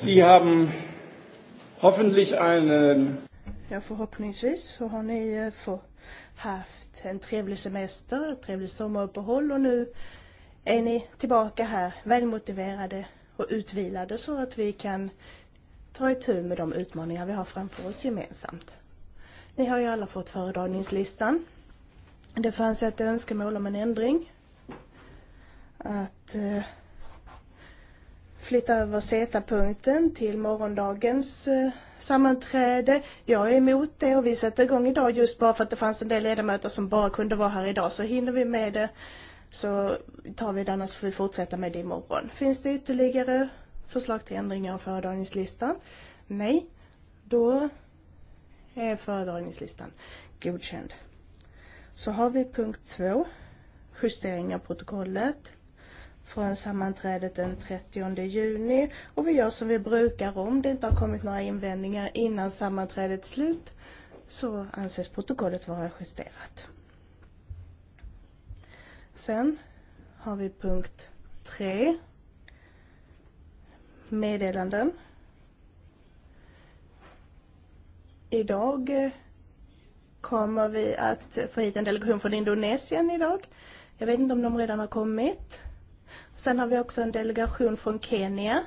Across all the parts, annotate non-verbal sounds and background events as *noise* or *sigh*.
Sie haben hoffentlich einen... Ja, förhoppningsvis så har ni eh, få haft en trevlig semester, ett trevligt sommaruppehåll och nu är ni tillbaka här välmotiverade och utvilade så att vi kan ta i tur med de utmaningar vi har framför oss gemensamt. Ni har ju alla fått föredragningslistan. Det fanns ett önskemål om en ändring. Att eh, flytta över Z-punkten till morgondagens eh, sammanträde. Jag är emot det och vi sätter igång idag just bara för att det fanns en del ledamöter som bara kunde vara här idag. Så hinner vi med det så tar vi det annars får vi fortsätta med det imorgon. Finns det ytterligare förslag till ändringar av föredragningslistan? Nej, då är föredragningslistan godkänd. Så har vi punkt 2, justering av protokollet från sammanträdet den 30 juni och vi gör som vi brukar om det inte har kommit några invändningar innan sammanträdet slut så anses protokollet vara justerat. Sen har vi punkt 3. Meddelanden. Idag eh, kommer vi att få hit en delegation från Indonesien idag. Jag vet inte om de redan har kommit. Sen har vi också en delegation från Kenya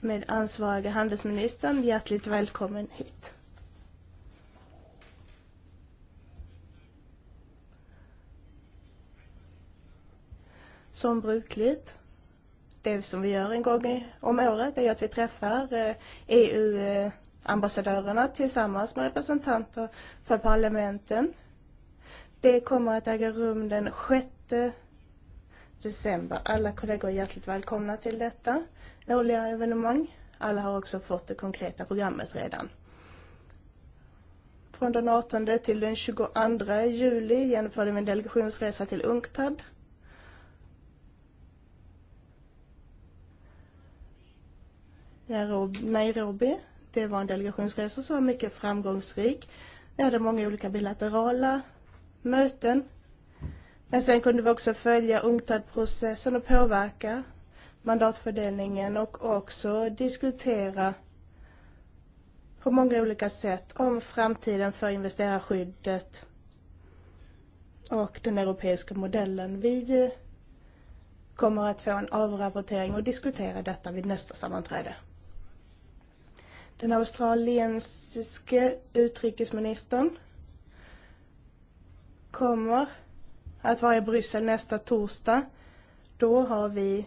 med ansvariga handelsministern. Hjärtligt välkommen hit. Som brukligt, det som vi gör en gång om året är att vi träffar EU-ambassadörerna eh, e tillsammans med representanter för parlamenten. Det kommer att äga rum den 6 december. Alla kollegor är hjärtligt välkomna till detta årliga evenemang. Alla har också fått det konkreta programmet redan. Från den 18 till den 22 juli genomförde vi en delegationsresa till UNCTAD. Nairobi. Det var en delegationsresa som var mycket framgångsrik. Vi hade många olika bilaterala möten Men sen kunde vi också följa UNCTAD-processen och påverka mandatfördelningen och också diskutera på många olika sätt om framtiden för investerarskyddet och den europeiska modellen. Vi eh, kommer att få en avrapportering och diskutera detta vid nästa sammanträde. Den australiensiske utrikesministern kommer att vara i Bryssel nästa torsdag. Då har vi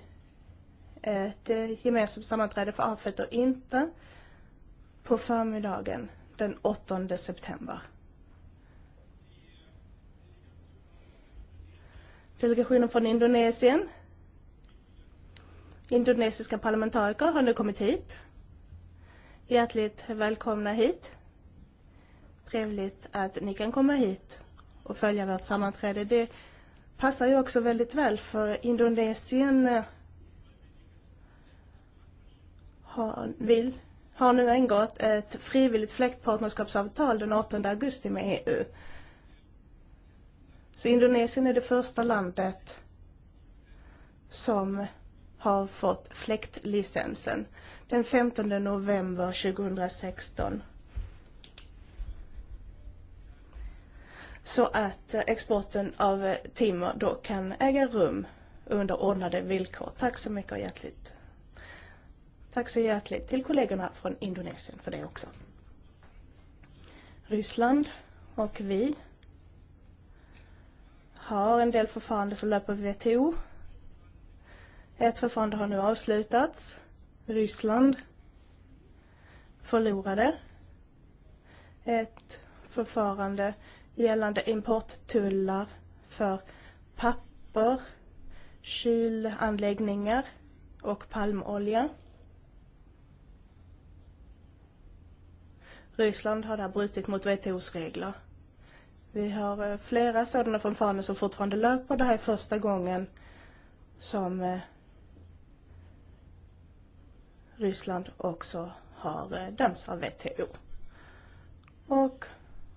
ett eh, gemensamt sammanträde för AFET och inte på förmiddagen den 8 september. Delegationen från Indonesien. Indonesiska parlamentariker har nu kommit hit. Hjärtligt välkomna hit. Trevligt att ni kan komma hit och följa vårt sammanträde. Det passar ju också väldigt väl för Indonesien eh, har, vill, har nu ingått ett frivilligt fläktpartnerskapsavtal den 18 augusti med EU. Så Indonesien är det första landet som har fått fläktlicensen den 15 november 2016. så att exporten av eh, timmer då kan äga rum under ordnade villkor. Tack så mycket och hjärtligt. Tack så hjärtligt till kollegorna från Indonesien för det också. Ryssland och vi har en del förfarande som löper WTO. Ett förfarande har nu avslutats. Ryssland förlorade ett förfarande gällande importtullar för papper, kylanläggningar och palmolja. Ryssland har där brutit mot WTOs regler. Vi har eh, flera sådana fanfarer som fortfarande löper. Det här är första gången som eh, Ryssland också har eh, dömts av WTO. Och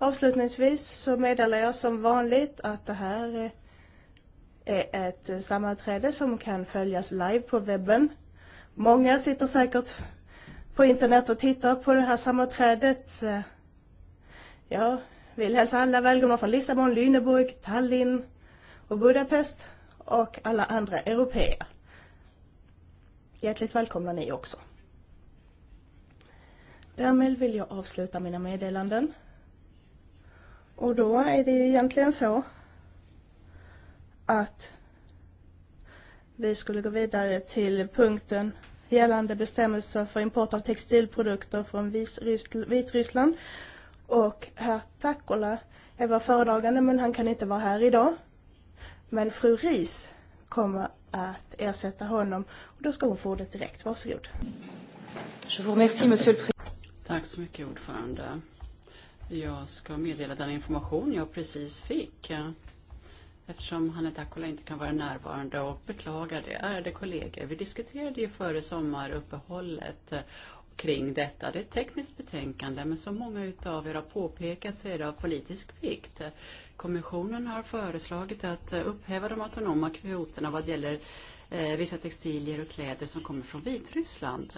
Avslutningsvis så meddelar jag som vanligt att det här är ett er sammanträde som kan följas live på webben. Många sitter säkert på internet och tittar på det här sammanträdet. Jag vill hälsa alla välkomna från Lissabon, Lüneburg, Tallinn och Budapest och alla andra europeer. Hjärtligt välkomna ni också. Därmed vill jag avsluta mina meddelanden. Och då är det ju egentligen så att vi skulle gå vidare till punkten gällande bestämmelser för import av textilprodukter från Vitryssland. Och herr Takola är vår föredragande men han kan inte vara här idag. Men fru Ris kommer att ersätta honom och då ska hon få ordet direkt. Varsågod. Tack så mycket ordförande. Jag ska meddela den information jag precis fick eftersom Hanetakula inte kan vara närvarande och beklagar det. Ärade kollegor, vi diskuterade ju före sommaruppehållet kring detta. Det är ett tekniskt betänkande men som många av er har påpekat så är det av politisk vikt. Kommissionen har föreslagit att upphäva de autonoma kvoterna vad gäller eh, vissa textilier och kläder som kommer från Vitryssland.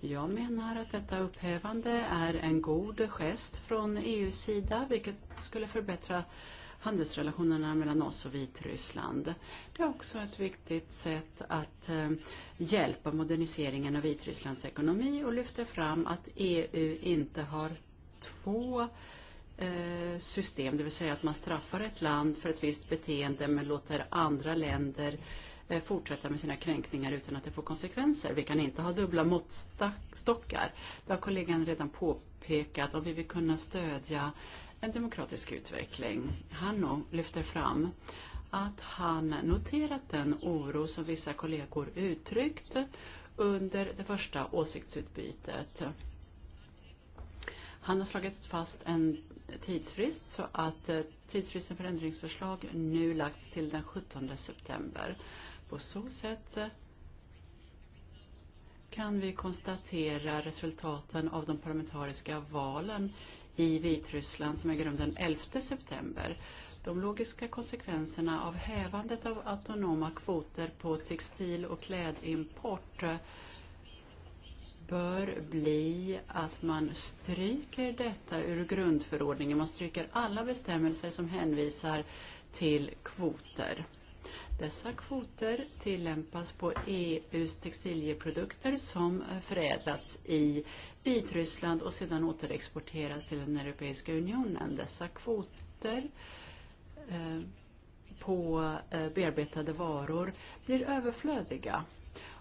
Jag menar att detta upphävande är en god gest från EUs sida, vilket skulle förbättra handelsrelationerna mellan oss och Vitryssland. Det är också ett viktigt sätt att eh, hjälpa moderniseringen av Vitrysslands ekonomi och lyfta fram att EU inte har två eh, system, det vill säga att man straffar ett land för ett visst beteende men låter andra länder eh, Eh, fortsätta med sina kränkningar utan att det får konsekvenser. Vi kan inte ha dubbla måttstockar. Det har kollegan redan påpekat och vi vill kunna stödja en demokratisk utveckling. Han lyfter fram att han noterat den oro som vissa kollegor uttryckt under det första åsiktsutbytet. Han har slagit fast en tidsfrist så att eh, tidsfristen för ändringsförslag nu lagts till den 17 september. På så sätt kan vi konstatera resultaten av de parlamentariska valen i Vitryssland som äger rum den 11 september. De logiska konsekvenserna av hävandet av autonoma kvoter på textil och klädimport bör bli att man stryker detta ur grundförordningen. Man stryker alla bestämmelser som hänvisar till kvoter. Dessa kvoter tillämpas på EUs textilieprodukter som förädlats i Vitryssland och sedan återexporteras till den Europeiska unionen. Dessa kvoter eh, på eh, bearbetade varor blir överflödiga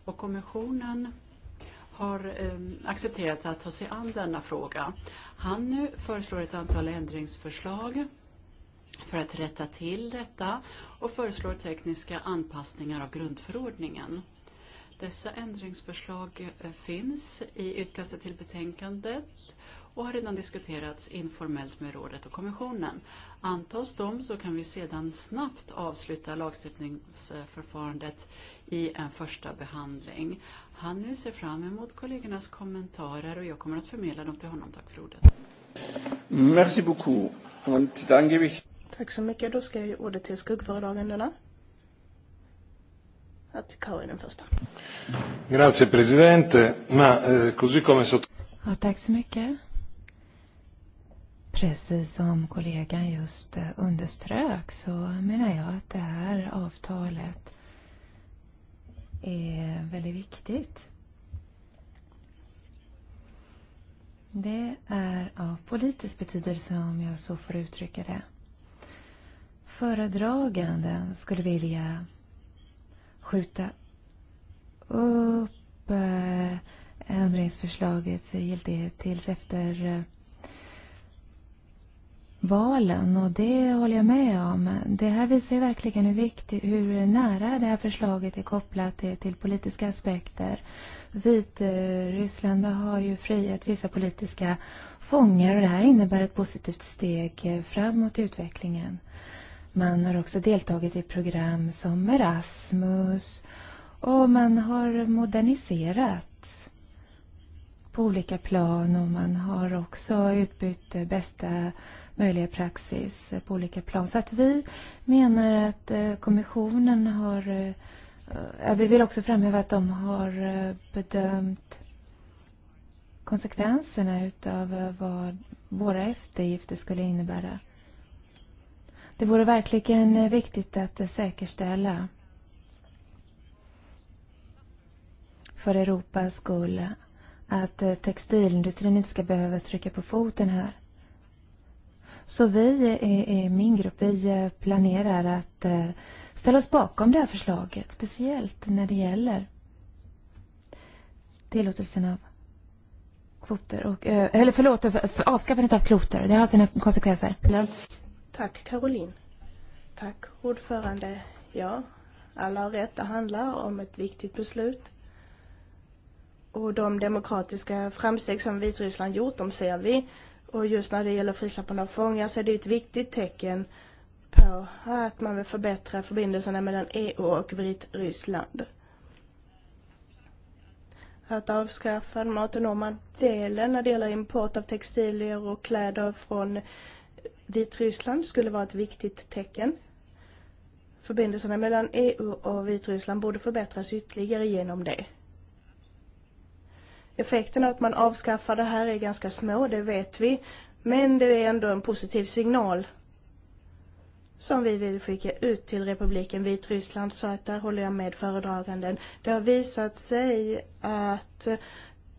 och kommissionen har eh, accepterat att ta sig an denna fråga. Han nu föreslår ett antal ändringsförslag för att rätta till detta och föreslår tekniska anpassningar av grundförordningen. Dessa ändringsförslag eh, finns i utkastet till betänkandet och har redan diskuterats informellt med rådet och kommissionen. Antas de så kan vi sedan snabbt avsluta lagstiftningsförfarandet i en första behandling. Han nu ser fram emot kollegornas kommentarer och jag kommer att förmedla dem till honom. Tack för ordet. Merci beaucoup. Und dann gebe ich... Tack så mycket. Då ska jag ge ordet till skuggföredragandena. Att Grazie presidente, ma eh, così come sotto... Ja, tack så mycket. Precis som kollegan just eh, underströk så menar jag att det här avtalet är väldigt viktigt. Det är av politisk betydelse om jag så får uttrycka det föredraganden skulle vilja skjuta upp eh, ändringsförslaget tills efter eh, valen och det håller jag med om. Det här visar ju verkligen hur, viktigt, hur nära det här förslaget är kopplat till, till politiska aspekter. Vitryssland har ju frihet vissa politiska fångar och det här innebär ett positivt steg eh, framåt i utvecklingen. Man har också deltagit i program som Erasmus och man har moderniserat på olika plan och man har också utbytt bästa möjliga praxis på olika plan. Så att vi menar att eh, kommissionen har, eh, vi vill också framhäva att de har eh, bedömt konsekvenserna utav vad våra eftergifter skulle innebära. Det vore verkligen viktigt att säkerställa för Europas skull att textilindustrin inte ska behöva trycka på foten här. Så vi i min grupp vi planerar att eh, ställa oss bakom det här förslaget, speciellt när det gäller tillåtelsen av kvoter och, eh, eller förlåt, avskaffandet av kvoter. Det har sina konsekvenser. Tack Caroline. Tack ordförande. Ja, alla har rätt. Det handlar om ett viktigt beslut. Och de demokratiska framsteg som Vitryssland gjort, de ser vi. Och just när det gäller frisläppande av fångar så är det ett viktigt tecken på att man vill förbättra förbindelserna mellan EU och Vitryssland. Att avskaffa den autonoma delen när det gäller import av textilier och kläder från Vitryssland skulle vara ett viktigt tecken. Förbindelserna mellan EU och Vitryssland borde förbättras ytterligare genom det. Effekterna att man avskaffar det här är ganska små, det vet vi. Men det är ändå en positiv signal som vi vill skicka ut till republiken Vitryssland så att där håller jag med föredraganden. Det har visat sig att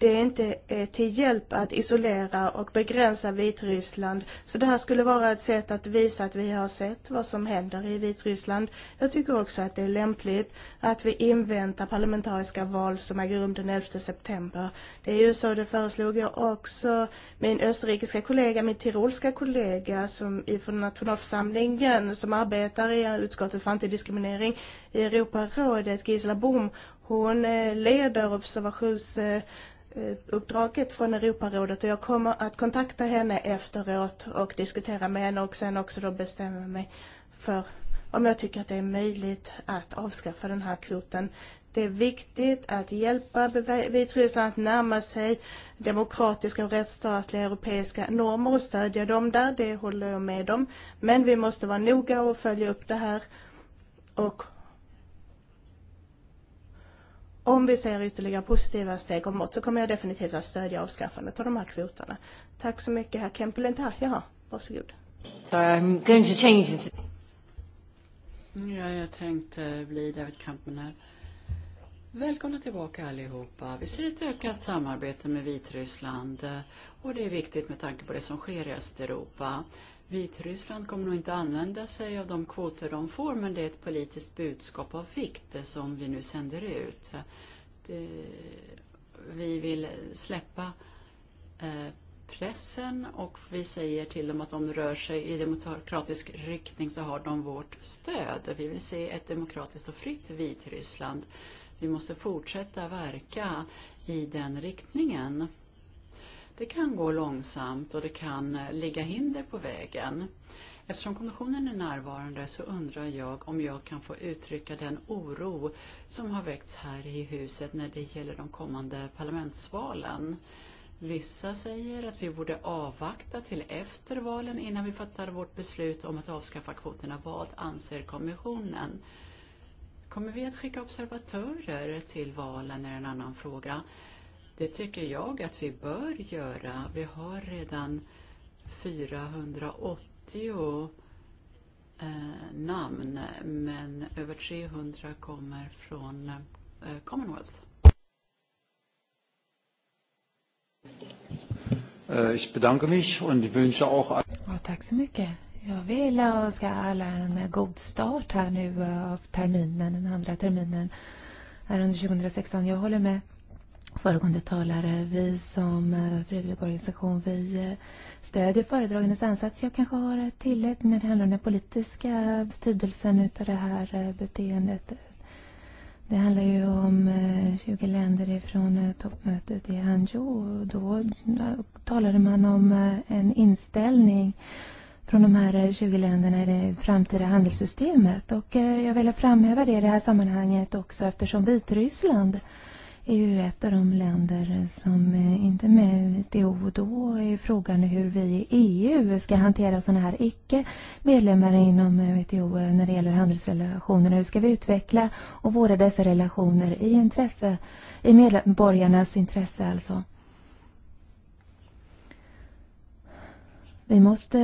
det är inte eh, till hjälp att isolera och begränsa Vitryssland. Så det här skulle vara ett sätt att visa att vi har sett vad som händer i Vitryssland. Jag tycker också att det är lämpligt att vi inväntar parlamentariska val som äger rum den 11 september. Det är ju så det föreslog jag också min österrikiska kollega, min tirolska kollega som från nationalförsamlingen som arbetar i utskottet för antidiskriminering i Europarådet, Gisela Bom. Hon eh, leder observations Eh, uppdraget från Europarådet och jag kommer att kontakta henne efteråt och diskutera med henne och sen också då bestämma mig för om jag tycker att det är möjligt att avskaffa den här kvoten. Det är viktigt att hjälpa Vitryssland att närma sig demokratiska och rättsstatliga europeiska normer och stödja dem där, det håller jag med om. Men vi måste vara noga och följa upp det här och om vi ser ytterligare positiva steg omåt så kommer jag definitivt att stödja avskaffandet av de här kvoterna. Tack så mycket, herr Kempelen. Ja, varsågod. Sorry, I'm going to change this. Ja, jag tänkte bli David Kampen här. Välkomna tillbaka allihopa. Vi ser ett ökat samarbete med Vitryssland eh, och det är viktigt med tanke på det som sker i Östeuropa. Vitryssland kommer nog inte använda sig av de kvoter de får, men det är ett politiskt budskap av vikt som vi nu sänder ut. Det, vi vill släppa eh, pressen och vi säger till dem att de rör sig i demokratisk riktning så har de vårt stöd. Vi vill se ett demokratiskt och fritt Vitryssland. Vi måste fortsätta verka i den riktningen. Det kan gå långsamt och det kan ligga hinder på vägen. Eftersom kommissionen är närvarande så undrar jag om jag kan få uttrycka den oro som har väckts här i huset när det gäller de kommande parlamentsvalen. Vissa säger att vi borde avvakta till efter valen innan vi fattar vårt beslut om att avskaffa kvoterna. Vad anser kommissionen? Kommer vi att skicka observatörer till valen är en annan fråga. Det tycker jag att vi bör göra. Vi har redan 480 eh, namn, men över 300 kommer från eh, Commonwealth. Eh, ich bedanke mich und önskar också... Ja, tack så mycket. Jag vill önska alla en god start här nu eh, av terminen, den andra terminen här under 2016. Jag håller med föregående talare. Vi som frivilligorganisation, vi stödjer föredragandes ansats. Jag kanske har ett tillägg när det handlar om den politiska betydelsen av det här beteendet. Det handlar ju om 20 länder ifrån toppmötet i Hangzhou. Då talade man om en inställning från de här 20 länderna i det framtida handelssystemet. Eh, Och eh, jag vill framhäva eh, det i det här sammanhanget också eftersom Vitryssland Ryssland är ju ett av de länder som eh, inte är med det och då är frågan hur vi i EU ska hantera sådana här icke-medlemmar inom WTO eh, när det gäller handelsrelationer. Hur ska vi utveckla och våra dessa relationer i intresse, i medborgarnas intresse alltså? Vi måste,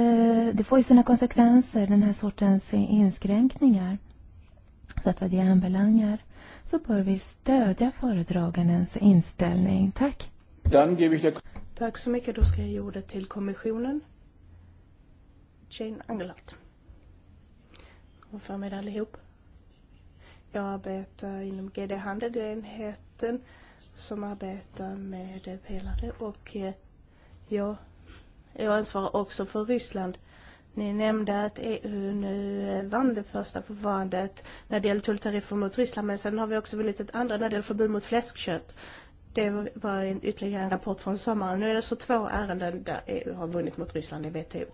det får ju sina konsekvenser, den här sortens inskränkningar. Så att vad det anbelangar så bör vi stödja föredragandens inställning. Tack. Tack så mycket. Då ska jag ge ordet till kommissionen. Jane Angelhardt. God förmiddag allihop. Jag arbetar inom GD Handelsenheten som arbetar med pelare och eh, jag, jag ansvarar också för Ryssland. Ni nämnde att EU nu vann det första förfarandet när det gäller tulltariffer mot Ryssland, men sen har vi också vunnit ett andra när det gäller förbud mot fläskkött. Det var en, ytterligare en rapport från sommaren. Nu är det så två ärenden där EU har vunnit mot Ryssland i WTO.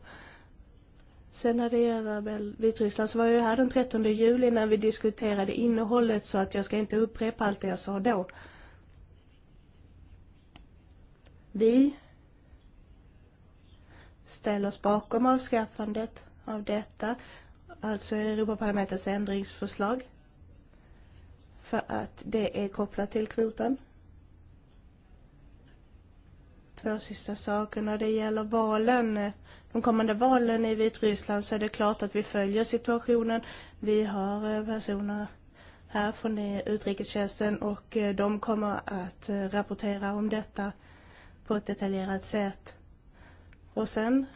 Sen när det gäller Vitryssland så var jag här den 13 juli när vi diskuterade innehållet så att jag ska inte upprepa allt det jag sa då. Vi ställer oss bakom avskaffandet av detta, alltså Europaparlamentets ändringsförslag, för att det är kopplat till kvoten. Två sista saker när det gäller valen. De kommande valen i Vitryssland så är det klart att vi följer situationen. Vi har eh, personer här från eh, utrikestjänsten och eh, de kommer att rapportera om detta på ett detaljerat sätt. Och sen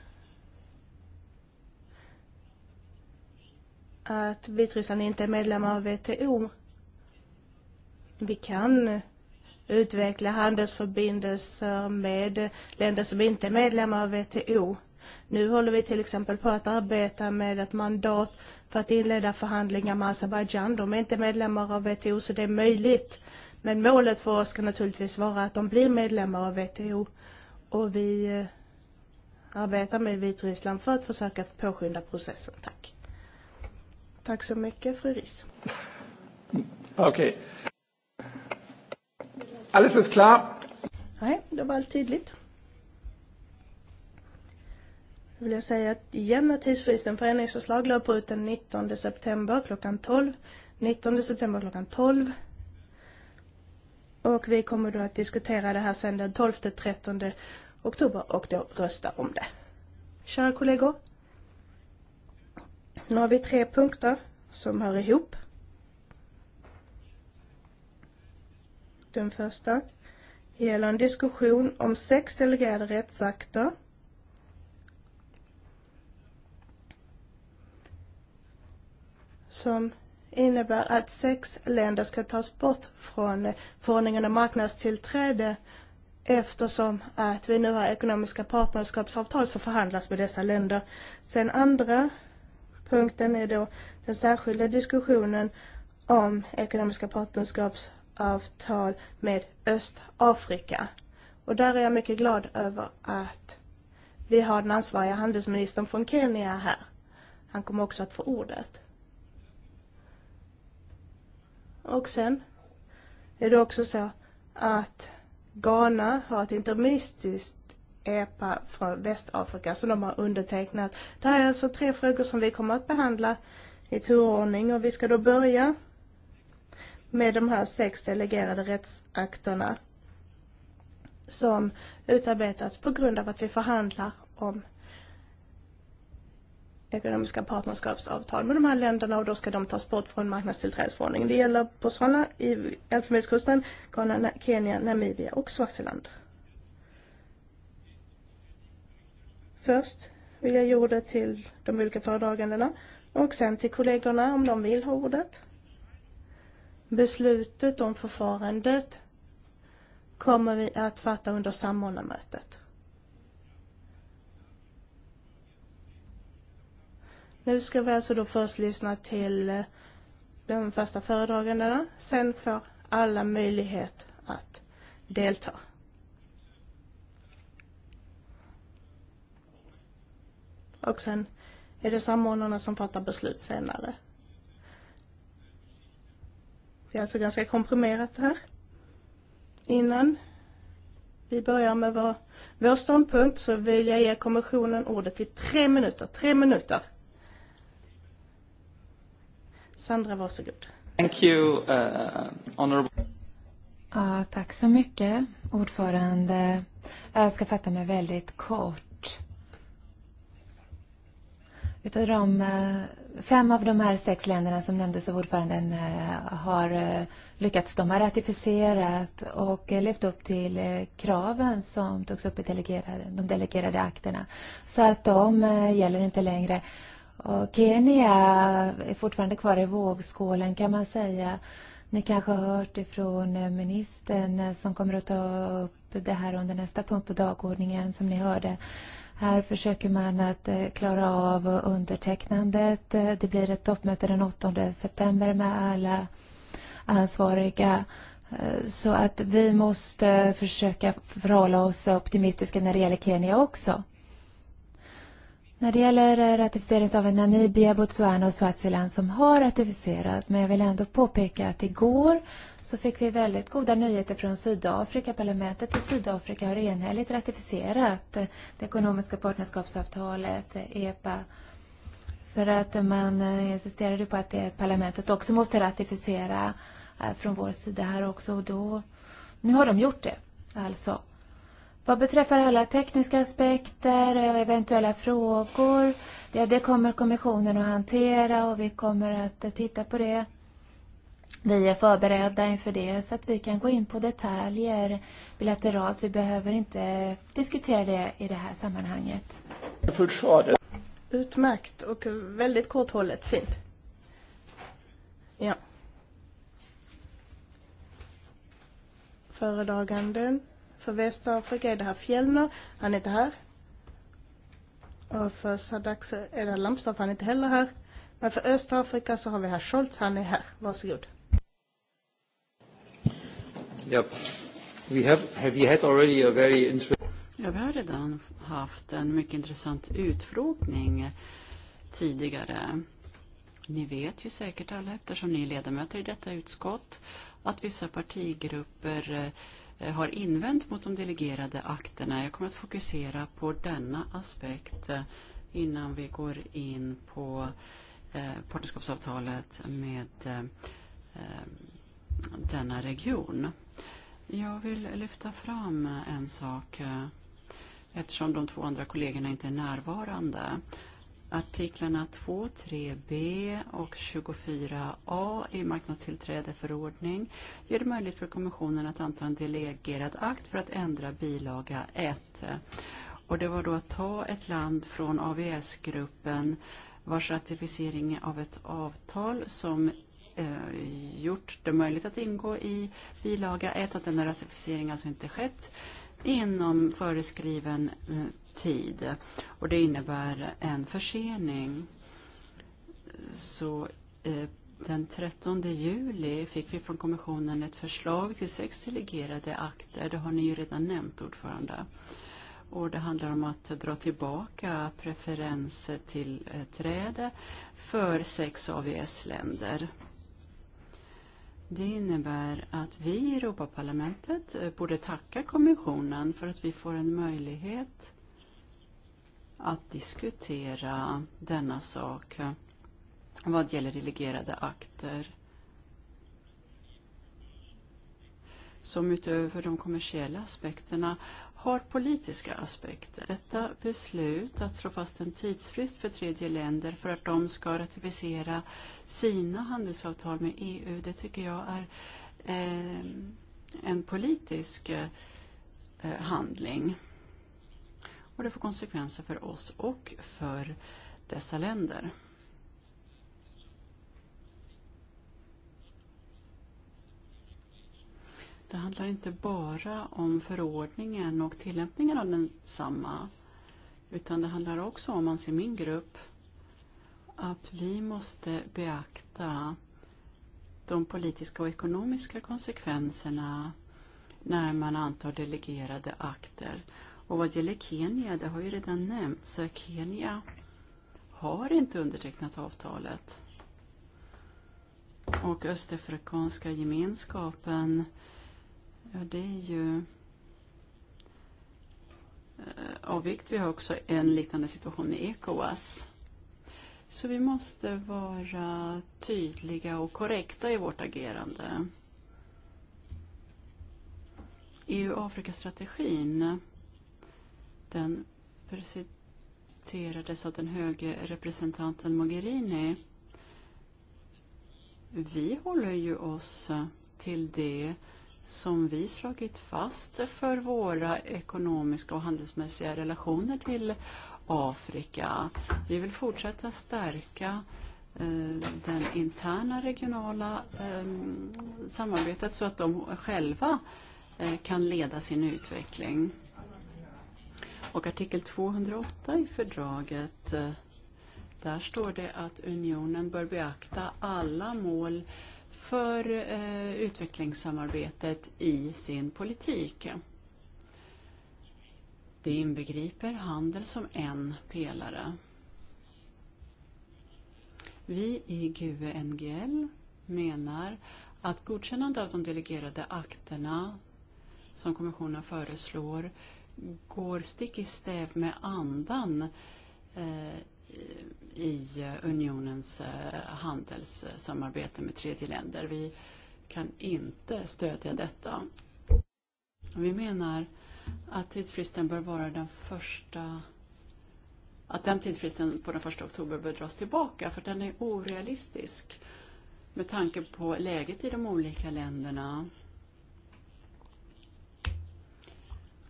att Vitryssland inte är medlem av WTO. Vi kan utveckla handelsförbindelser med länder som inte är medlemmar av WTO. Nu håller vi till exempel på att arbeta med ett mandat för att inleda förhandlingar med Azerbaijan. De är inte medlemmar av WTO så det är möjligt. Men målet för oss ska naturligtvis vara att de blir medlemmar av WTO. Och vi eh, arbeta med Vitryssland för att försöka påskynda processen. Tack. Tack så mycket, fru Ries. Okej. Okay. Alles ist klar. Nej, det var allt tydligt. Jag vill säga att igen att tidsfristen för ändringsförslag löper ut den 19 september klockan 12. 19 september klockan 12. Och vi kommer då att diskutera det här sen den 12, 13 oktober och då rösta om det. Kära kollegor. Nu har vi tre punkter som hör ihop. Den första gäller er en diskussion om sex delegerade rättsakter som innebär att sex länder ska tas bort från förordningen om marknadstillträde eftersom att vi nu har ekonomiska partnerskapsavtal som förhandlas med dessa länder. Sen andra punkten är då den särskilda diskussionen om ekonomiska partnerskapsavtal med Östafrika. Och där är jag mycket glad över att vi har den ansvariga handelsministern från Kenya här. Han kommer också att få ordet. Och sen är det också så att Ghana har ett interimistiskt EPA från Västafrika som de har undertecknat. Det här är alltså tre frågor som vi kommer att behandla i turordning och vi ska då börja med de här sex delegerade rättsakterna som utarbetats på grund av att vi förhandlar om ekonomiska partnerskapsavtal med de här länderna och då ska de tas bort från marknadstillträdesförordningen. Det gäller Botswana, Elfenbenskusten, Ghana, Kenya, Namibia och Swaziland. Först vill jag ge ordet till de olika föredragandena och sen till kollegorna om de vill ha ordet. Beslutet om förfarandet kommer vi att fatta under samordnarmötet. Nu ska vi alltså då först lyssna till eh, de första föredragandena. Sen får alla möjlighet att delta. Och sen är det samordnarna som fattar beslut senare. Det är alltså ganska komprimerat det här. Innan vi börjar med vår, vår ståndpunkt så vill jag ge kommissionen ordet i tre minuter. Tre minuter! Sandra, varsågod. Thank you, uh, honorable. Ja, tack så mycket, ordförande. Jag ska fatta mig väldigt kort. Utav de eh, fem av de här sex länderna som nämndes av ordföranden eh, har eh, lyckats. De har ratificerat och levt upp till kraven som togs upp i delegerade, de delegerade akterna. Så att de gäller inte längre. Och eh, Kenya är fortfarande kvar i vågskålen kan man säga. Ni kanske har hört ifrån eh, ministern eh, som kommer att ta upp det här under nästa punkt på dagordningen som ni hörde. Här försöker man att klara av undertecknandet. Det blir ett toppmöte den 8 september med alla ansvariga. Så att vi måste försöka förhålla oss optimistiska när det gäller Kenya också. När det gäller eh, ratificeringen av Namibia, Botswana och Swaziland som har ratificerat, men jag vill ändå påpeka att igår så fick vi väldigt goda nyheter från Sydafrika. Parlamentet i Sydafrika har enhälligt ratificerat eh, det ekonomiska partnerskapsavtalet, EPA. Eh, e För att man insisterade på att det parlamentet också måste ratificera från vår sida här också. Och då, nu har de gjort det alltså. Vad beträffar alla tekniska aspekter och eventuella frågor, ja, det kommer kommissionen att hantera och vi kommer att titta på det. Vi är förberedda inför det så att vi kan gå in på detaljer bilateralt. Vi behöver inte diskutera det i det här sammanhanget. Utmärkt och väldigt kort hållet. Fint. Ja. Föredaganden. För Västafrika är det här Fjellner, han är inte här. Och för Sadak så är er det Lambsdorff, han är inte heller här. Men för Östafrika så har vi här Scholz, han är er här. Varsågod. Yep. We have, have we had already a very Ja, vi har redan haft en mycket intressant utfrågning tidigare. Ni vet ju säkert alla, eftersom ni är ledamöter i detta utskott, att vissa partigrupper eh, Eh, har invänt mot de delegerade akterna. Jag kommer att fokusera på denna aspekt eh, innan vi går in på eh, partnerskapsavtalet med denna region. Jag vill lyfta fram en sak eftersom de två andra kollegorna inte är närvarande artiklarna 2, 3b och 24a i marknadstillträdeförordning gör det möjligt för kommissionen att anta en delegerad akt för att ändra bilaga 1. Och det var då att ta ett land från AVS-gruppen vars ratificering av ett avtal som eh, gjort det möjligt att ingå i bilaga 1, att denna ratificering alltså inte skett inom föreskriven eh, tid och det innebär en försening. Så eh, den 13 juli fick vi från kommissionen ett förslag till sex delegerade akter. Det har ni ju redan nämnt, ordförande. Och det handlar om att dra tillbaka preferenser till eh, träde för sex AVS-länder. Det innebär att vi i Europaparlamentet eh, borde tacka kommissionen för att vi får en möjlighet att diskutera denna sak vad gäller delegerade akter som utöver de kommersiella aspekterna har politiska aspekter. Detta beslut att slå fast en tidsfrist för tredje länder för att de ska ratificera sina handelsavtal med EU, det tycker jag är eh, en politisk eh, handling och det får konsekvenser för oss och för dessa länder. Det handlar inte bara om förordningen och tillämpningen av den samma, utan det handlar också om, man ser min grupp, att vi måste beakta de politiska och ekonomiska konsekvenserna när man antar delegerade akter. Och vad gäller Kenya, det har ju redan nämnts, Kenya har inte undertecknat avtalet. Och Östafrikanska gemenskapen, ja, det är ju eh, av vikt. Vi har också en liknande situation i ECOWAS. Så vi måste vara tydliga och korrekta i vårt agerande. eu afrikastrategin strategin Den presenterades av den höge representanten Mogherini. Vi håller ju oss till det som vi slagit fast för våra ekonomiska och handelsmässiga relationer till Afrika. Vi vill fortsätta stärka eh, den interna regionala ehm, samarbetet så att de själva eh, kan leda sin utveckling. Och artikel 208 i fördraget, eh, där står det att unionen bör beakta alla mål för eh, utvecklingssamarbetet i sin politik. Det inbegriper handel som en pelare. Vi i GUE-NGL menar att godkännande av de delegerade akterna som kommissionen föreslår eh, går stick i stäv med andan eh, i unionens eh, handelssamarbete med tredje länder. Vi kan inte stödja detta. Vi menar att tidsfristen bör vara den första att den tidsfristen på den 1 oktober bör dras tillbaka för den är orealistisk med tanke på läget i de olika länderna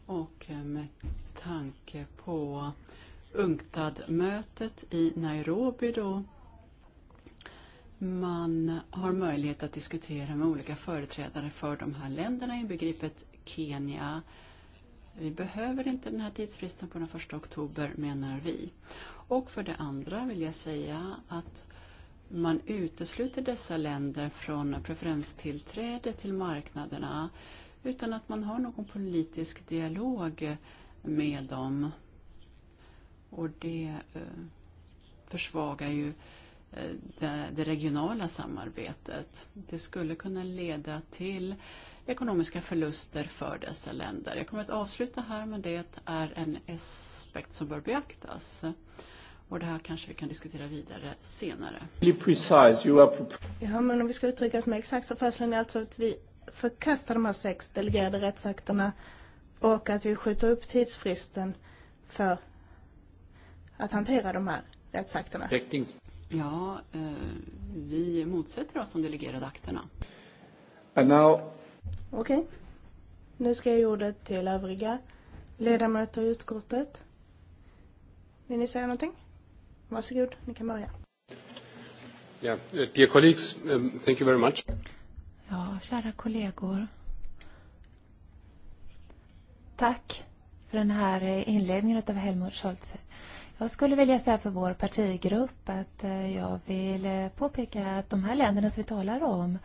Och eh, med tanke på UNCTAD-mötet i Nairobi då man har möjlighet att diskutera med olika företrädare för de här länderna inbegripet Kenya. Vi behöver inte den här tidsfristen på den 1 oktober menar vi. Och för det andra vill jag säga att man utesluter dessa länder från preferenstillträde till marknaderna utan att man har någon politisk dialog med dem. Och det eh, försvagar ju eh, det, regionala samarbetet. Det skulle kunna leda till ekonomiska förluster för dessa länder. Jag kommer att avsluta här men det är en aspekt som bör beaktas. Och det här kanske vi kan diskutera vidare senare. Ja, men om vi ska uttrycka oss mer exakt så föreslår ni alltså att vi förkasta de här sex delegerade rättsakterna och att vi skjuter upp tidsfristen för att hantera de här rättsakterna. Ja, eh, vi motsätter oss de delegerade akterna. now... Okej. Okay. Nu ska jag ge ordet till övriga ledamöter i utskottet. Vill ni säga någonting? Varsågod, ni kan börja. Yeah. Uh, dear colleagues, um, thank you very much. Ja, kära kollegor. Tack för den här inledningen av Helmut Scholz. Jag skulle vilja säga för vår partigrupp att eh, jag vill eh, påpeka att de här länderna som vi talar om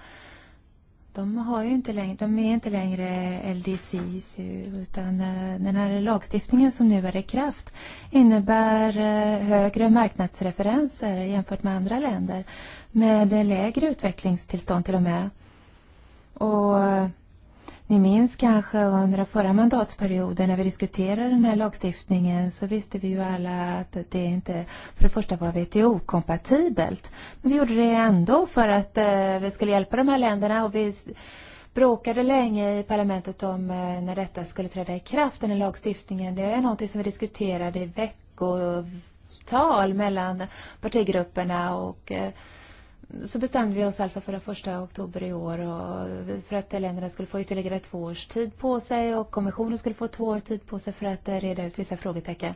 de har ju inte längre, de är inte längre LDCs utan eh, den här lagstiftningen som nu är i kraft innebär högre marknadsreferenser jämfört med andra länder med lägre utvecklingstillstånd till och med. Och eh, ni minns kanske under den förra mandatperioden när vi diskuterade den här lagstiftningen så visste vi ju alla att det inte för det första var WTO-kompatibelt. Men vi gjorde det ändå för att eh, vi skulle hjälpa de här länderna och vi bråkade länge i parlamentet om eh, när detta skulle träda i kraft, den här lagstiftningen. Det är någonting som vi diskuterade i veckor tal mellan partigrupperna och eh, så bestämde vi oss alltså för den första oktober i år och för att länderna skulle få ytterligare två års tid på sig och kommissionen skulle få två års tid på sig för att reda ut vissa frågetecken.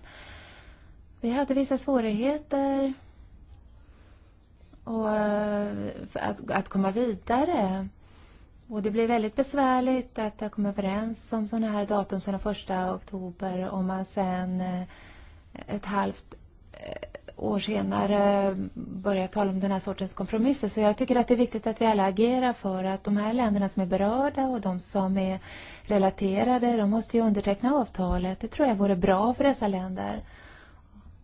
Vi hade vissa svårigheter och att, att komma vidare. Och det blir väldigt besvärligt att komma överens om sådana här datum som den första oktober om man sen ett halvt år senare börjar tala om den här sortens kompromisser. Så jag tycker att det är viktigt att vi alla agerar för att de här länderna som är berörda och de som är relaterade, de måste ju underteckna avtalet. Det tror jag vore bra för dessa länder.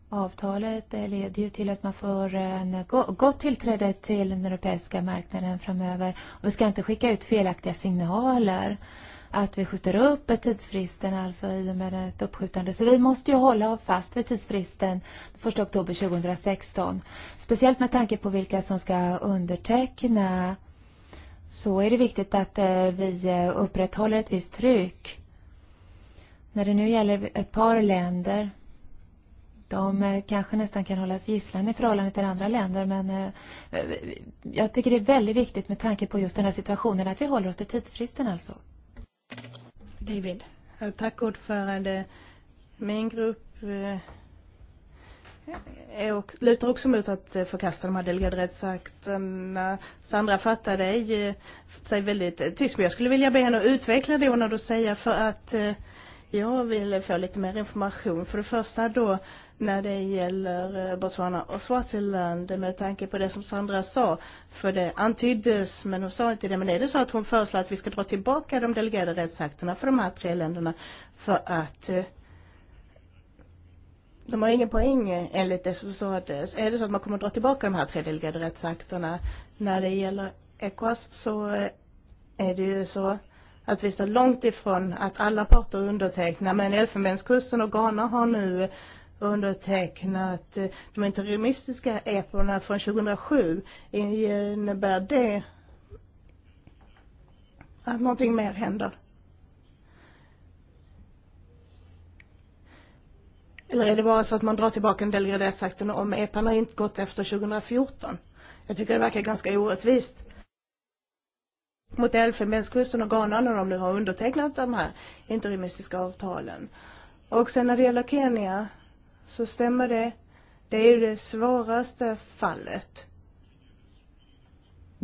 Avtalet leder ju till att man får en gott tillträde till den europeiska marknaden framöver. Och vi ska inte skicka ut felaktiga signaler att vi skjuter upp tidsfristen alltså i och med ett uppskjutande. Så vi måste ju hålla fast vid tidsfristen 1 oktober 2016. Speciellt med tanke på vilka som ska underteckna så är det viktigt att eh, vi eh, upprätthåller ett visst tryck. När det nu gäller ett par länder de eh, kanske nästan kan hållas gisslan i förhållande till andra länder. Men jag tycker det är väldigt viktigt med tanke på just den här situationen att vi håller oss till tidsfristen alltså. David. Tack ordförande. Min grupp är eh, eh, och, lutar också mot att förkasta de här delegerade rättsakterna. Eh, Sandra fattar dig sig väldigt tyst, men jag skulle vilja be henne att utveckla det hon har att säga för att jag vill få lite mer information. Um, för det första då när det gäller eh, Botswana och Swaziland eh, med tanke på det som Sandra sa. För det antyddes, men hon sa inte det. Men är det så att hon föreslår att vi ska dra tillbaka de delegerade rättsakterna för de här tre länderna för att eh, de har ingen poäng enligt det som sades. Är det så att man kommer att dra tillbaka de här tre delegerade rättsakterna? När det gäller ECOWAS så är det ju så att vi står långt ifrån att alla parter undertecknar. Men Elfenbenskusten och Ghana har nu undertecknat de interimistiska EPOna från 2007. Innebär det att någonting mer händer? Eller är det bara så att man drar tillbaka en del gradersakten om EPAN har inte gått efter 2014? Jag tycker det verkar ganska orättvist mot Elfenbenskusten och Ghana när de nu har undertecknat de här interimistiska avtalen. Och sen när det gäller Kenya så stämmer det. Det är er ju det svåraste fallet.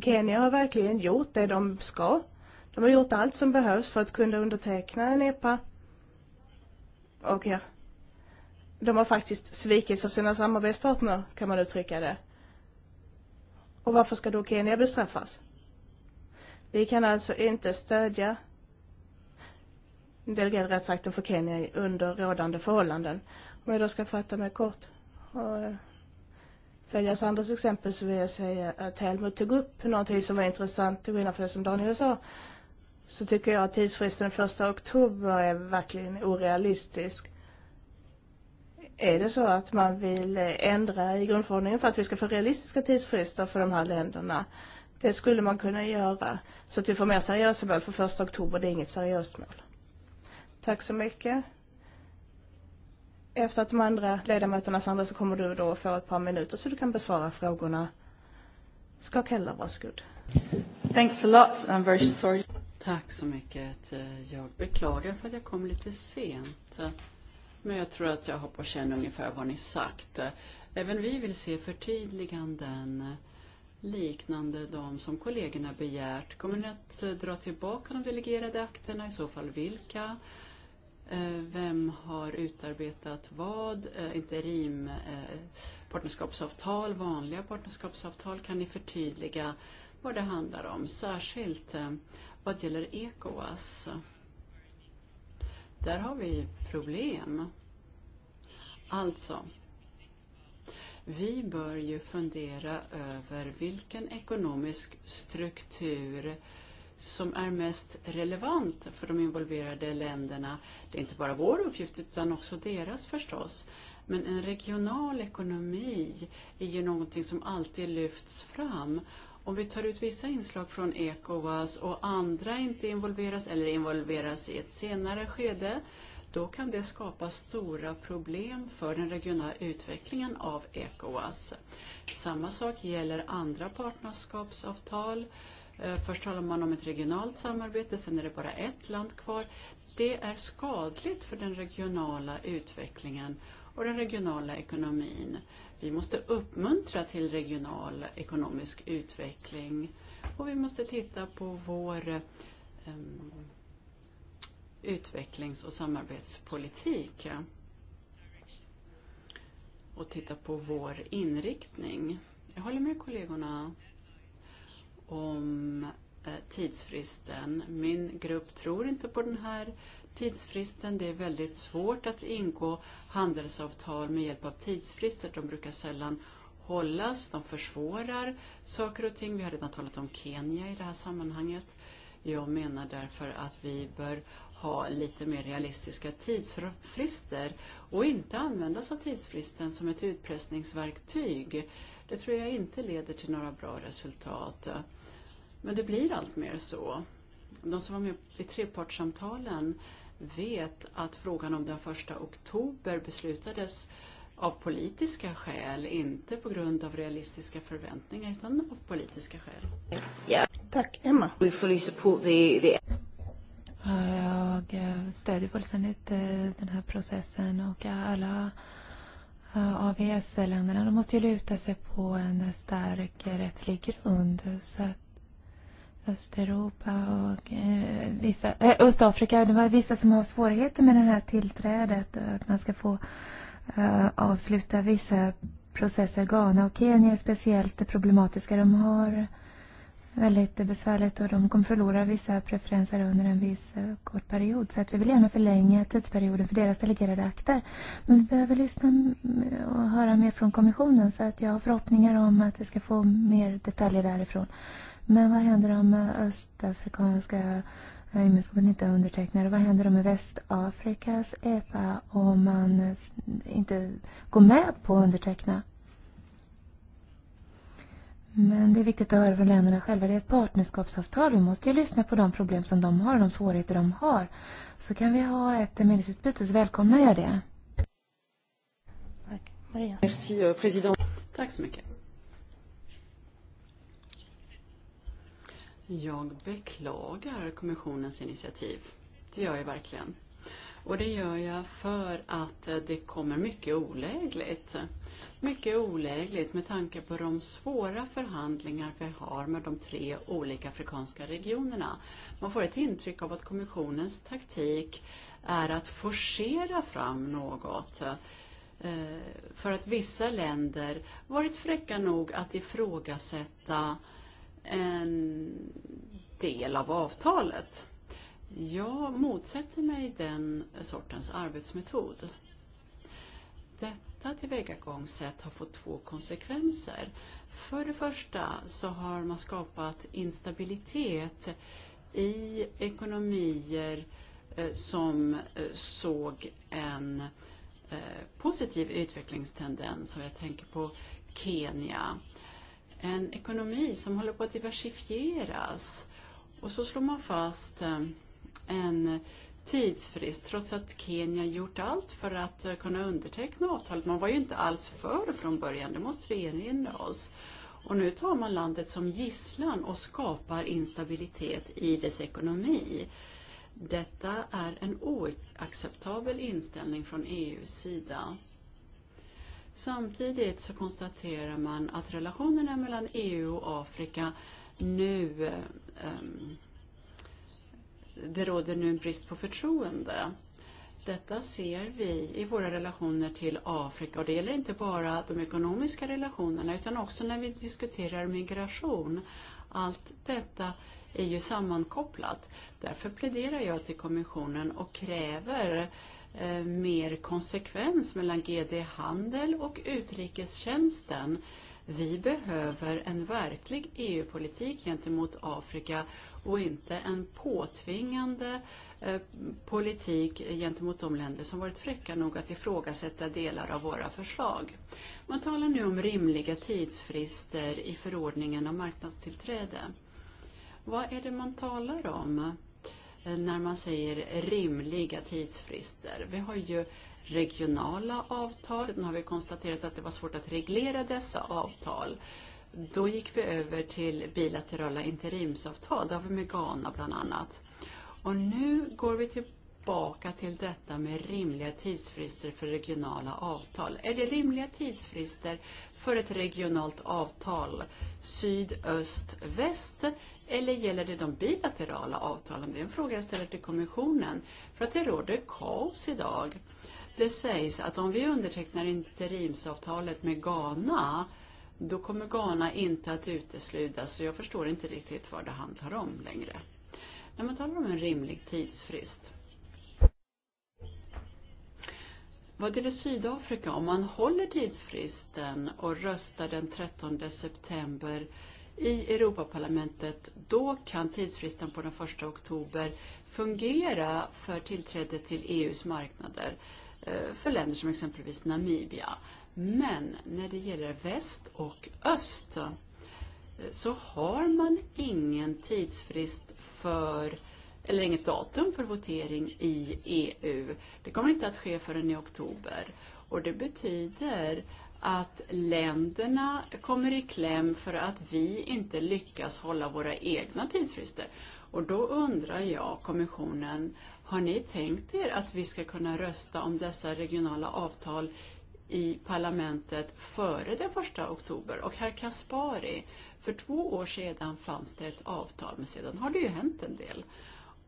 Kenya har verkligen gjort det de ska. De har gjort allt som behövs för att kunna underteckna en EPA. Och ja, de har faktiskt svikits av sina samarbetspartner, kan man uttrycka det. Och varför ska då Kenya bestraffas? Vi kan alltså inte stödja delegerade rättsakten för Kenya under rådande förhållanden. Men då ska jag fatta mig kort. Och följa Sanders exempel så vill jag säga att Helmut tog upp någonting som var intressant till skillnad från det som Daniel sa. Så tycker jag att tidsfristen 1 oktober är verkligen orealistisk. Är det så att man vill ändra i grundförordningen för att vi ska få realistiska tidsfrister för de här länderna? Det skulle man kunna göra. Så att vi får mer seriösa mål för 1 oktober, det är inget seriöst mål. Tack så mycket efter att de andra ledamöterna andra så kommer du då få ett par minuter så du kan besvara frågorna. Skak heller, varsågod. Thanks a lot. I'm very sorry. Tack så mycket. Eh, jag beklagar för att jag kom lite sent. Men jag tror att jag har på känn ungefär vad ni sagt. Även vi vill se förtydliganden liknande de som kollegorna begärt. Kommer ni att eh, dra tillbaka de delegerade akterna? I så fall vilka? Eh, vem har utarbetat vad? Eh, interim eh, partnerskapsavtal, vanliga partnerskapsavtal. Kan ni förtydliga vad det handlar om? Särskilt vad gäller ECOWAS. Där har vi problem. Alltså, vi bör ju fundera över vilken ekonomisk struktur eh, som är mest relevant för de involverade länderna. Det är inte bara vår uppgift utan också deras förstås. Men en regional ekonomi är ju någonting som alltid lyfts fram. Om vi tar ut vissa inslag från ECOWAS och andra inte involveras eller involveras i ett senare skede, då kan det skapa stora problem för den regionala utvecklingen av ECOWAS. Samma sak gäller andra partnerskapsavtal. Eh, först talar man om ett regionalt samarbete, sen är det bara ett land kvar. Det är skadligt för den regionala utvecklingen och den regionala ekonomin. Vi måste uppmuntra till regional ekonomisk utveckling och vi måste titta på vår um, utvecklings och samarbetspolitik och titta på vår inriktning. Jag håller med kollegorna om eh, tidsfristen. Min grupp tror inte på den här tidsfristen. Det är väldigt svårt att ingå handelsavtal med hjälp av tidsfrister. De brukar sällan hållas, de försvårar saker och ting. Vi har redan talat om Kenya i det här sammanhanget. Jag menar därför att vi bör ha lite mer realistiska tidsfrister och inte använda oss av tidsfristen som ett utpressningsverktyg. Det tror jag inte leder till några bra resultat. Men det blir allt mer så. De som var med i trepartssamtalen vet att frågan om den första oktober beslutades av politiska skäl, inte på grund av realistiska förväntningar utan av politiska skäl. Ja. Tack, Emma. We fully support the, the... Jag stödjer fullständigt eh, den här processen och alla eh, AVS-länderna de måste ju luta sig på en stark rättslig grund. Så att Östeuropa och eh, vissa, eh, Östafrika. Det var vissa som har svårigheter med det här tillträdet. Att man ska få eh, avsluta vissa processer. Ghana och Kenya är speciellt problematiska. De har väldigt besvärligt och de kommer förlora vissa preferenser under en viss eh, kort period. Så att vi vill gärna förlänga tidsperioden för deras delegerade akter. Men vi behöver lyssna och höra mer från kommissionen så att jag har förhoppningar om att vi ska få mer detaljer därifrån. Men vad händer om östafrikanska gemenskapen inte undertecknar? Vad händer om Västafrikas EPA om man inte går med på att underteckna? Men det är viktigt att höra från länderna själva. Det är ett partnerskapsavtal. Vi måste ju lyssna på de problem som de har, de svårigheter de har. Så kan vi ha ett meningsutbyte så välkomnar jag det. Tack, Maria. Merci, eh, president. Tack så mycket. Jag beklagar kommissionens initiativ. Det gör jag verkligen. Och det gör jag för att eh, det kommer mycket olägligt. Mycket olägligt med tanke på de svåra förhandlingar vi har med de tre olika afrikanska regionerna. Man får ett intryck av att kommissionens taktik är att forcera fram något eh, för att vissa länder varit fräcka nog att ifrågasätta en del av avtalet. Jag motsätter mig den sortens arbetsmetod. Detta tillvägagångssätt har fått två konsekvenser. För det första så har man skapat instabilitet i ekonomier eh, som eh, såg en eh, positiv utvecklingstendens. jag tänker på Kenya en ekonomi som håller på att diversifieras. Och så slår man fast eh, en tidsfrist trots att Kenya gjort allt för att kunna underteckna avtalet. Man var ju inte alls för från början, det måste vi erinra oss. Och nu tar man landet som gisslan och skapar instabilitet i dess ekonomi. Detta är er en oacceptabel inställning från EUs sida. Samtidigt så konstaterar man att relationerna mellan EU och Afrika nu um, det råder nu en brist på förtroende. Detta ser vi i våra relationer till Afrika och det gäller inte bara de ekonomiska relationerna utan också när vi diskuterar migration. Allt detta är ju sammankopplat. Därför pläderar jag till kommissionen och kräver eh, Eh, mer konsekvens mellan GD Handel och utrikestjänsten. Vi behöver en verklig EU-politik gentemot Afrika och inte en påtvingande eh, politik gentemot de länder som varit fräcka nog att ifrågasätta delar av våra förslag. Man talar nu om rimliga tidsfrister i förordningen om marknadstillträde. Vad är det man talar om? när man säger rimliga tidsfrister. Vi har ju regionala avtal. Nu har vi konstaterat att det var svårt att reglera dessa avtal. Då gick vi över till bilaterala interimsavtal. Det har vi med Ghana bland annat. Och nu går vi tillbaka till detta med rimliga tidsfrister för regionala avtal. Är det rimliga tidsfrister för ett regionalt avtal syd, öst, väst eller gäller det de bilaterala avtalen? Det är en fråga jag ställer till kommissionen för att det råder kaos idag. Det sägs att om vi undertecknar interimsavtalet med Ghana då kommer Ghana inte att uteslutas så jag förstår inte riktigt vad det handlar om längre. När man talar om en rimlig tidsfrist Vad är det Sydafrika, om man håller tidsfristen och röstar den 13 september i Europaparlamentet, då kan tidsfristen på den 1 oktober fungera för tillträde till EUs marknader eh, för länder som exempelvis Namibia. Men när det gäller väst och öst eh, så har man ingen tidsfrist för eller inget datum för votering i EU. Det kommer inte att ske förrän i oktober. Och det betyder att länderna kommer i kläm för att vi inte lyckas hålla våra egna tidsfrister. Och då undrar jag, kommissionen, har ni tänkt er att vi ska kunna rösta om dessa regionala avtal i parlamentet före den 1 oktober? Och herr Kaspari, för två år sedan fanns det ett avtal, men sedan har det ju hänt en del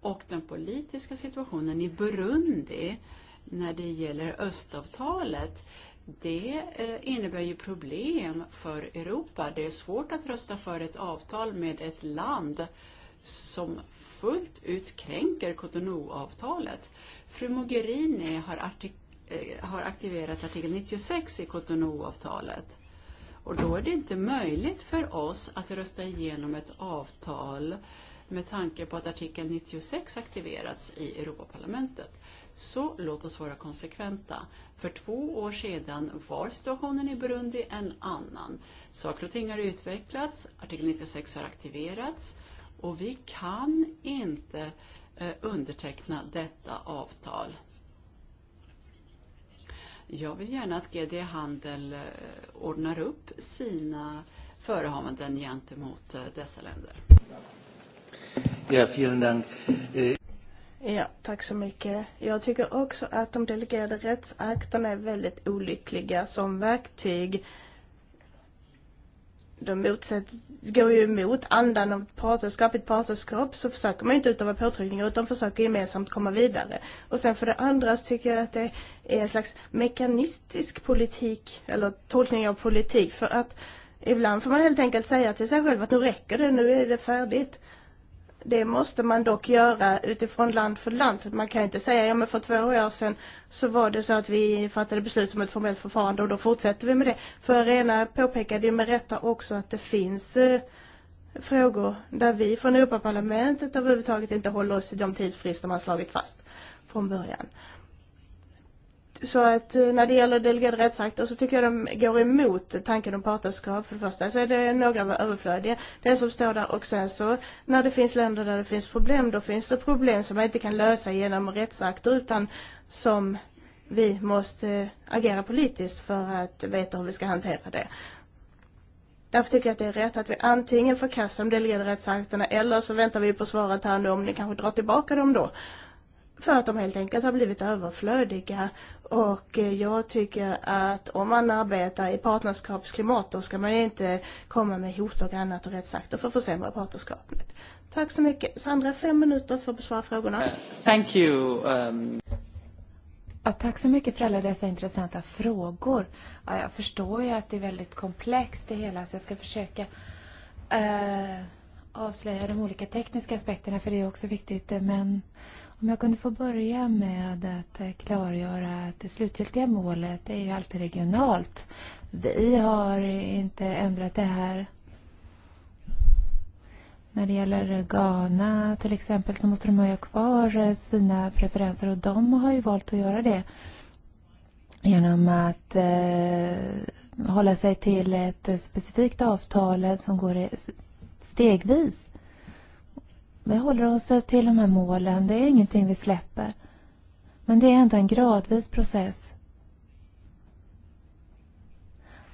och den politiska situationen i Burundi när det gäller östavtalet det eh, innebär ju problem för Europa. Det är svårt att rösta för ett avtal med ett land som fullt ut kränker Cotonou-avtalet. Fru Mogherini har, artik eh, har aktiverat artikel 96 i Cotonou-avtalet. Och då är det inte möjligt för oss att rösta igenom ett avtal eh, med tanke på att artikel 96 aktiverats i Europaparlamentet. Så låt oss vara konsekventa. För två år sedan var situationen i Burundi en annan. Saker och ting har utvecklats, artikel 96 har aktiverats och vi kan inte eh, underteckna detta avtal. Jag vill gärna att GD Handel eh, ordnar upp sina förehavanden gentemot eh, dessa länder. Ja, vielen Dank. Äh, ja, tack så mycket. Jag tycker också att de delegerade rättsakterna är väldigt olyckliga som verktyg. De motsätt, går ju emot andan av partnerskap. I ett partnerskap så försöker man inte utöva påtryckningar utan försöker gemensamt komma vidare. Och sen för det andra så tycker jag att det är en slags mekanistisk politik eller tolkning av politik för att ibland får man helt enkelt säga till sig själv att nu räcker det, nu är det färdigt det måste man dock göra utifrån land för land. Man kan inte säga, ja men för två år sedan så var det så att vi fattade beslut om ett formellt förfarande och då fortsätter vi med det. För Arena påpekade ju med rätta också att det finns eh, frågor där vi från Europaparlamentet överhuvudtaget inte håller oss i de tidsfrister man slagit fast från början. Så att eh, när det gäller delegerade rättsakter så tycker jag de går emot tanken om partnerskap. För det första så är det några överflödiga, det som står där. Och sen så när det finns länder där det finns problem, då finns det problem som man inte kan lösa genom rättsakter utan som vi måste eh, agera politiskt för att veta hur vi ska hantera det. Därför tycker jag att det är rätt att vi antingen förkastar de delegerade rättsakterna eller så väntar vi på svaret här nu om ni kanske drar tillbaka dem då. För att de helt enkelt har blivit överflödiga. Och jag tycker att om man arbetar i partnerskapsklimat då ska man inte komma med hot och annat och rättsakter för att försämra partnerskapet. Tack så mycket. Sandra, fem minuter för att besvara frågorna. Thank you. Um... Ja, tack så mycket för alla dessa intressanta frågor. Ja, jag förstår ju att det är väldigt komplext det hela så jag ska försöka uh, avslöja de olika tekniska aspekterna för det är också viktigt. Eh, men Om jag kunde få börja med att eh, klargöra att det slutgiltiga målet är ju alltid regionalt. Vi har inte ändrat det här. När det gäller Ghana till exempel så måste de ha kvar sina preferenser och de har ju valt att göra det genom att eh, hålla sig till ett specifikt avtal som går stegvis Vi håller oss till de här målen. Det är ingenting vi släpper. Men det är ändå en gradvis process.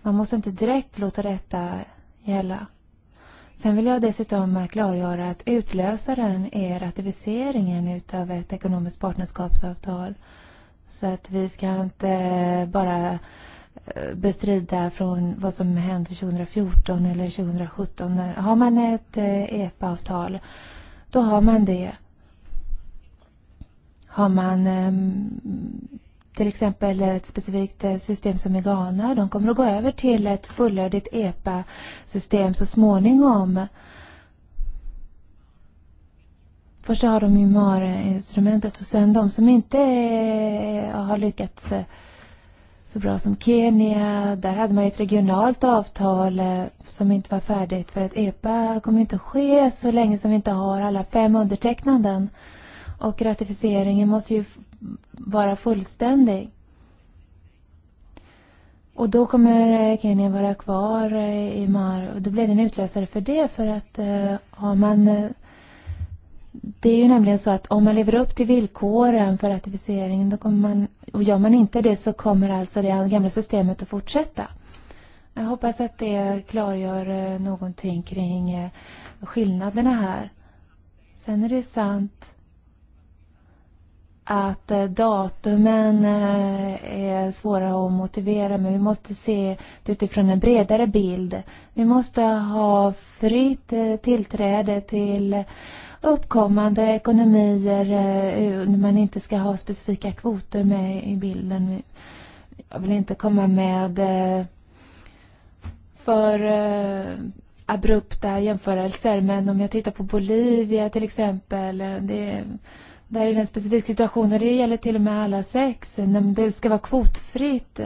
Man måste inte direkt låta detta gälla. Sen vill jag dessutom klargöra att utlösaren är ratificeringen utav ett ekonomiskt partnerskapsavtal. Så att vi ska inte eh, bara eh, bestrida från vad som hände 2014 eller 2017. Har man ett EPA-avtal eh, e då har man det. Har man till exempel ett specifikt eh, system som är Ghana, de kommer att gå över till ett fullödigt EPA-system så småningom. Först har de ju MAR-instrumentet och sen de som inte eh, har lyckats eh, så bra som Kenya. Där hade man ett regionalt avtal eh, som inte var färdigt för att EPA kommer inte att ske så länge som vi inte har alla fem undertecknanden. Och ratificeringen måste ju vara fullständig. Och då kommer eh, Kenya vara kvar eh, i MAR och då blir det en utlösare för det för att eh, har man det är ju nämligen så att om man lever upp till villkoren för ratificeringen då kommer man, och gör man inte det så kommer alltså det gamla systemet att fortsätta. Jag hoppas att det klargör eh, någonting kring eh, skillnaderna här. Sen är det sant att eh, datumen är svåra att motivera men vi måste se det utifrån en bredare bild. Vi måste ha fritt tillträde till uppkommande ekonomier när eh, man inte ska ha specifika kvoter med i bilden. Jag vill inte komma med eh, för eh, abrupta jämförelser men om jag tittar på Bolivia till exempel det, där är det en specifik situation och det gäller till och med alla sex. Det ska vara kvotfritt.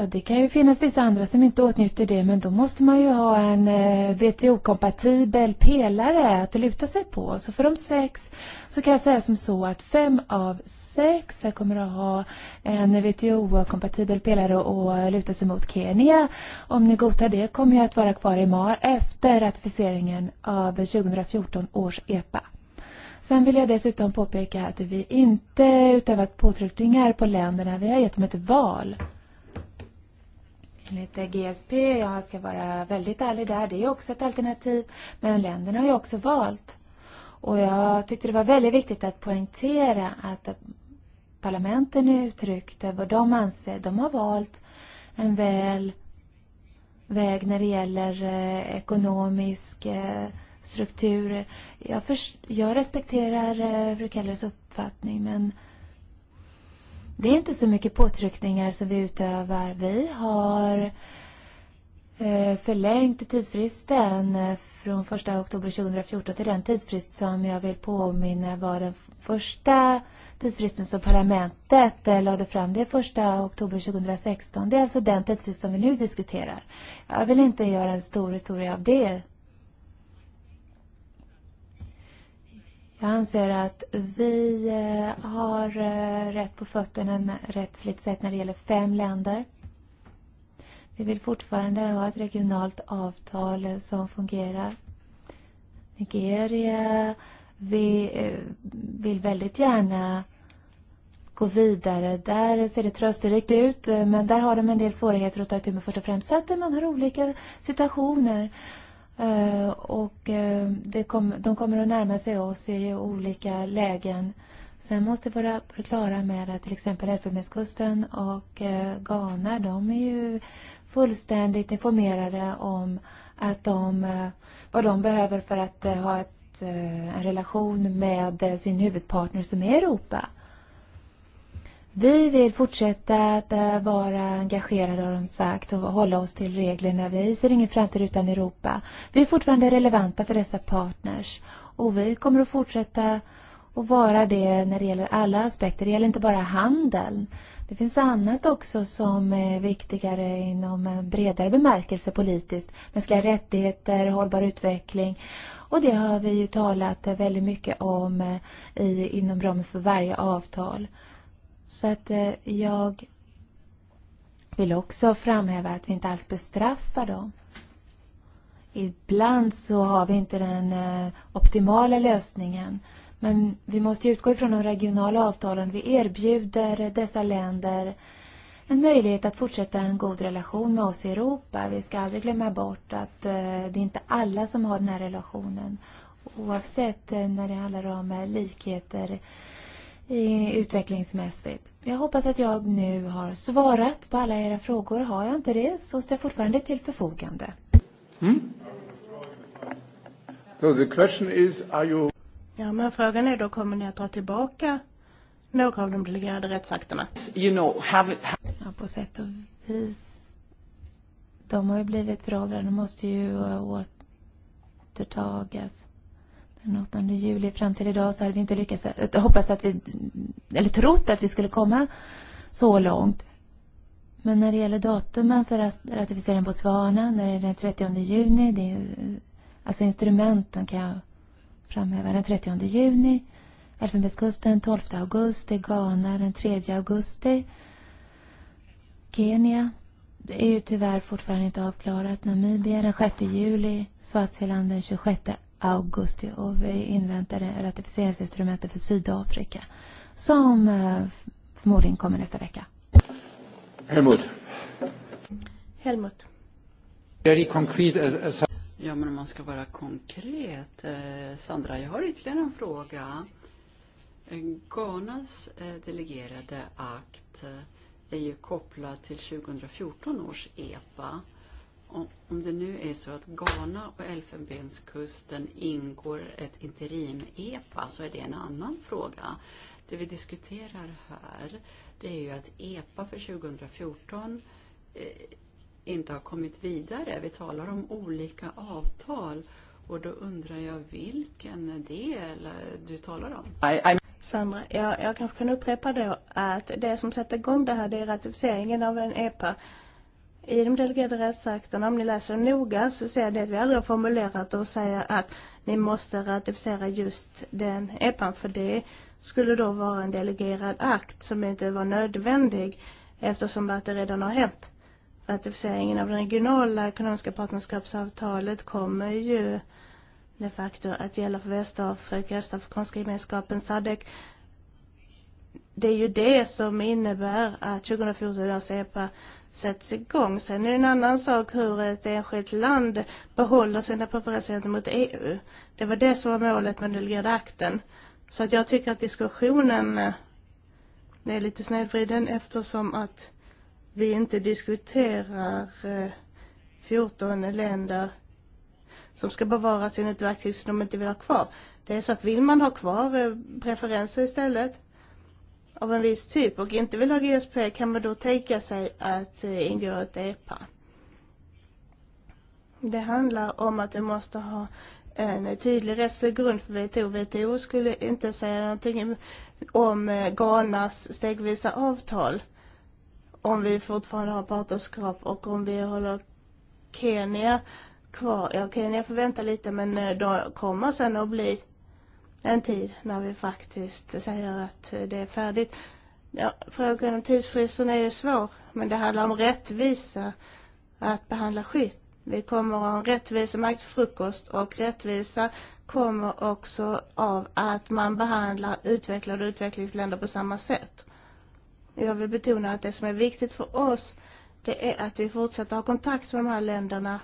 Ja, det kan ju finnas vissa andra som inte åtnjuter det, men då måste man ju ha en eh, WTO-kompatibel pelare att luta sig på. Så för de sex så kan jag säga som så att fem av sex kommer att ha en WTO-kompatibel pelare och luta sig mot Kenya. Om ni godtar det kommer jag att vara kvar i MAR efter ratificeringen av 2014 års EPA. Sen vill jag dessutom påpeka att vi inte utövat påtryckningar på länderna. Vi har gett dem ett val. Enligt GSP, jag ska vara väldigt ärlig där, det är också ett alternativ. Men länderna har ju också valt. Och jag tyckte det var väldigt viktigt att poängtera att parlamenten uttryckte vad de anser. De har valt en väl väg när det gäller eh, ekonomisk eh, struktur. Jag, först, jag respekterar eh, fru Kellers uppfattning men eh, Det är inte så mycket påtryckningar som vi utövar. Vi har eh, förlängt tidsfristen eh, från 1 oktober 2014 till den tidsfrist som jag vill påminna var den första tidsfristen som parlamentet eh, lade fram. Det är 1 oktober 2016. Det är alltså den tidsfrist som vi nu diskuterar. Jag vill inte göra en stor historia av det Jag anser att vi eh, har eh, rätt på fötterna rättsligt sett när det gäller fem länder. Vi vill fortfarande ha ett regionalt avtal som fungerar. Nigeria, vi eh, vill väldigt gärna gå vidare. Där ser det trösterikt ut, men där har de en del svårigheter att ta itu med först och främst. Så att man har olika situationer. Eh, och eh, det kom, de kommer att närma sig oss i olika lägen. Sen måste vi vara klara med att till exempel Elfenbenskusten och eh, Ghana, de är ju fullständigt informerade om att de, vad de behöver för att ha ett, en relation med sin huvudpartner som är Europa. Vi vill fortsätta att eh, vara engagerade har de sagt och hålla oss till reglerna. Vi ser ingen framtid utan Europa. Vi är fortfarande relevanta för dessa partners och vi kommer att fortsätta att vara det när det gäller alla aspekter. Det gäller inte bara handeln. Det finns annat också som är viktigare inom en bredare bemärkelse politiskt. Mänskliga rättigheter, hållbar utveckling. Och det har vi ju talat väldigt mycket om eh, i, inom ramen för varje avtal. Så att eh, jag vill också framhäva att vi inte alls bestraffar dem. Ibland så har vi inte den eh, optimala lösningen. Men vi måste utgå ifrån de regionala avtalen. Vi erbjuder dessa länder en möjlighet att fortsätta en god relation med oss i Europa. Vi ska aldrig glömma bort att eh, det är inte alla som har den här relationen. Oavsett eh, när det handlar om eh, likheter utvecklingsmässigt. Jag hoppas att jag nu har svarat på alla era frågor. Har jag inte det så står jag fortfarande till förfogande. Mm. So the question is, are you... Ja, men frågan är då, kommer ni att dra tillbaka några av de delegerade rättsakterna? You know, have it, have... Ja, på sätt och vis. De har ju blivit föråldrade, de måste ju återtagas. Den 8 juli fram till idag så hade vi inte lyckats, eh, hoppas att vi, eller trott att vi skulle komma så långt. Men när det gäller datumen för ratificeringen på Svana, när det är den 30 juni, det är, alltså instrumenten kan jag framhäva, den 30 juni, Elfenbenskusten 12 augusti, Ghana den 3 augusti, Kenya det är ju tyvärr fortfarande inte avklarat, Namibia den 6 juli, Swaziland den 26 augusti och vi inväntar ratificeringsinstrumentet för Sydafrika som eh, förmodligen kommer nästa vecka. Helmut. Helmut. Very concrete, eh, eh, Ja, men om man ska vara konkret. Eh, Sandra, jag har ytterligare en fråga. Ghanas eh, delegerade akt eh, är ju kopplad till 2014 års EPA om det nu är så att Ghana och Elfenbenskusten ingår ett interim-EPA så är det en annan fråga. Det vi diskuterar här det är ju att EPA för 2014 eh, inte har kommit vidare. Vi talar om olika avtal och då undrar jag vilken del du talar om. I, Sandra, jag, jag kanske kan upprepa då att det som sätter igång det här det är ratificeringen av en EPA i de delegerade rättsakterna, om ni läser noga, så ser er ni att vi aldrig har formulerat och säger att ni måste ratificera just den EPAN, för det skulle då vara en delegerad akt som inte var nödvändig eftersom att det redan har er hänt. Ratificeringen av det regionala ekonomiska partnerskapsavtalet kommer ju de facto att gälla för Västafrika, Östafrikanska gemenskapen, SADC, det är ju det som innebär att 2014 års EPA sätts igång. Sen är det en annan sak hur ett enskilt land behåller sina preferenser mot EU. Det var det som var målet med delegerade akten. Så att jag tycker att diskussionen eh, är lite snedvriden eftersom att vi inte diskuterar 14 eh, länder som ska bevara sin utverktyg som de inte vill ha kvar. Det är så att vill man ha kvar eh, preferenser istället av en viss typ och inte vill ha GSP kan man då tänka sig att eh, ingå ett EPA. Det handlar om att vi måste ha en tydlig rättslig grund för WTO. WTO skulle inte säga någonting om eh, Ghanas stegvisa avtal om vi fortfarande har partnerskap och om vi håller Kenya kvar. Ja, Kenya får vänta lite men eh, de kommer sen att bli en tid när vi faktiskt säger att det är färdigt. Ja, frågan om tidsfristen är ju svår, men det handlar om rättvisa att behandla skit. Vi kommer att ha en rättvisa maktfrukost och rättvisa kommer också av att man behandlar utvecklade utvecklingsländer på samma sätt. Jag vill betona att det som är viktigt för oss det är att vi fortsätter ha kontakt med de här länderna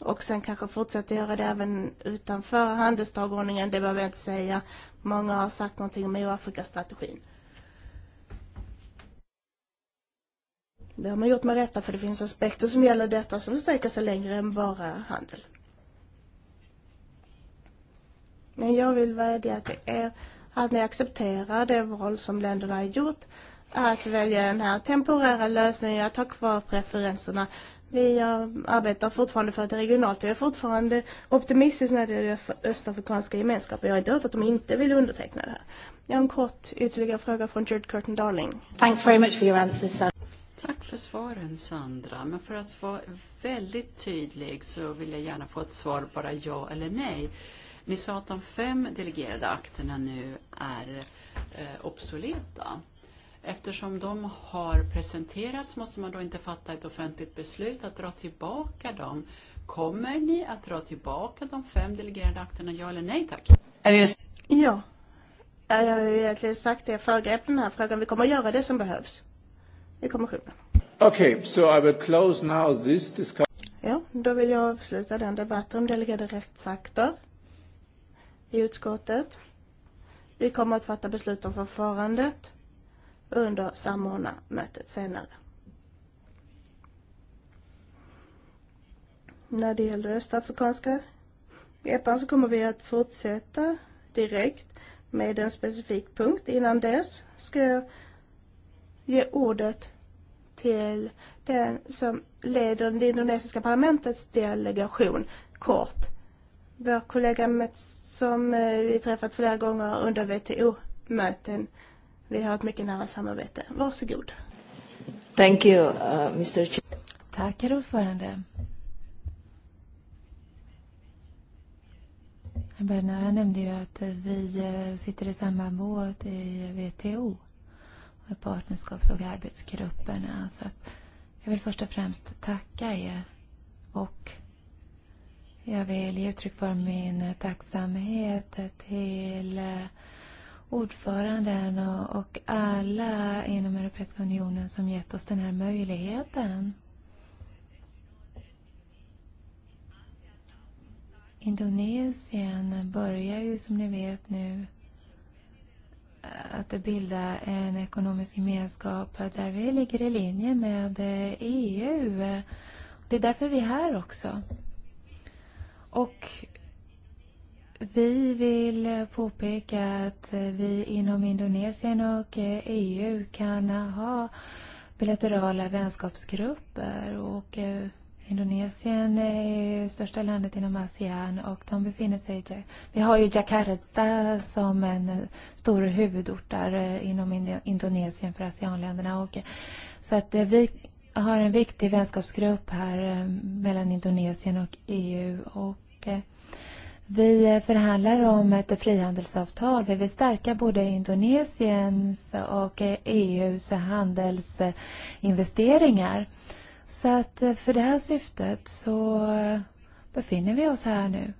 Och sen kanske fortsätta göra det även utanför handelsdagordningen, det behöver jag inte säga. Många har sagt någonting om EU-Afrika-strategin. Det har man gjort med rätta för det finns aspekter som gäller detta som sträcker sig längre än bara handel. Men jag vill vädja till er att ni accepterar det val som länderna har gjort att välja den här temporära lösningen, att ta kvar preferenserna Vi arbetar fortfarande för att det är regionalt. Jag är fortfarande optimistisk när det gäller östafrikanska gemenskapen. Jag har inte hört att de inte vill underteckna det här. Jag har en kort ytterligare fråga från Jude Curtin Darling. Thanks very much for your answers, Sandra. Tack för svaren, Sandra. Men för att vara väldigt tydlig så vill jag gärna få ett svar, bara ja eller nej. Ni sa att de fem delegerade akterna nu är eh, obsoleta. Eftersom de har presenterats måste man då inte fatta ett offentligt beslut att dra tillbaka dem. Kommer ni att dra tillbaka de fem delegerade akterna, ja eller nej tack? Ja. Jag har ju egentligen sagt det, jag föregrep den här frågan. Vi kommer att göra det som behövs i kommissionen. Okej, okay, jag vill close now this discussion. Ja, då vill jag avsluta den debatten om delegerade rättsakter i utskottet. Vi kommer att fatta beslut om förfarandet under samordnarmötet senare. När det gäller östafrikanska epan så kommer vi att fortsätta direkt med en specifik punkt. Innan dess ska jag ge ordet till den som leder det indonesiska parlamentets delegation kort. Vår kollega som eh, vi träffat flera gånger under WTO-möten Vi har ett mycket nära samarbete. Varsågod. Vlastně Thank you, uh, Mr. Ch Tack, herr ordförande. Bernard nämnde ju att vi sitter i samma båt i WTO, partnerskaps och arbetsgrupperna. Så att jag vill först och främst tacka er och jag vill ge uttryck för min tacksamhet till ordföranden och alla inom Europeiska unionen som gett oss den här möjligheten. Indonesien börjar ju som ni vet nu att bilda en ekonomisk gemenskap där vi ligger i linje med EU. Det är därför vi är här också. Och Vi vill påpeka att vi inom Indonesien och EU kan ha bilaterala vänskapsgrupper och eh, Indonesien är största landet inom ASEAN och de befinner sig i, vi har ju Jakarta som en stor huvudort där eh, inom Indonesien för ASEAN-länderna eh, så att vi har en viktig vänskapsgrupp här mellan Indonesien och EU och Vi förhandlar om ett frihandelsavtal. Vi vill stärka både Indonesiens och EUs handelsinvesteringar. Så att eh, för det här syftet så eh, befinner vi oss här nu.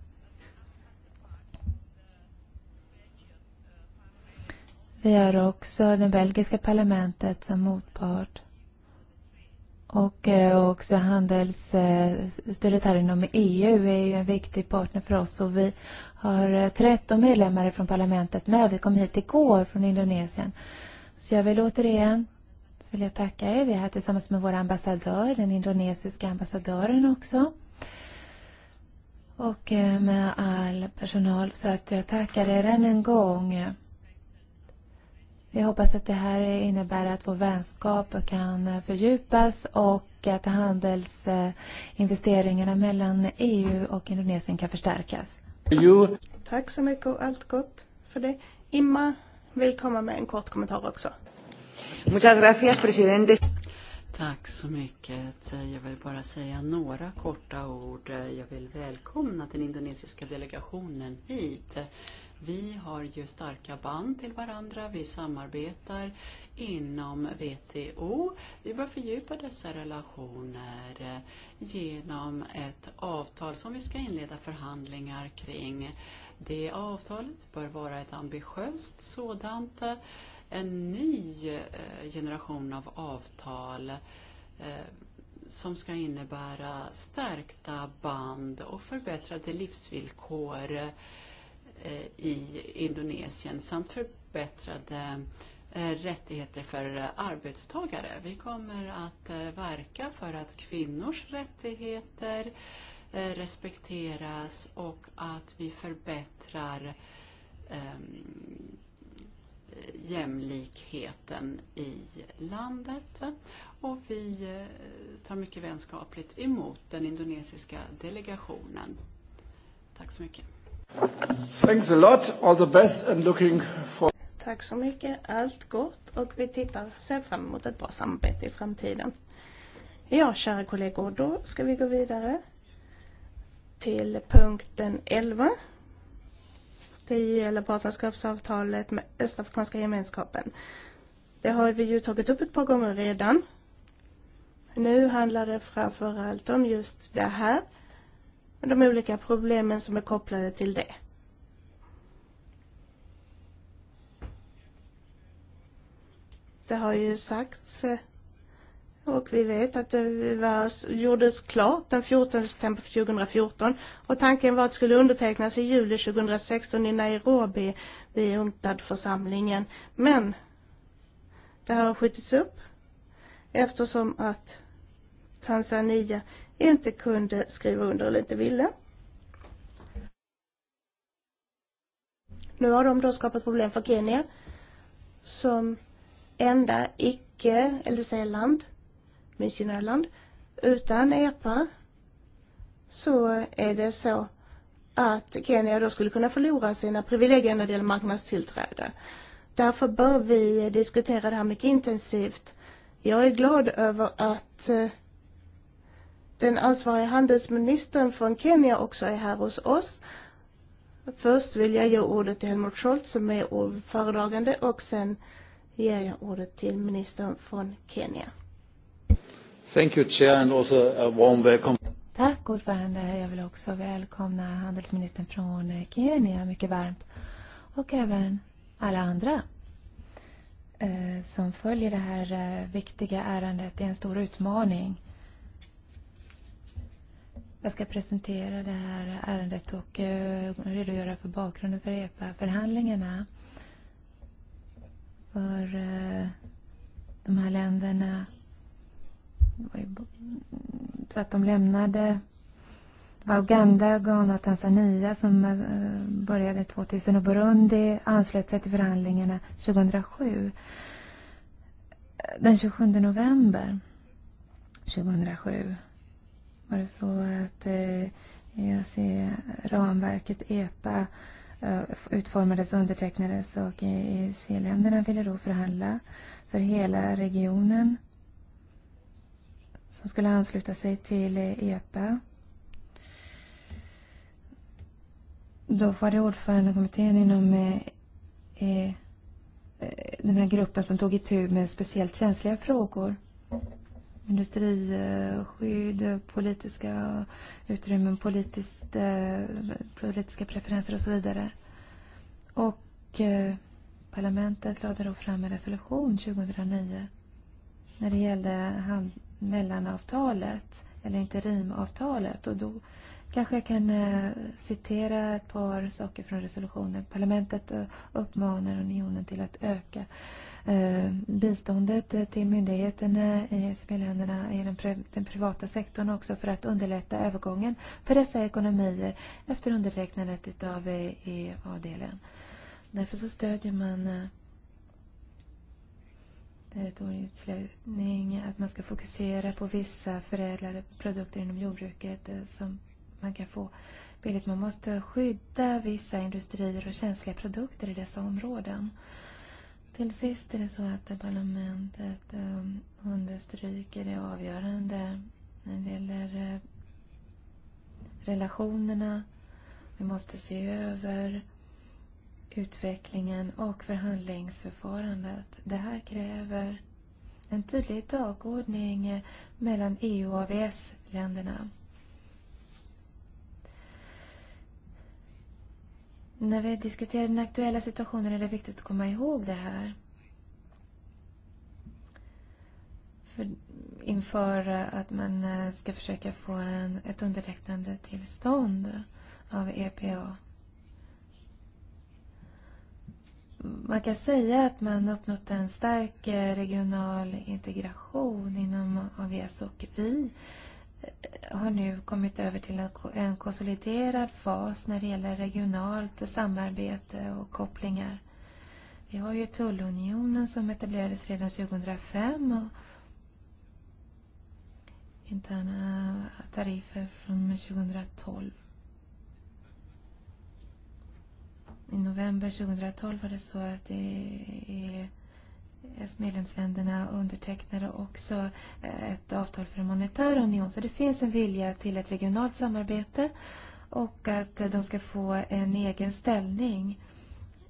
Vi har också det belgiska parlamentet som motpart. Och eh, också handelsstödet här inom EU är ju en viktig partner för oss och vi har 13 eh, medlemmar från parlamentet med. Vi kom hit igår från Indonesien. Så jag vill återigen vill jag tacka er. Vi är här tillsammans med vår ambassadör, den indonesiska ambassadören också. Och eh, med all personal. Så att jag tackar er än en gång. Jag hoppas att det här innebär att vår vänskap kan fördjupas och att handelsinvesteringarna mellan EU och Indonesien kan förstärkas. Jo. Tack så mycket och allt gott för det. Imma vill komma med en kort kommentar också. Muchas gracias, presidente. Tack så mycket. Jag vill bara säga några korta ord. Jag vill välkomna den indonesiska delegationen hit. Vi har ju starka band till varandra, vi samarbetar inom WTO. Vi bör fördjupa dessa relationer genom ett avtal som vi ska inleda förhandlingar kring. Det avtalet bör vara ett ambitiöst sådant, en ny eh, generation av avtal eh, som ska innebära stärkta band och förbättrade livsvillkor Eh, i Indonesien samt förbättrade eh, rättigheter för eh, arbetstagare. Vi kommer att verka för att kvinnors rättigheter respekteras och att vi förbättrar ehm, jämlikheten i landet och vi tar mycket vänskapligt emot den indonesiska delegationen. Tack så mycket. Thanks a lot, all the best and looking for... Tack så mycket, allt gott och vi tittar, ser fram emot ett bra samarbete i framtiden. Ja, kära kollegor, då ska vi gå vidare till punkten 11. Det gäller partnerskapsavtalet med Östafrikanska gemenskapen. Det har vi ju tagit upp ett par gånger redan. Nu handlar det framförallt om just det här och de olika problemen som är kopplade till det. Det har ju sagts eh, och vi vet att det var, gjordes klart den 14 september 2014 och tanken var att det skulle undertecknas i juli 2016 i Nairobi vid untad församlingen Men det har skjutits upp eftersom att Tanzania inte kunde skriva under eller inte ville. Nu har de då skapat problem för Kenya som enda icke LDC-land, missionärland, utan EPA så är det så att Kenya då skulle kunna förlora sina privilegier när det gäller marknadstillträde. Därför bör vi diskutera det här mycket intensivt. Jag är glad över att eh, den ansvarige handelsministern från Kenya också är er här hos oss. Först vill jag ge ordet till Helmut Scholz som är er föredragande och sen ger jag ordet till ministern från Kenya. Thank you, Chair, and also a warm welcome. Tack ordförande. Jag vill också välkomna handelsministern från Kenya mycket varmt och även alla andra eh, som följer det här eh, viktiga ärendet. Det är er en stor utmaning Jag ska presentera det här ärendet och eh, redogöra för bakgrunden för EPA-förhandlingarna. För eh, de här länderna så att de lämnade Uganda, Ghana och Tanzania som eh, började 2000 och Burundi anslöt sig till förhandlingarna 2007. Den 27 november 2007 var eh, eh, eh, det så att ramverket EPA utformades och undertecknades och c länderna ville då förhandla för hela regionen som skulle ansluta sig till EPA. Då var det ordförandekommittén inom den här gruppen som tog tur med speciellt känsliga frågor industriskydd, politiska utrymmen, politiskt, politiska preferenser och så vidare. Och parlamentet lade då fram en resolution 2009 när det gällde mellanavtalet eller interimavtalet och då Kanske jag kan eh, citera ett par saker från resolutionen. Parlamentet eh, uppmanar unionen till att öka eh, biståndet till myndigheterna i ECB-länderna i den, pri den privata sektorn också för att underlätta övergången för dessa ekonomier efter undertecknandet utav EA-delen. E Därför så stödjer man utslutning att man ska fokusera på vissa förädlade produkter inom jordbruket som man kan få billigt. Man måste skydda vissa industrier och känsliga produkter i dessa områden. Till sist är det så att parlamentet ehm, understryker det avgörande när det gäller eh, relationerna. Vi måste se över utvecklingen och förhandlingsförfarandet. Det här kräver en tydlig dagordning eh, mellan EU och AVS-länderna. När vi diskuterar den aktuella situationen är det viktigt att komma ihåg det här. För, inför att man eh, ska försöka få en, ett undertecknande tillstånd av EPA. Man kan säga att man uppnått en stark eh, regional integration inom AVS och vi har nu kommit över till en konsoliderad fas när det gäller regionalt samarbete och kopplingar. Vi har ju tullunionen som etablerades redan 2005 och interna tariffer från 2012. I november 2012 var det så att det är medlemsländerna undertecknade också eh, ett avtal för en monetär union. Så det finns en vilja till ett regionalt samarbete och att de ska få en egen ställning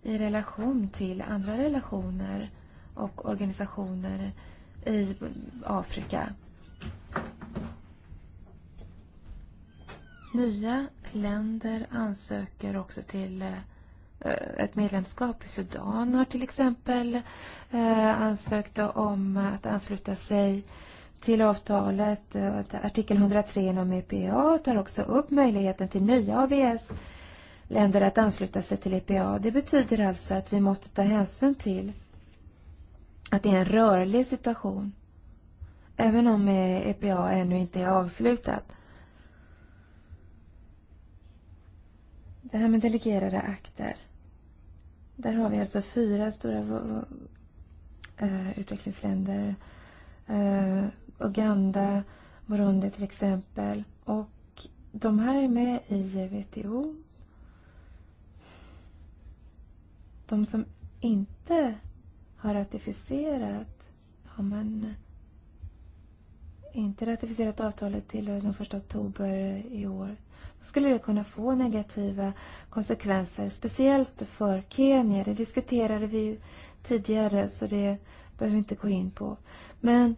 i relation till andra relationer och organisationer i Afrika. Nya länder ansöker också till eh, Eh, ett medlemskap i Sudan har till exempel eh, ansökt om att ansluta sig till avtalet. Eh, artikel 103 inom EPA tar också upp möjligheten till nya AVS länder att ansluta sig till EPA. Det betyder alltså att vi måste ta hänsyn till att det är en rörlig situation. Även om EPA e ännu inte är avslutad. Det här med delegerade akter. Där har vi alltså fyra stora uh, utvecklingsländer. Uh, Uganda, Burundi till exempel. Och de här är med i WTO. De som inte har ratificerat, ja men inte ratificerat avtalet till den 1 oktober i år skulle det kunna få negativa konsekvenser, speciellt för Kenya. Det diskuterade vi ju tidigare så det behöver vi inte gå in på. Men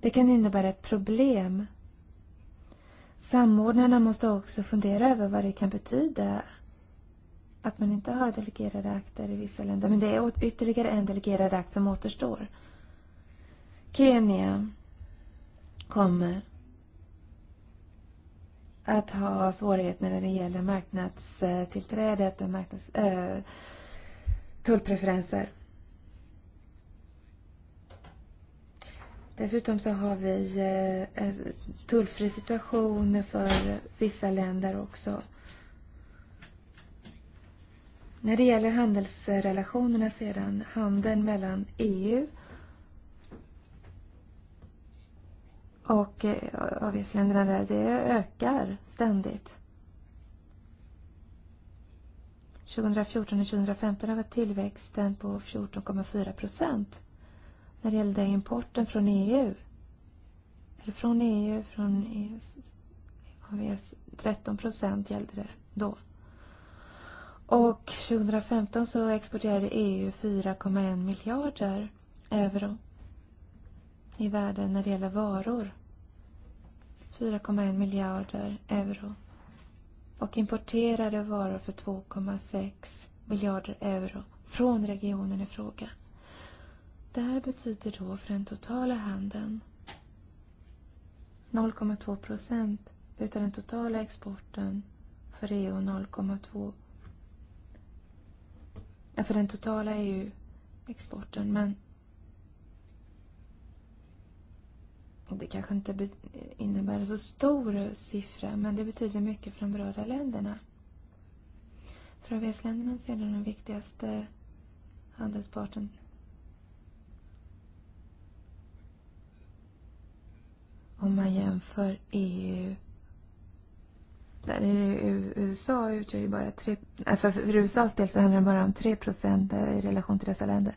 det kan innebära ett problem. Samordnarna måste också fundera över vad det kan betyda att man inte har delegerade akter i vissa länder. Men det är ytterligare en delegerad akt som återstår. Kenya kommer att ha svårigheter när det gäller marknadstillträdet och marknads, äh, tullpreferenser. Dessutom så har vi eh, en tullfri situation för vissa länder också. När det gäller handelsrelationerna sedan, handeln mellan EU och avisländerna eh, där, det ökar ständigt. 2014 och 2015 var tillväxten på 14,4 procent när det gällde importen från EU. Eller från EU, från EU, 13 e procent gällde det då. Och 2015 så exporterade EU 4,1 miljarder euro i världen när det gäller varor. 4,1 miljarder euro och importerade varor för 2,6 miljarder euro från regionen i fråga. Det här betyder då för den totala handeln 0,2 procent utav den totala exporten för EU 0,2 för den totala EU-exporten. Men det kanske inte innebär så stor siffra, men det betyder mycket för de berörda länderna. För avs är det den viktigaste handelsparten. Om man jämför EU Där är det USA utgör ju bara 3, för, för USAs del så handlar det bara om 3 i relation till dessa länder. Eh,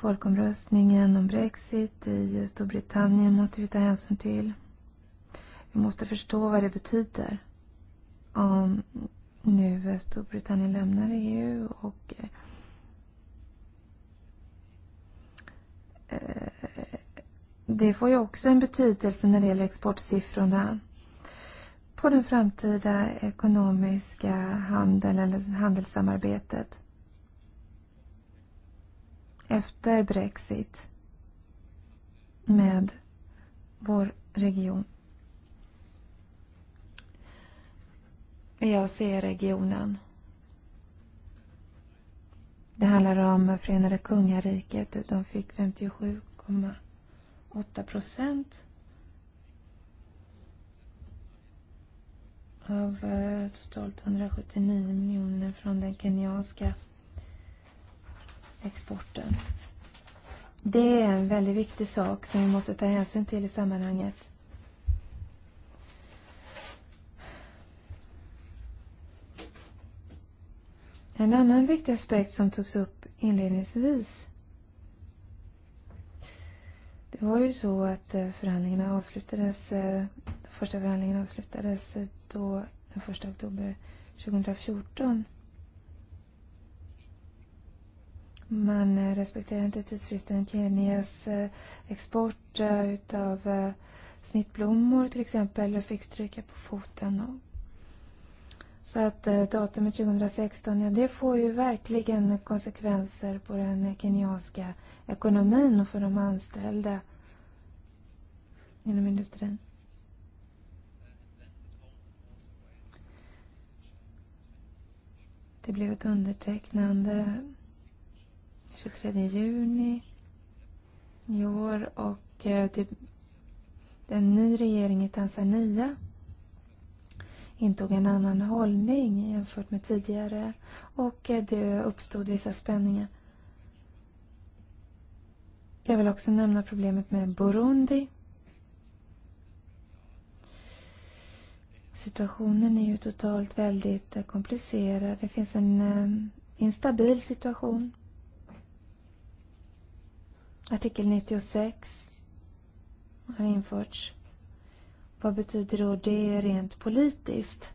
Folkomröstningen om Brexit i Storbritannien måste vi ta hänsyn till. Vi måste förstå vad det betyder om nu Storbritannien lämnar EU och eh, det får ju också en betydelse när det gäller exportsiffrorna på den framtida ekonomiska handeln eller handelssamarbetet efter Brexit med vår region. ser regionen Det handlar om Förenade Kungariket. De fick 57,8 procent av eh, totalt 179 miljoner från den kenyanska exporten. Det är en väldigt viktig sak som vi måste ta hänsyn till i sammanhanget. En annan viktig aspekt som togs upp inledningsvis det var ju så att eh, förhandlingarna avslutades, de eh, första förhandlingarna avslutades eh, då den 1 oktober 2014. Man respekterar inte tidsfristen Kenias export eh, av eh, snittblommor till exempel och fick stryka på foten. Så att eh, datumet 2016, ja, det får ju verkligen konsekvenser på den kenyanska ekonomin och för de anställda inom industrin. Det blev ett undertecknande 23 juni i år och det, en ny regering i Tanzania intog en annan hållning jämfört med tidigare och det uppstod vissa spänningar. Jag vill också nämna problemet med Burundi. Situationen är e ju totalt väldigt komplicerad. Det finns en instabil situation. Artikel 96 har införts. Vad betyder då det rent politiskt?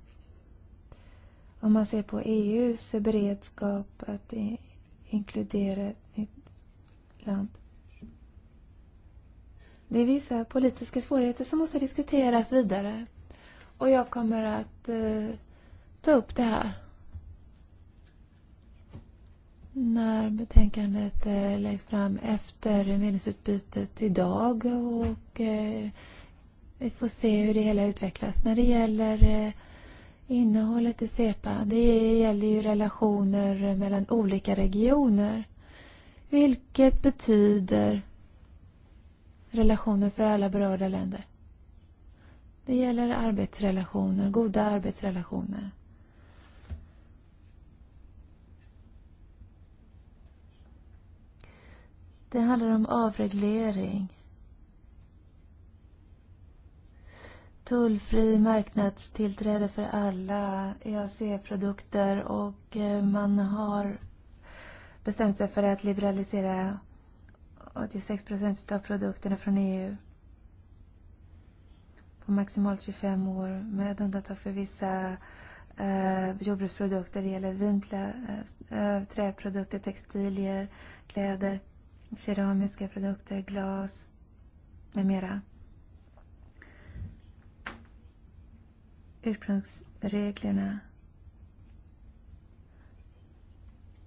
Om man ser på EUs beredskap att inkludera ett nytt land. Det är vissa politiska svårigheter som måste diskuteras vidare. Och jag kommer att eh, ta upp det här när betänkandet eh, läggs fram efter meningsutbytet idag och eh, vi får se hur det hela utvecklas. När det gäller eh, innehållet i SEPA, det gäller ju relationer mellan olika regioner. Vilket betyder relationer för alla berörda länder. Det gäller arbetsrelationer, goda arbetsrelationer. Det handlar om avreglering. Tullfri marknadstillträde för alla EAC-produkter och eh, man har bestämt sig för att liberalisera 86 procent av produkterna från EU på maximalt 25 år med undantag för vissa eh, jordbruksprodukter. Det gäller vin, eh, träprodukter, textilier, kläder keramiska produkter, glas med mera. Ursprungsreglerna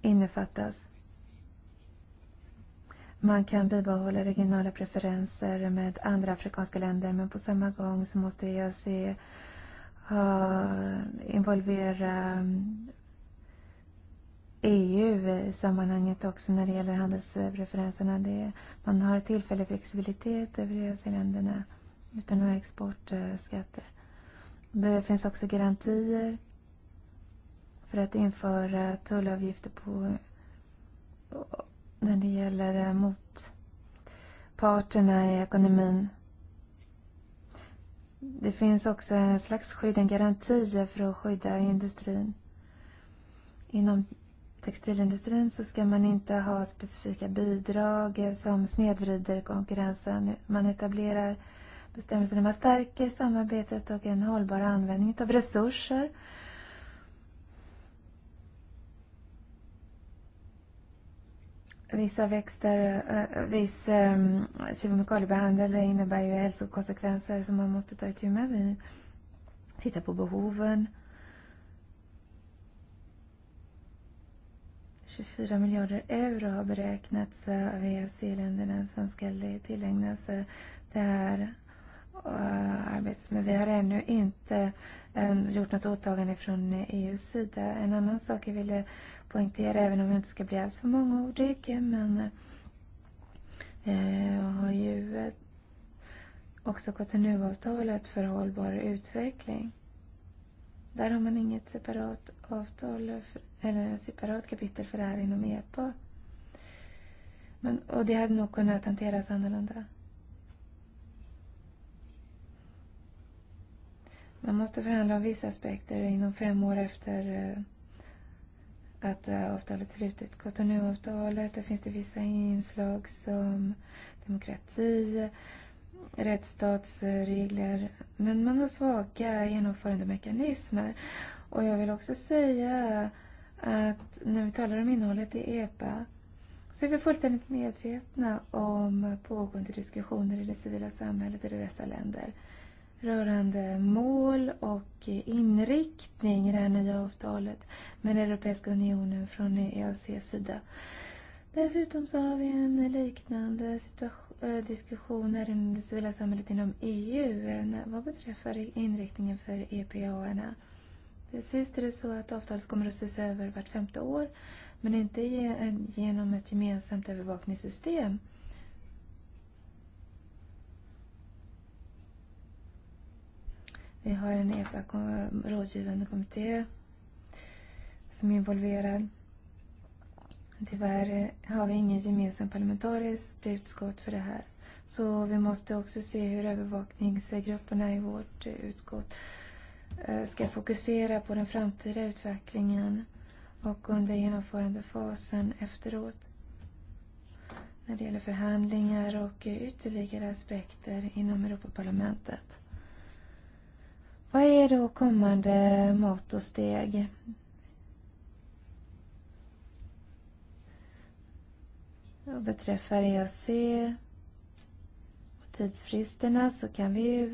innefattas. Man kan bibehålla regionala preferenser med andra afrikanska länder men på samma gång så måste EAC uh, eh, involvera EU-sammanhanget också när det gäller handelspreferenserna. Det, man har tillfällig flexibilitet över länderna utan några exportskatter. Det finns också garantier för att införa tullavgifter på när det gäller eh, motparterna i ekonomin. Det finns också en slags skydd, en garanti för att skydda industrin inom textilindustrin så ska man inte ha specifika bidrag som snedvrider konkurrensen. Man etablerar bestämmelser där man stärker samarbetet och en hållbar användning av resurser. Vissa växter, eh, viss ehm, kemikaliebehandlare innebär ju hälsokonsekvenser som man måste ta itu med. Vi tittar på behoven. Eh, 24 miljarder euro har beräknats av EEC-länderna som ska sig eh, det här eh, arbetet. Men vi har ännu inte eh, gjort något åtagande från EUs e sida. En annan sak jag ville poängtera, även om jag inte ska bli alltför mångordig, men jag har ju också Cotonouavtalet för hållbar utveckling. Där har man inget separat avtal eller en separat kapitel för det här inom EPA. Men, och det hade nog kunnat hanteras annorlunda. Man måste förhandla om vissa aspekter inom fem år efter att avtalet slutit. Cotonou-avtalet, där finns det vissa inslag som demokrati, rättsstatsregler. Men man har svaga genomförandemekanismer. Och jag vill också säga att när vi talar om innehållet i EPA så är vi fullständigt medvetna om pågående diskussioner i det civila samhället i dessa länder rörande mål och inriktning i det här nya avtalet med den Europeiska unionen från EACs sida. Dessutom så har vi en liknande situation Eh, diskussioner i civila samhället inom EU vad beträffar inriktningen för EPA-erna. Sist är det så att avtalet kommer att ses över vart femte år men inte eh, genom ett gemensamt övervakningssystem. Vi har en EPA-rådgivande kommitté som är involverad tyvärr har vi ingen gemensam parlamentarisk utskott för det här. Så vi måste också se hur övervakningsgrupperna i vårt utskott ska fokusera på den framtida utvecklingen och under genomförandefasen efteråt när det gäller förhandlingar och ytterligare aspekter inom Europaparlamentet. Vad är då kommande mat och steg? Vad beträffar EAC och tidsfristerna så kan vi ju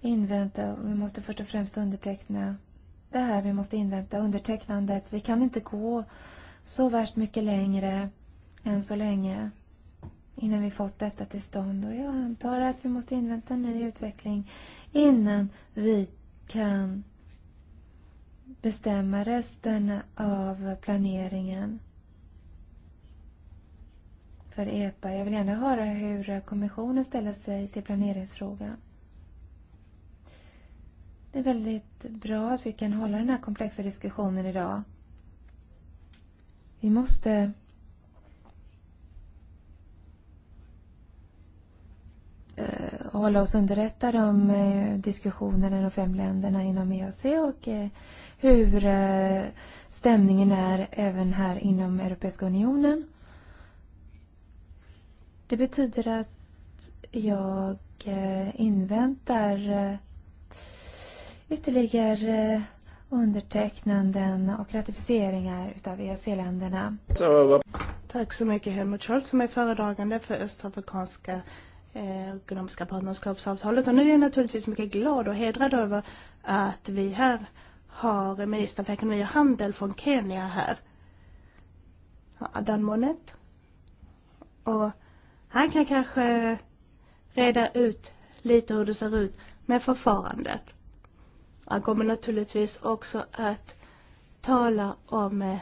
invänta, vi måste först och främst underteckna det här, vi måste invänta undertecknandet. Vi kan inte gå så värst mycket längre än så länge innan vi fått detta till stånd. Och jag antar att vi måste invänta en ny utveckling innan vi kan bestämma resten av planeringen för EPA. Jag vill gärna höra hur kommissionen ställer sig till planeringsfrågan. Det är väldigt bra att vi kan hålla den här komplexa diskussionen idag. Vi måste eh, hålla oss underrättade om eh, diskussionerna i de fem länderna inom EAC och eh, hur stämningen är även här inom Europeiska unionen. Det betyder att jag inväntar ytterligare undertecknanden och ratificeringar utav eac länderna uh, Tack så mycket Helmut Scholz som är föredragande för östafrikanska eh, ekonomiska partnerskapsavtalet. Och nu är jag naturligtvis mycket glad och hedrad över att vi här har minister för ekonomi och handel från Kenya här. Adan Monet. Och Han kan kanske eh, reda ut lite hur det ser ut med förfarandet. Han kommer naturligtvis också att tala om eh,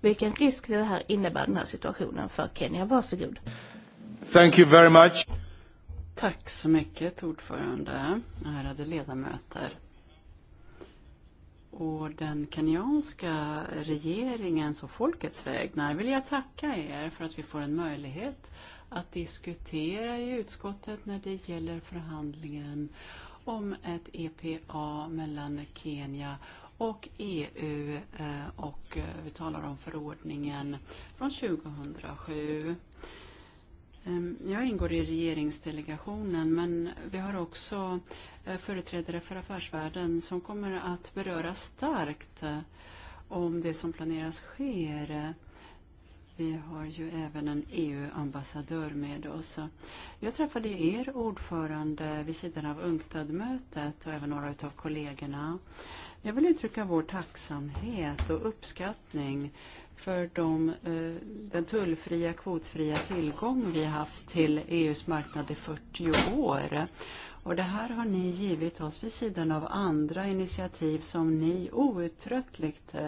vilken risk det här innebär, den här situationen för Kenya. Varsågod. Thank you very much. Tack så mycket, ordförande, ärade ledamöter. Och den kenyanska regeringens och folkets vägnar vill jag tacka er för att vi får en möjlighet att diskutera i utskottet när det gäller förhandlingen om ett EPA mellan Kenya och EU eh, och eh, vi talar om förordningen från 2007. Ehm, jag ingår i regeringsdelegationen men vi har också eh, företrädare för affärsvärlden som kommer att beröra starkt om det som planeras sker. Vi har ju även en EU-ambassadör med oss. Jag träffade er ordförande vid sidan av UNCTAD-mötet och även några av kollegorna. Jag vill uttrycka vår tacksamhet och uppskattning för de, eh, den tullfria, kvotfria tillgång vi haft till EUs marknad i 40 år. Och det här har ni givit oss vid sidan av andra initiativ som ni outtröttligt eh,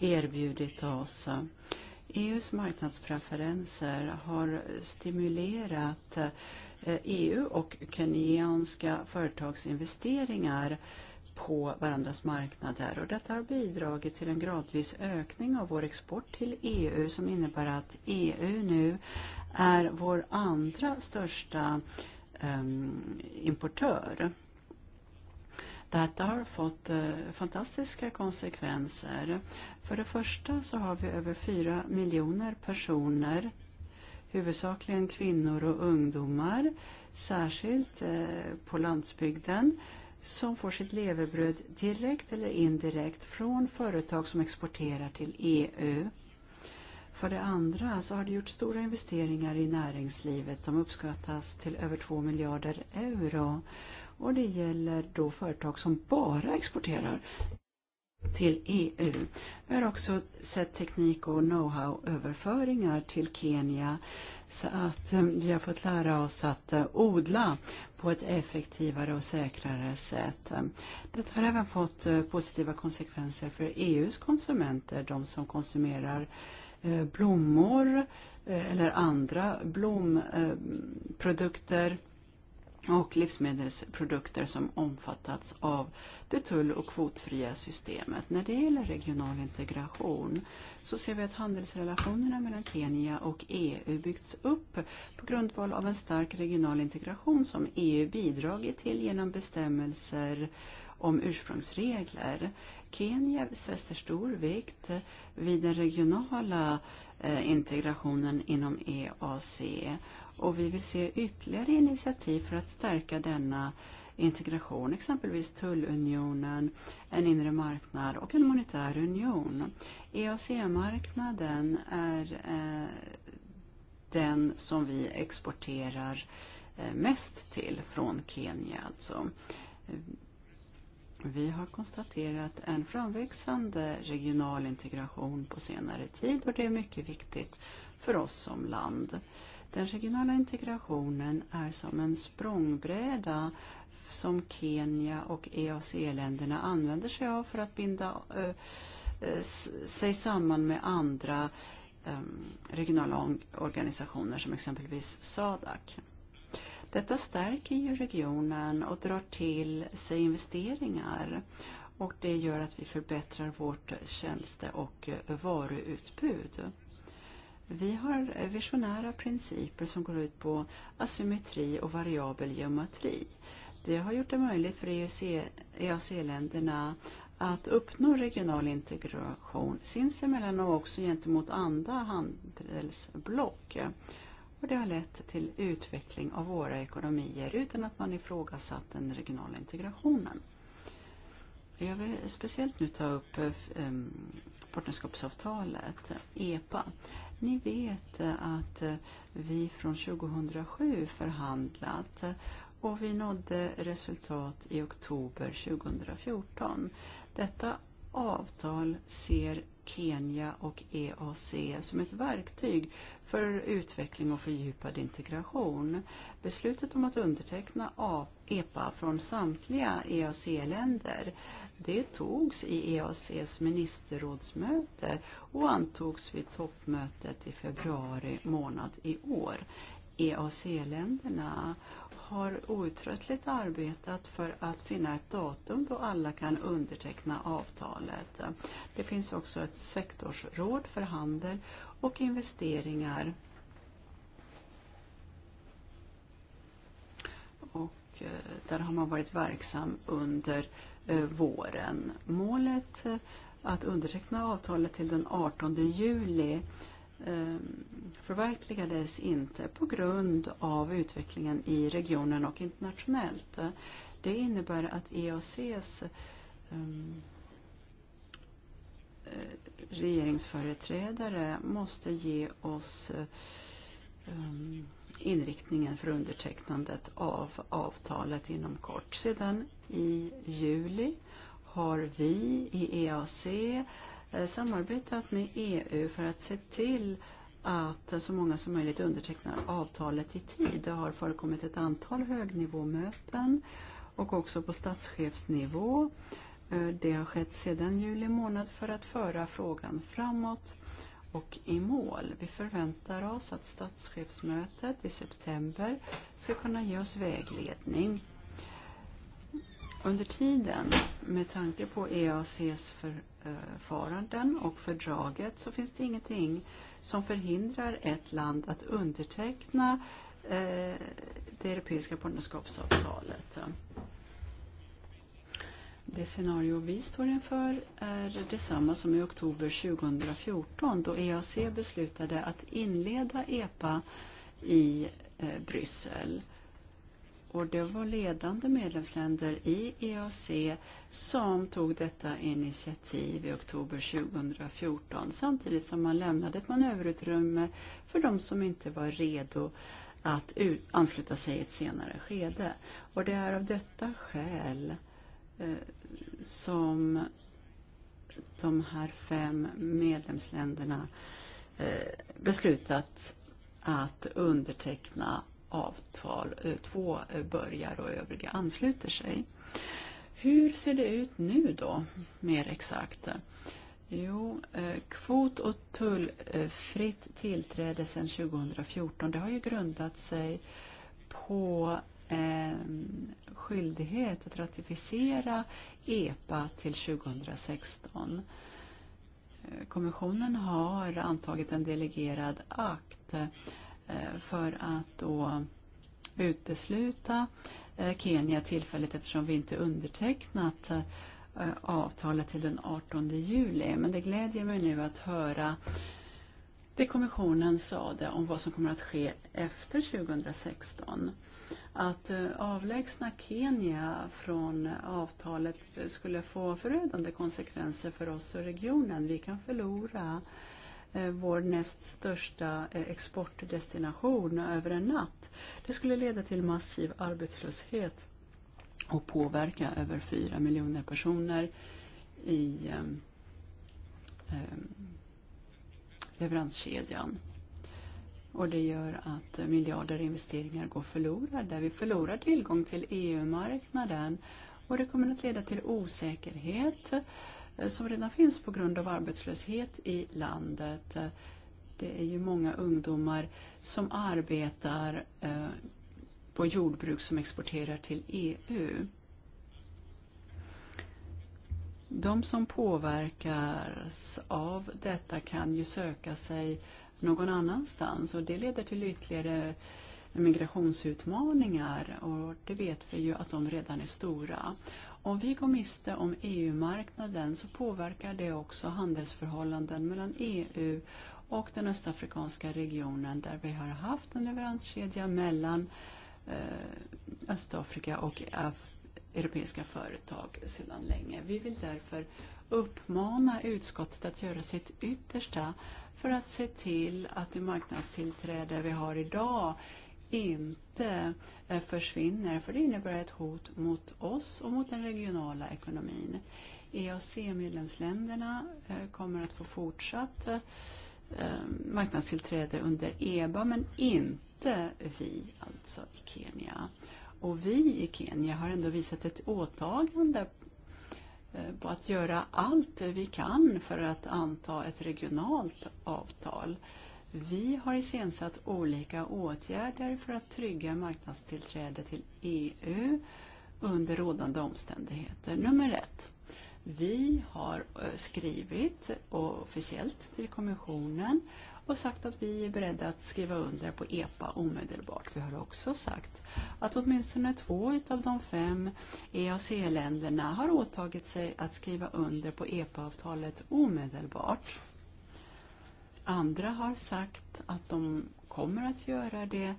erbjudit oss. EUs marknadspreferenser har stimulerat EU eh, e och kenyanska företagsinvesteringar på varandras marknader och detta har bidragit till en gradvis ökning av vår export till EU som innebär att EU nu är vår andra största um, importör. Detta har fått eh, fantastiska konsekvenser. För det första så har vi över 4 miljoner personer, huvudsakligen kvinnor och ungdomar, särskilt eh, på landsbygden, som får sitt levebröd direkt eller indirekt från företag som exporterar till EU. För det andra så har det gjort stora investeringar i näringslivet. De uppskattas till över 2 miljarder euro. Och det gäller då företag som bara exporterar till EU. Vi har också sett teknik och know-how-överföringar till Kenya så att eh, vi har fått lära oss att eh, odla på ett effektivare och säkrare sätt. Det har även fått eh, positiva konsekvenser för EUs konsumenter, de som konsumerar blommor eller andra blomprodukter och livsmedelsprodukter som omfattats av det tull- och kvotfria systemet. När det gäller regional integration så ser vi att handelsrelationerna mellan Kenya och EU byggts upp på grundval av en stark regional integration som EU bidragit till genom bestämmelser om ursprungsregler. Kenya fäster stor vikt vid den regionala eh, integrationen inom EAC Och vi vill se ytterligare initiativ för att stärka denna integration, exempelvis tullunionen, en inre marknad och en monetär union. EAC-marknaden är eh, den som vi exporterar eh, mest till från Kenya. Alltså. Vi har konstaterat en framväxande regional integration på senare tid och det är mycket viktigt för oss som land. Eh, Den regionala integrationen är som en språngbräda som Kenya och EAC-länderna använder sig av för att binda eh, eh sig samman med andra eh, regionala organisationer som exempelvis SADAC. Detta stärker ju regionen och drar till sig investeringar och det gör att vi förbättrar vårt tjänste och eh, varuutbud. Vi har visionära principer som går ut på asymmetri och variabel geometri. Det har gjort det möjligt för EAC-länderna e att uppnå regional integration sinsemellan och också gentemot andra handelsblock. Och det har lett till utveckling av våra ekonomier utan att man ifrågasatt den regionala integrationen. Jag vill speciellt nu ta upp eh, partnerskapsavtalet, EPA. Ni vet att vi från 2007 förhandlat och vi nådde resultat i oktober 2014. Detta avtal ser Kenya och EAC som ett verktyg för utveckling och fördjupad integration. Beslutet om att underteckna av EPA från samtliga EAC-länder Det togs i EACs ministerrådsmöte och antogs vid toppmötet i februari månad i år. EAC-länderna har outtröttligt arbetat för att finna ett datum då alla kan underteckna avtalet. Det finns också ett sektorsråd för handel och investeringar. Och eh, där har man varit verksam under våren. Målet att underteckna avtalet till den 18 juli ehm, förverkligades inte på grund av utvecklingen i regionen och internationellt. Det innebär att EACs ehm, eh, regeringsföreträdare måste ge oss ehm, inriktningen för undertecknandet av avtalet inom kort. Sedan i juli har vi i EAC eh, samarbetat med EU för att se till att så många som möjligt undertecknar avtalet i tid. Det har förekommit ett antal högnivåmöten och också på statschefsnivå. Eh, det har skett sedan juli månad för att föra frågan framåt och i mål. Vi förväntar oss att statschefsmötet i september ska kunna ge oss vägledning. Under tiden, med tanke på EACs förfaranden eh, och fördraget, så finns det ingenting som förhindrar ett land att underteckna eh, det europeiska partnerskapsavtalet. Det scenario vi står inför är detsamma som i oktober 2014 då EAC beslutade att inleda EPA i eh, Bryssel. Och det var ledande medlemsländer i EAC som tog detta initiativ i oktober 2014 samtidigt som man lämnade ett manöverutrymme för de som inte var redo att ansluta sig i ett senare skede. Och det är av detta skäl eh, Eh, som de här fem medlemsländerna eh, beslutat att underteckna avtal. Eh, två börjar och övriga ansluter sig. Hur ser det ut nu då, mer exakt? Jo, kvot och tullfritt tillträde sedan 2014, det har ju grundat sig på Eh, skyldighet att ratificera EPA till 2016. Eh, kommissionen har antagit en delegerad akt eh, för att då utesluta Kenya tillfälligt eftersom vi inte undertecknat avtalet till den 18 juli. Men det glädjer mig nu att höra Det kommissionen sade om vad som kommer att ske efter 2016, att eh, avlägsna Kenya från avtalet skulle få förödande konsekvenser för oss och regionen. Vi kan förlora eh, vår näst största eh, exportdestination över en natt. Det skulle leda till massiv arbetslöshet och påverka över 4 miljoner personer i leveranskedjan. Och det gör att miljarder investeringar går förlorade. Vi förlorar tillgång till EU-marknaden och det kommer att leda till osäkerhet eh, som redan finns på grund av arbetslöshet i landet. Det är ju många ungdomar som arbetar eh, på jordbruk som exporterar till EU. De som påverkas av detta kan ju söka sig någon annanstans och det leder till ytterligare migrationsutmaningar och det vet vi ju att de redan är stora. Om vi går miste om EU-marknaden så påverkar det också handelsförhållanden mellan EU och den östafrikanska regionen där vi har haft en leveranskedja mellan eh, Östafrika och Af europeiska företag sedan länge. Vi vill därför uppmana utskottet att göra sitt yttersta för att se till att det marknadstillträde vi har idag inte eh, försvinner, för det innebär ett hot mot oss och mot den regionala ekonomin. EAC-medlemsländerna eh, kommer att få fortsatt eh, marknadstillträde under EBA, men inte vi, alltså i Kenya. Och vi i Kenya har ändå visat ett åtagande eh, på att göra allt vi kan för att anta ett regionalt avtal. Vi har iscensatt olika åtgärder för att trygga marknadstillträde till EU under rådande omständigheter. Nummer ett. Vi har eh, skrivit officiellt till kommissionen och sagt att vi är beredda att skriva under på EPA omedelbart. Vi har också sagt att åtminstone två av de fem EAC-länderna har åtagit sig att skriva under på EPA-avtalet omedelbart. Andra har sagt att de kommer att göra det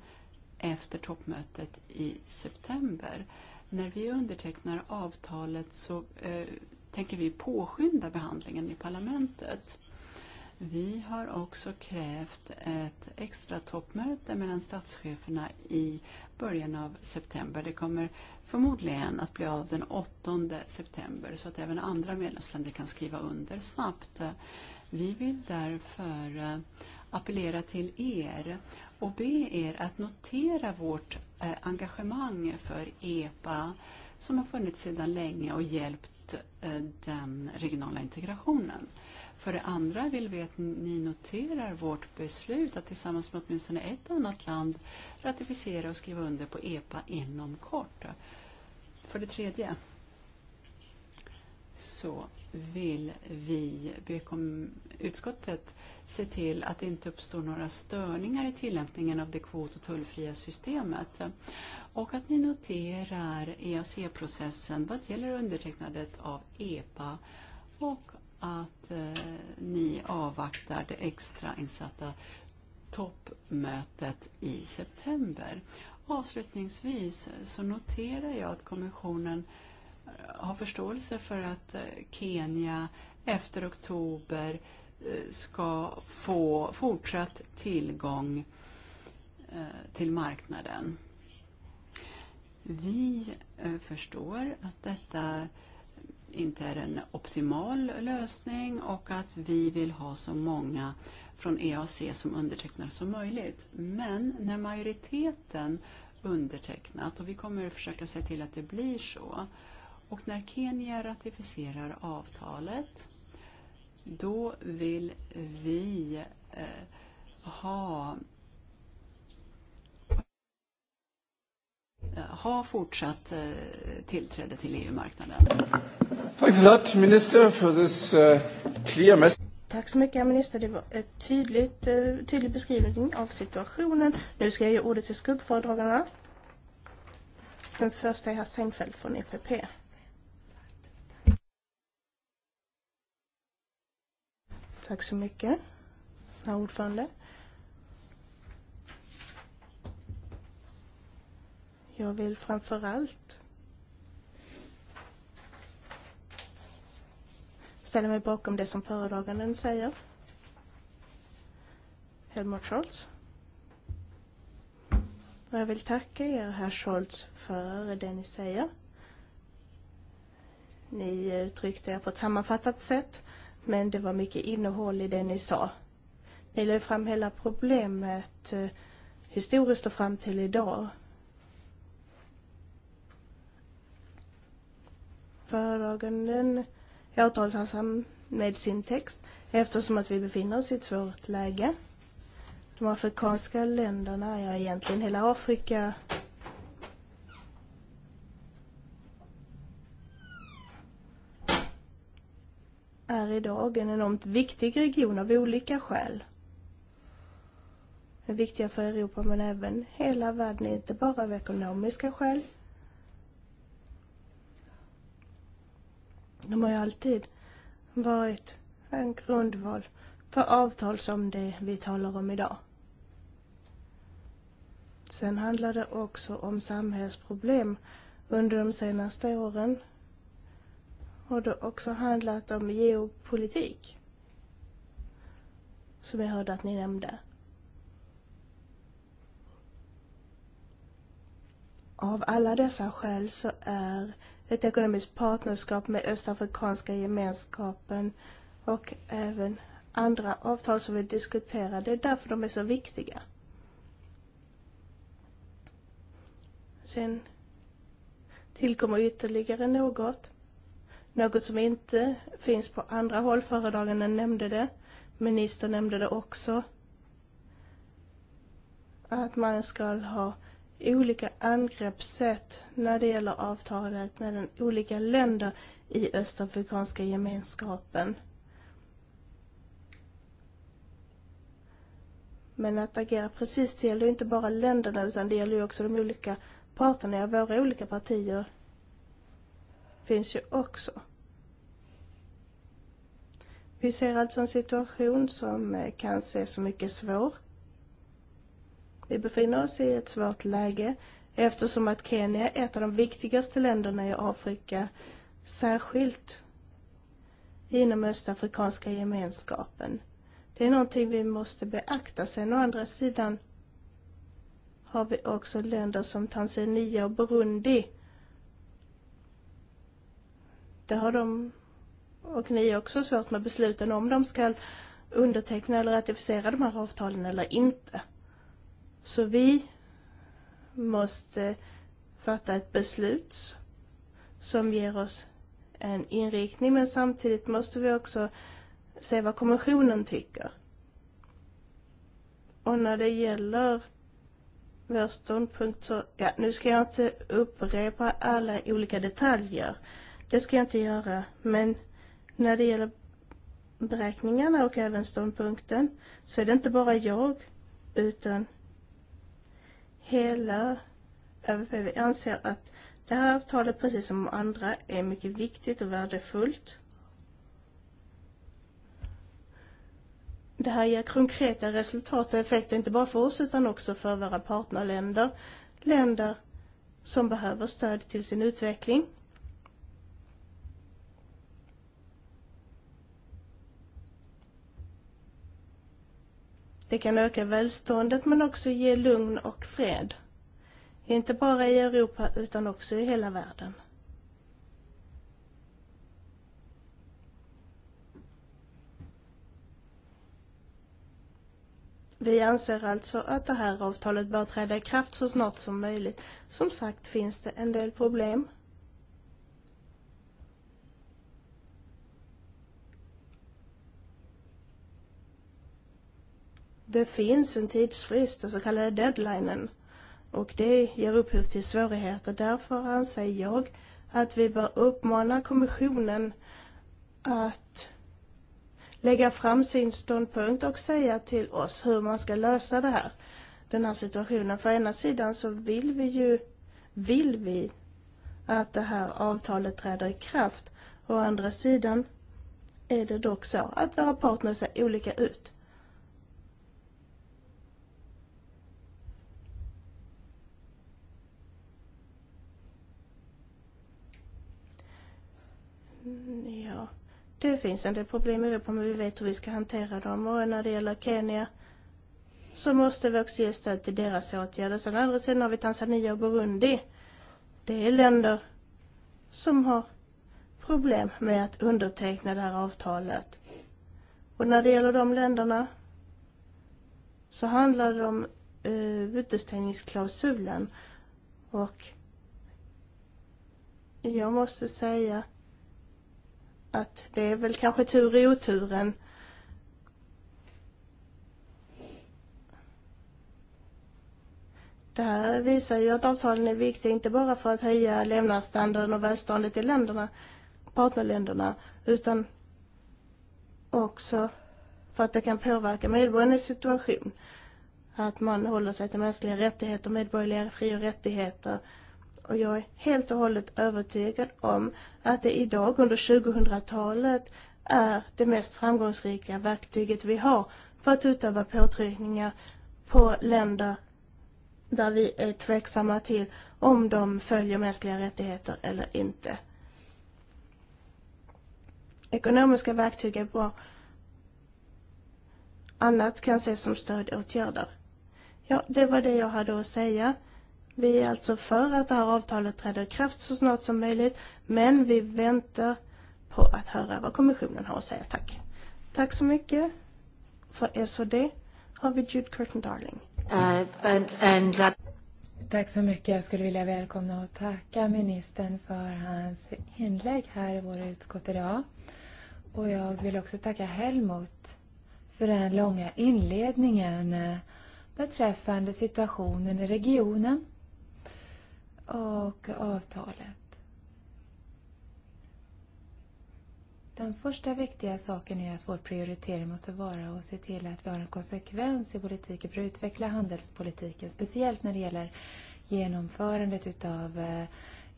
efter toppmötet i september. När vi undertecknar avtalet så eh, tänker vi påskynda behandlingen i parlamentet. Vi har också krävt ett extra toppmöte mellan statscheferna i början av september. Det kommer förmodligen att bli av den 8 september så att även andra medlemsländer kan skriva under snabbt. Vi vill därför eh, appellera till er och be er att notera vårt eh, engagemang för EPA som har funnits sedan länge och hjälpt eh, den regionala integrationen. För det andra vill vi att ni noterar vårt beslut att tillsammans med åtminstone ett annat land ratificera och skriva under på EPA inom kort. För det tredje så vill vi be utskottet se till att det inte uppstår några störningar i tillämpningen av det kvot och tullfria systemet och att ni noterar EAC-processen vad gäller undertecknandet av EPA och att eh, ni avvaktar det extra insatta toppmötet i september. Avslutningsvis så noterar jag att kommissionen eh, har förståelse för att eh, Kenya efter oktober ska få fortsatt tillgång till marknaden. Vi förstår att detta inte är en optimal lösning och att vi vill ha så många från EAC som undertecknar som möjligt. Men när majoriteten undertecknat, och vi kommer att försöka se till att det blir så, och när Kenya ratificerar avtalet, då vill vi eh, ha ha fortsatt eh, tillträde till EU-marknaden. Eh, Tack så mycket, minister. Det var en tydligt, eh, tydlig beskrivning av situationen. Nu ska jag ge ordet till skuggföredragarna. Den första är herr Seinfeld från EPP. Tack så mycket, herr ordförande. Jag vill framför allt ställa mig bakom det som föredraganden säger. Helmut Scholz. Och jag vill tacka er, herr Scholz, för det ni säger. Ni uttryckte er på ett sammanfattat sätt, men det var mycket innehåll i det ni sa. Ni lade fram hela problemet eh, historiskt och fram till idag. föredraganden åtalas han med sin text eftersom att vi befinner oss i ett svårt läge. De afrikanska länderna, ja egentligen hela Afrika, är idag en enormt viktig region av olika skäl. Den är viktiga för Europa men även hela världen, inte bara av ekonomiska skäl E de har ju alltid varit en grundval för avtal som det vi talar om idag. Sen handlar det också om samhällsproblem under de senaste åren. Och det har också handlat om geopolitik? Som jag e hörde att ni nämnde. Av alla dessa skäl så är ett ekonomiskt partnerskap med Östafrikanska gemenskapen och även andra avtal som vi diskuterar. Det är därför de är så viktiga. Sen tillkommer ytterligare något. Något som inte finns på andra håll. Föredraganden nämnde det. Ministern nämnde det också. Att man ska ha olika angreppssätt när det gäller avtalet mellan olika länder i Östafrikanska gemenskapen. Men att agera precis, det gäller inte bara länderna utan det gäller ju också de olika parterna. Ja, våra olika partier finns ju också. Vi ser alltså en situation som eh, kan se så mycket svår. Vi befinner oss i ett svårt läge eftersom att Kenya är ett av de viktigaste länderna i Afrika, särskilt inom Östafrikanska gemenskapen. Det är någonting vi måste beakta. Sen å andra sidan har vi också länder som Tanzania och Burundi. Det har de och ni också svårt med besluten om de ska underteckna eller ratificera de här avtalen eller inte. Så vi måste fatta ett beslut som ger oss en inriktning men samtidigt måste vi också se vad kommissionen tycker. Och när det gäller vår ståndpunkt så, ja nu ska jag inte upprepa alla olika detaljer. Det ska jag inte göra. Men när det gäller beräkningarna och även ståndpunkten så är det inte bara jag utan hela ÖVP. Vi anser att det här avtalet, precis som andra, är mycket viktigt och värdefullt. Det här ger konkreta resultat och effekter, inte bara för oss utan också för våra partnerländer, länder som behöver stöd till sin utveckling. Det kan öka välståndet men också ge lugn och fred. Inte bara i Europa utan också i hela världen. Vi anser alltså att det här avtalet bör träda i kraft så snart som möjligt. Som sagt finns det en del problem. det finns en tidsfrist, den så kallade deadlinen. Och det ger upphov till svårigheter. Därför anser jag att vi bör uppmana kommissionen att lägga fram sin ståndpunkt och säga till oss hur man ska lösa det här, den här situationen. För ena sidan så vill vi ju, vill vi att det här avtalet träder i kraft. Å andra sidan är det dock så att våra partners ser olika ut. Ja, det finns en del problem i Europa men vi vet hur vi ska hantera dem och när det gäller Kenya så måste vi också ge stöd till deras åtgärder. Sen andra sidan har vi Tanzania och Burundi. Det är länder som har problem med att underteckna det här avtalet. Och när det gäller de länderna så handlar det om eh, utestängningsklausulen. Och jag måste säga att det är väl kanske tur i oturen. Det här visar ju att avtalen är viktiga inte bara för att höja levnadsstandarden och välståndet i länderna, partnerländerna, utan också för att det kan påverka medborgarnas situation. Att man håller sig till mänskliga rättigheter, medborgerliga fri och rättigheter och jag är helt och hållet övertygad om att det idag under 2000-talet är det mest framgångsrika verktyget vi har för att utöva påtryckningar på länder där vi är tveksamma till om de följer mänskliga rättigheter eller inte. Ekonomiska verktyg är bra. Annat kan ses som stödåtgärder. Ja, det var det jag hade att säga. Vi är er alltså för att det här avtalet träder i kraft så snart som möjligt, men vi väntar på att höra vad kommissionen har att säga. Tack. Tack så mycket. För SOD har vi Jude Curtin Darling. Uh, and, and that... Uh, Tack så mycket. Jag skulle vilja välkomna och tacka ministern för hans inlägg här i våra utskott idag. Och jag vill också tacka Helmut för den långa inledningen eh, beträffande situationen i regionen och avtalet. Den första viktiga saken är att vår prioritering måste vara att se till att vi har en konsekvens i politiken för att utveckla handelspolitiken, speciellt när det gäller genomförandet utav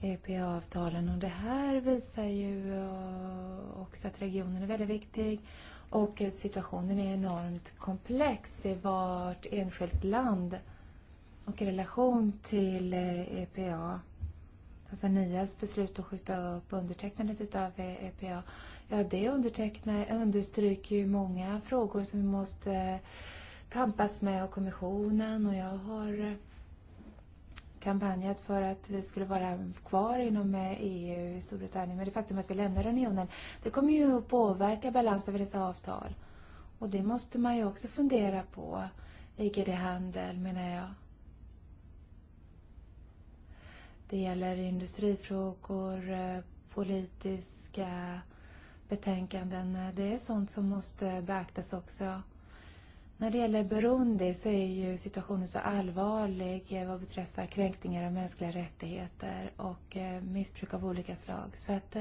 EPA-avtalen. Eh, e och det här visar ju eh, också att regionen är väldigt viktig och situationen är enormt komplex i vart enskilt land Och i relation till EPA, eh, e alltså Tanzanias beslut att skjuta upp undertecknandet av EPA, eh, e ja det understryker ju många frågor som vi måste tampas med av kommissionen och jag har eh, kampanjat för att vi skulle vara kvar inom EU e i Storbritannien. Men det faktum att vi lämnar unionen, det kommer ju att påverka balansen för dessa avtal. Och det måste man ju också fundera på Ligger det Handel, menar jag. Det gäller industrifrågor, eh, politiska betänkanden. Det är sånt som måste beaktas också. När det gäller Burundi så är ju situationen så allvarlig eh, vad beträffar kränkningar av mänskliga rättigheter och eh, missbruk av olika slag. Så att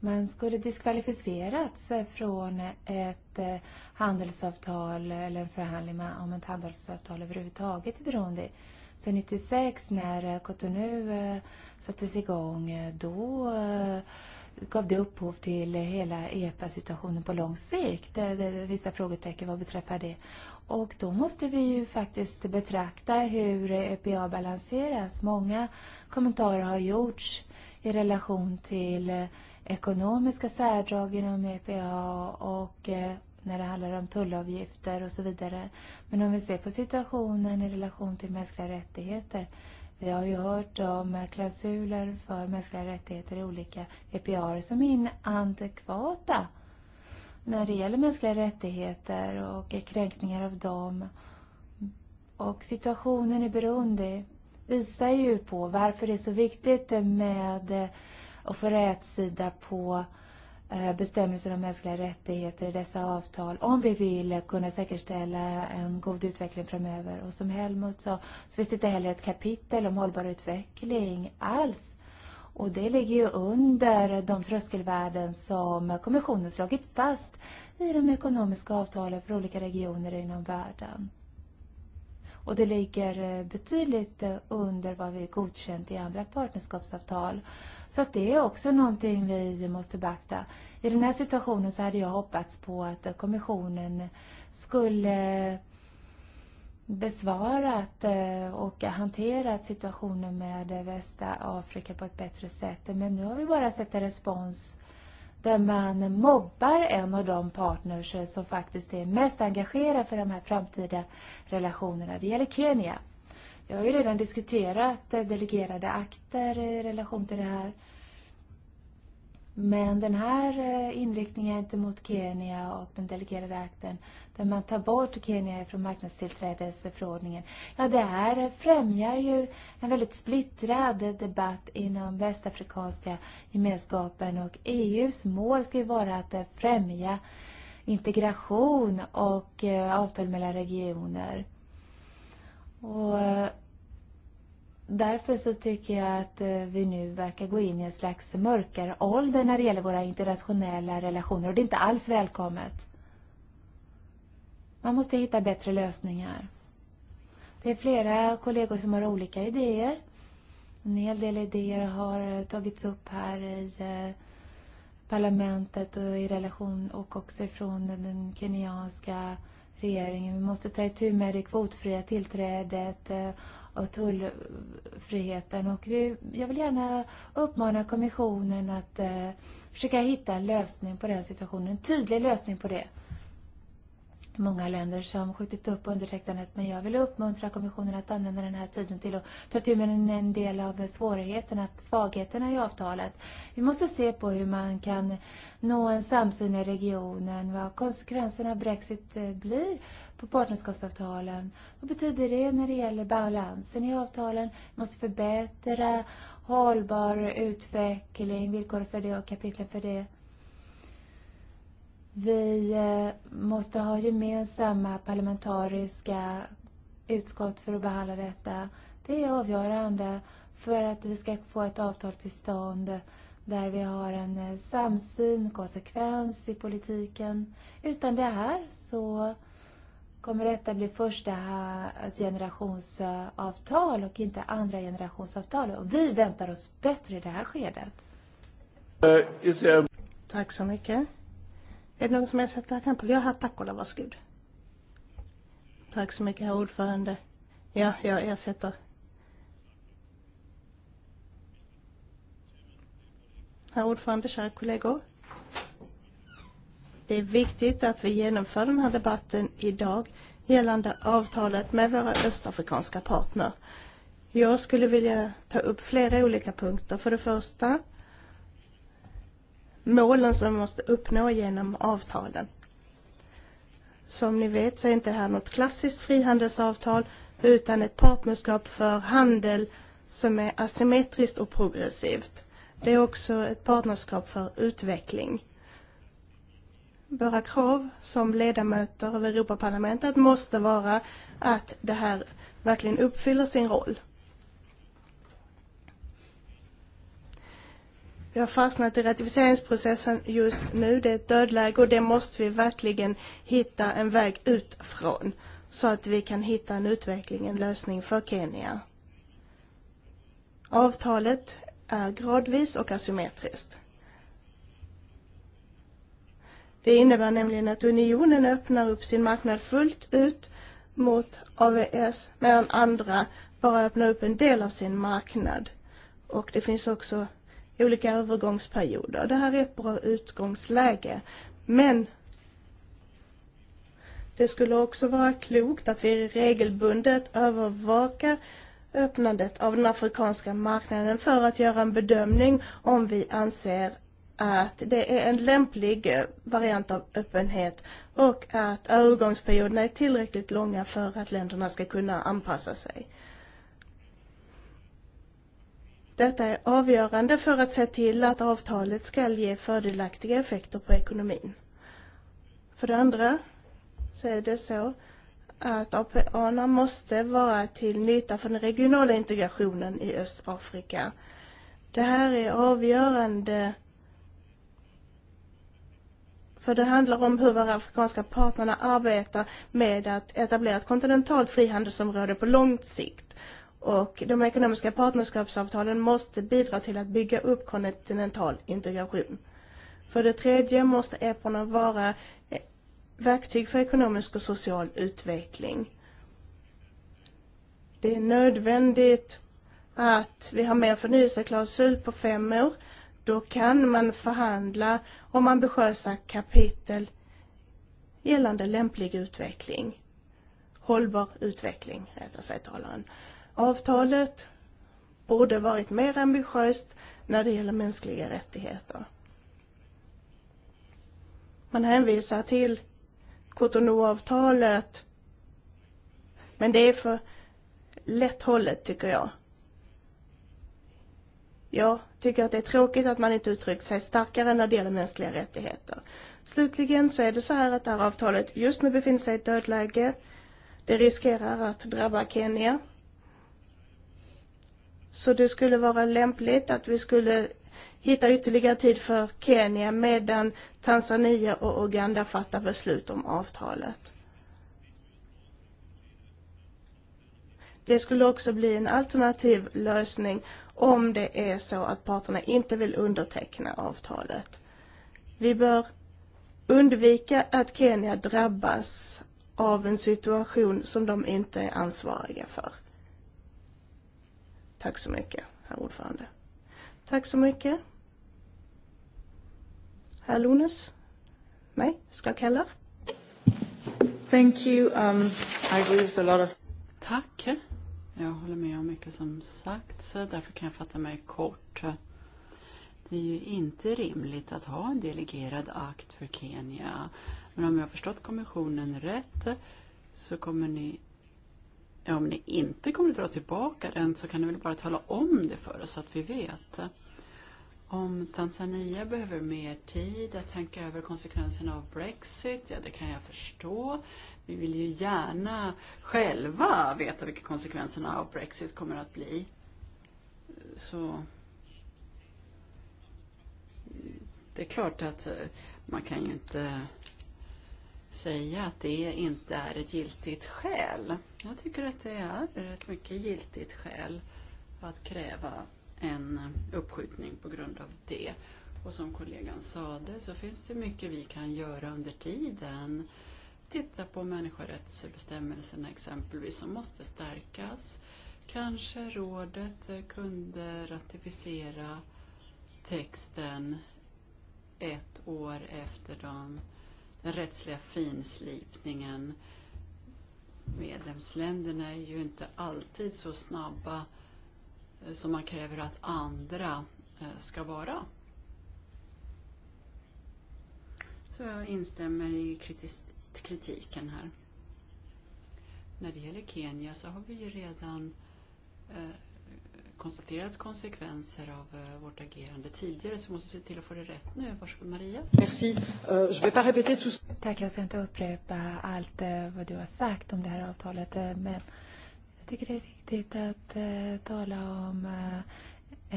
man skulle diskvalificerats från ett eh, handelsavtal eller en förhandling om ett handelsavtal överhuvudtaget i Burundi. Sen 96 när Cotonou eh, sattes igång, eh, då gav det upphov till hela EPA-situationen på lång sikt. Det, det, vissa frågetecken vad beträffar det. Och då måste vi ju faktiskt betrakta hur EPA balanseras. Många kommentarer har gjorts i relation till eh, ekonomiska särdrag inom EPA och eh, när det handlar om tullavgifter och så vidare. Men om vi ser på situationen i relation till mänskliga rättigheter. Vi har ju hört om eh, klausuler för mänskliga rättigheter i olika EPA som är inadekvata när det gäller mänskliga rättigheter och kränkningar av dem. Och situationen i Burundi visar ju på varför det är så viktigt med eh, och få rätsida på eh, bestämmelser om mänskliga rättigheter i dessa avtal om vi vill kunna säkerställa en god utveckling framöver. Och som Helmut sa så finns det inte heller ett kapitel om hållbar utveckling alls. Och det ligger ju under de tröskelvärden som kommissionen slagit fast i de ekonomiska avtalen för olika regioner inom världen och det ligger eh, betydligt eh, under vad vi godkänt i andra partnerskapsavtal. Så att det är också någonting vi måste beakta. I den här situationen så hade jag hoppats på att eh, kommissionen skulle besvarat och hanterat situationen med västra Afrika på ett bättre sätt. Men nu har vi bara sett en respons där man mobbar en av de partners eh, som faktiskt är mest engagerade för de här framtida relationerna. Det gäller Kenya. Jag har ju redan diskuterat eh, delegerade akter i relation till det här. Men den här eh, inriktningen gentemot Kenya och den delegerade akten där man tar bort Kenya från marknadstillträdesförordningen. Ja, det här främjar ju en väldigt splittrad debatt inom Västafrikanska gemenskapen och EUs mål ska ju vara att eh, främja integration och eh, avtal mellan regioner. Och Därför så tycker jag att eh, vi nu verkar gå in i en slags mörkare ålder när det gäller våra internationella relationer och det är inte alls välkommet. Man måste hitta bättre lösningar. Det är flera kollegor som har olika idéer. En hel del idéer har eh, tagits upp här i eh, parlamentet och i relation och också från den kenyanska regeringen. Vi måste ta i tur med det kvotfria tillträdet och tullfriheten. Och vi, jag vill gärna uppmana kommissionen att eh, försöka hitta en lösning på den situationen, en tydlig lösning på det många länder som skjutit upp undertecknandet men jag vill uppmuntra kommissionen att använda den här tiden till att ta tur med en del av svårigheterna, svagheterna i avtalet. Vi måste se på hur man kan nå en samsyn i regionen, vad konsekvenserna av Brexit eh, blir på partnerskapsavtalen. Vad betyder det när det gäller balansen i avtalen? Vi måste förbättra hållbar utveckling, villkor för det och kapitlen för det. Vi måste ha gemensamma parlamentariska utskott för att behandla detta. Det är avgörande för att vi ska få ett avtal till stånd där vi har en eh, samsyn, konsekvens i politiken. Utan det här så kommer detta bli första generationsavtal och inte andra generationsavtal. Och vi väntar oss bättre i det här skedet. Eh, Tack så mycket. Är det någon som har sett det här exempel? Jag har tack och lov varsågod. Tack så mycket, herr ordförande. Ja, jag ersätter. Herr ordförande, kära kollegor. Det är viktigt att vi genomför den här debatten idag gällande avtalet med våra östafrikanska partner. Jag skulle vilja ta upp flera olika punkter. För det första målen som vi måste uppnå genom avtalen. Som ni vet så är inte det här något klassiskt frihandelsavtal utan ett partnerskap för handel som är asymmetriskt och progressivt. Det är också ett partnerskap för utveckling. Våra krav som ledamöter av Europaparlamentet måste vara att det här verkligen uppfyller sin roll. Vi har fastnat i ratificeringsprocessen just nu. Det är ett dödläge och det måste vi verkligen hitta en väg ut från så att vi kan hitta en utveckling, en lösning för Kenya. Avtalet är gradvis och asymmetriskt. Det innebär nämligen att unionen öppnar upp sin marknad fullt ut mot AVS medan andra bara öppnar upp en del av sin marknad. Och det finns också olika övergångsperioder. Det här är ett bra utgångsläge. Men det skulle också vara klokt att vi regelbundet övervakar öppnandet av den afrikanska marknaden för att göra en bedömning om vi anser att det är en lämplig eh, variant av öppenhet och att övergångsperioderna är tillräckligt långa för att länderna ska kunna anpassa sig. Detta är avgörande för att se till att avtalet ska ge fördelaktiga effekter på ekonomin. För det andra så är det så att apa måste vara till nytta för den regionala integrationen i Östafrika. Det här är avgörande för det handlar om hur våra afrikanska partnerna arbetar med att etablera ett kontinentalt frihandelsområde på lång sikt och de ekonomiska partnerskapsavtalen måste bidra till att bygga upp kontinental integration. För det tredje måste EPORna vara eh, verktyg för ekonomisk och social utveckling. Det är nödvändigt att vi har med en förnyelseklausul på fem år. Då kan man förhandla om ambitiösa kapitel gällande lämplig utveckling. Hållbar utveckling, rättare sagt talaren. Avtalet borde varit mer ambitiöst när det gäller mänskliga rättigheter. Man hänvisar till Cotonou-avtalet men det är för lätt hållet tycker jag. Jag tycker att det är tråkigt att man inte uttryckt sig starkare när det gäller mänskliga rättigheter. Slutligen så är det så här att det här avtalet just nu befinner sig i ett dödläge. Det riskerar att drabba Kenya Så det skulle vara lämpligt att vi skulle hitta ytterligare tid för Kenya medan Tanzania och Uganda fattar beslut om avtalet. Det skulle också bli en alternativ lösning om det är så att parterna inte vill underteckna avtalet. Vi bör undvika att Kenya drabbas av en situation som de inte är ansvariga för. Tack så mycket, herr ordförande. Tack så mycket. Herr Lunes? Nej, ska kalla. Thank you. Um, I agree with a lot of... Tack. Jag håller med om mycket som sagt, så därför kan jag fatta mig kort. Det är ju inte rimligt att ha en delegerad akt för Kenya. Men om jag har förstått kommissionen rätt så kommer ni om ni inte kommer att dra tillbaka den så kan ni väl bara tala om det för oss så att vi vet. Om Tanzania behöver mer tid att tänka över konsekvenserna av Brexit, ja det kan jag förstå. Vi vill ju gärna själva veta vilka konsekvenserna av Brexit kommer att bli. Så det är klart att eh, man kan ju inte säga att det inte är ett giltigt skäl. Jag tycker att det är ett mycket giltigt skäl att kräva en uppskjutning på grund av det. Och som kollegan sade så finns det mycket vi kan göra under tiden. Titta på människorättsbestämmelserna exempelvis som måste stärkas. Kanske rådet kunde ratificera texten ett år efter de den rättsliga finslipningen. Medlemsländerna är ju inte alltid så snabba eh, som man kräver att andra eh, ska vara. Så jag instämmer i kritiken här. När det gäller Kenya så har vi ju redan eh, konstaterat konsekvenser av eh, vårt agerande tidigare så måste vi se till att få det rätt nu. Varsågod Maria. Merci. Uh, je vais pas répéter tout... Tack, jag ska inte upprepa allt uh, vad du har sagt om det här avtalet uh, men jag tycker det är viktigt att uh, tala om uh,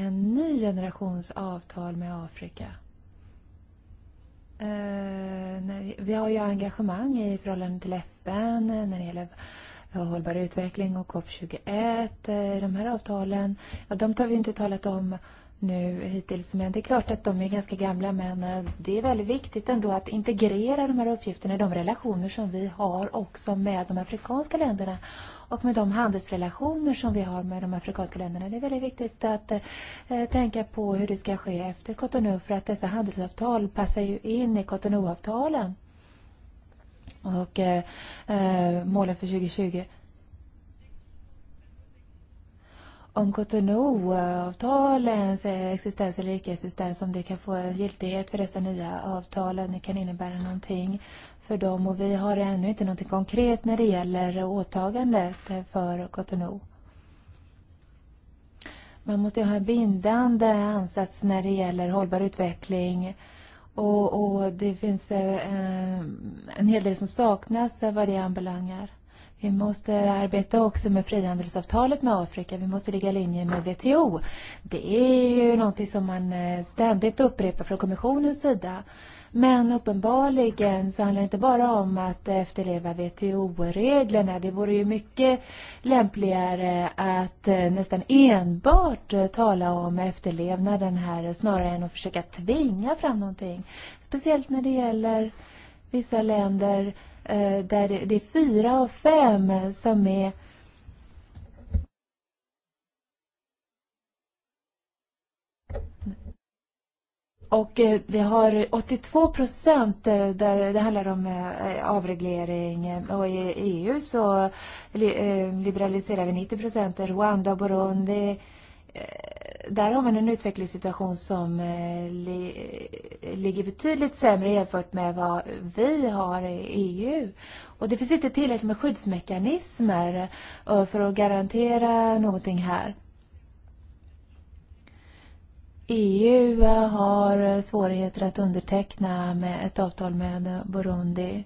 en ny generations avtal med Afrika. Uh, när, vi har ju engagemang i förhållande till FN när det gäller hållbar utveckling och COP21. Eh, de här avtalen, ja, de har vi inte talat om nu hittills. Men det är klart att de är ganska gamla. Men eh, det är väldigt viktigt ändå att integrera de här uppgifterna i de relationer som vi har också med de afrikanska länderna. Och med de handelsrelationer som vi har med de afrikanska länderna. Det är väldigt viktigt att eh, eh tänka på hur det ska ske efter Cotonou. För att dessa handelsavtal passar ju in i Cotonou-avtalen och eh, målen för 2020. Om cotonou avtalens eh, existens eller icke-existens, om det kan få giltighet för dessa nya om det kan innebära någonting för dem. Och vi har ännu inte något konkret när det gäller åtagandet eh, för Cotonou. Man måste ju ha en bindande ansats när det gäller hållbar utveckling- Och, och det finns eh, en hel del som saknas vad det anbelangar. Vi måste arbeta också med frihandelsavtalet med Afrika. Vi måste ligga i linje med WTO. Det är ju någonting som man eh, ständigt upprepar från kommissionens sida. Eh, Men uppenbarligen så handlar det inte bara om att efterleva WTO-reglerna. Det vore ju mycket lämpligare att eh, nästan enbart tala om efterlevnaden här snarare än att försöka tvinga fram någonting. Speciellt när det gäller vissa länder eh, där det är fyra av fem som är Och eh, vi har 82 procent eh, där det handlar om eh, avreglering och i EU så liberaliserar vi 90 procent. Rwanda Burundi, där har man en utvecklingssituation som ligger betydligt sämre jämfört med vad vi har i EU. Och det finns inte tillräckligt med skyddsmekanismer för att garantera någonting här. EU har svårigheter att underteckna med ett avtal med Burundi.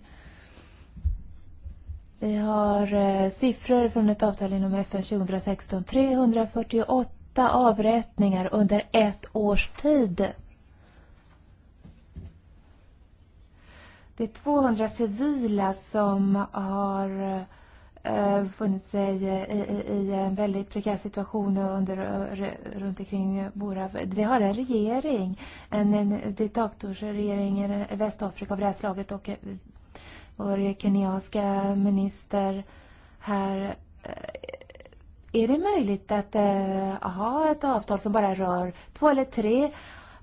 Vi har eh, siffror från ett avtal inom FN 2016. 348 avrättningar under ett års tid. Det är 200 civila som har eh, Eh, funnit sig i i, i en väldigt prekär situation under, eh, runt omkring våra... Vi har en regering, en, en diktatorsregering i Västafrika av det här slaget och eh, vår kenyanska minister här. Är det möjligt att äh, ha ett avtal som bara rör två eller tre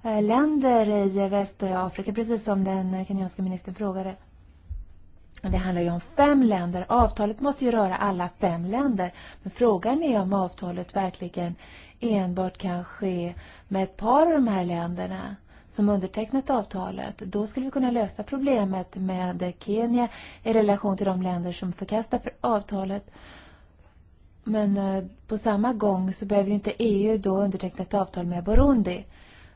äh, länder i Västafrika, precis som den kenyanska ministern frågade? Det handlar ju om fem länder. Avtalet måste ju röra alla fem länder. Men frågan är om avtalet verkligen enbart kan ske med ett par av de här länderna som undertecknat avtalet. Då skulle vi kunna lösa problemet med Kenya i relation till de länder som förkastar för avtalet. Men eh, på samma gång så behöver ju inte EU då underteckna ett avtal med Burundi.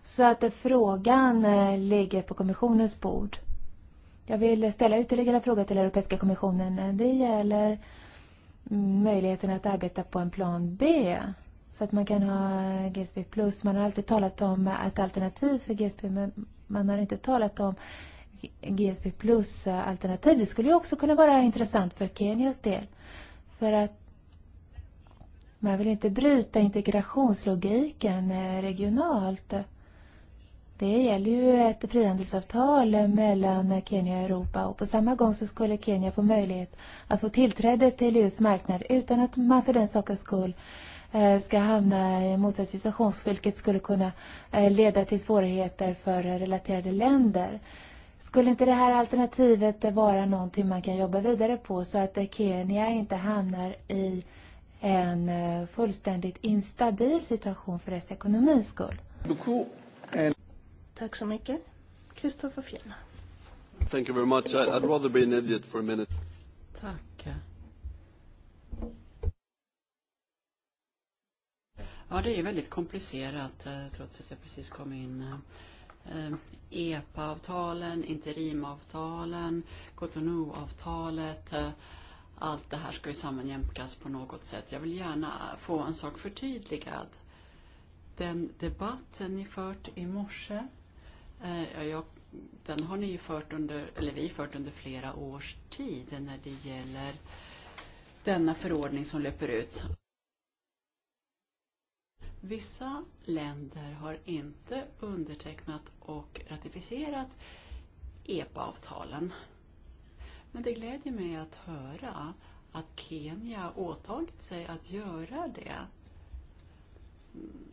Så att eh, frågan eh, ligger på kommissionens bord. Jag vill ställa ytterligare en fråga till Europeiska kommissionen. Det gäller möjligheten att arbeta på en plan B. Så att man kan ha GSP+. plus. Man har alltid talat om ett alternativ för GSP men man har inte talat om GSP plus alternativ. Det skulle ju också kunna vara intressant för Kenias del. För att man vill inte bryta integrationslogiken eh, regionalt. Det gäller ju ett frihandelsavtal mellan Kenya och Europa och på samma gång så skulle Kenya få möjlighet att få tillträde till EUs marknad utan att man för den sakens skull eh, ska hamna i en motsatt situation vilket skulle kunna eh, leda till svårigheter för relaterade länder. Skulle inte det här alternativet vara någonting man kan jobba vidare på så att Kenya inte hamnar i en eh, fullständigt instabil situation för dess ekonomins skull? Tack så mycket. Kristoffer Fjellner. Thank you very much. I, I'd rather be an idiot for a minute. Tack. Ja, det är väldigt komplicerat eh, trots att jag precis kom in. EPA-avtalen, eh, eh, e interimavtalen, Cotonou-avtalet. Allt det här ska ju sammanjämkas på något sätt. Jag vill gärna få en sak förtydligad. Den debatten ni fört i morse Ja, eh, Jag, den har ni ju fört under, eller vi fört under flera års tid när det gäller denna förordning som löper ut. Vissa länder har inte undertecknat och ratificerat EPA-avtalen. Men det glädjer mig att höra att Kenya åtagit sig att göra det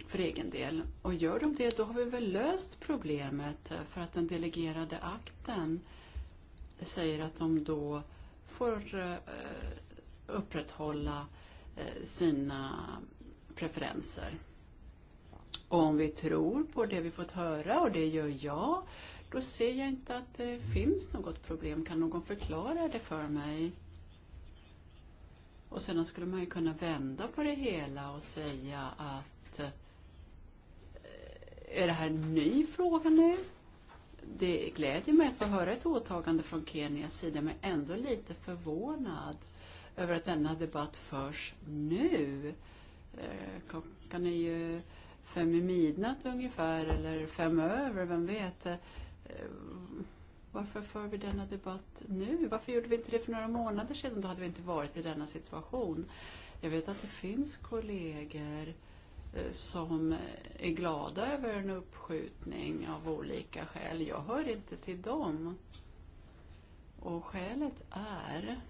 för egen del. Och gör de det, då har vi väl löst problemet för att den delegerade akten säger att de då får eh, upprätthålla eh, sina preferenser. Och om vi tror på det vi fått höra, och det gör jag, då ser jag inte att det finns något problem. Kan någon förklara det för mig? Och sedan skulle man ju kunna vända på det hela och säga att Är det här en ny fråga nu? Det glädjer mig att få höra ett åtagande från Kenias sida, men ändå lite förvånad över att denna debatt förs nu. Eh, klockan är ju fem i midnatt ungefär, eller fem över, vem vet? Eh, varför för vi denna debatt nu? Varför gjorde vi inte det för några månader sedan? Då hade vi inte varit i denna situation. Jag vet att det finns kollegor eh, som är glada över en uppskjutning av olika skäl. Jag hör inte till dem. Och skälet är...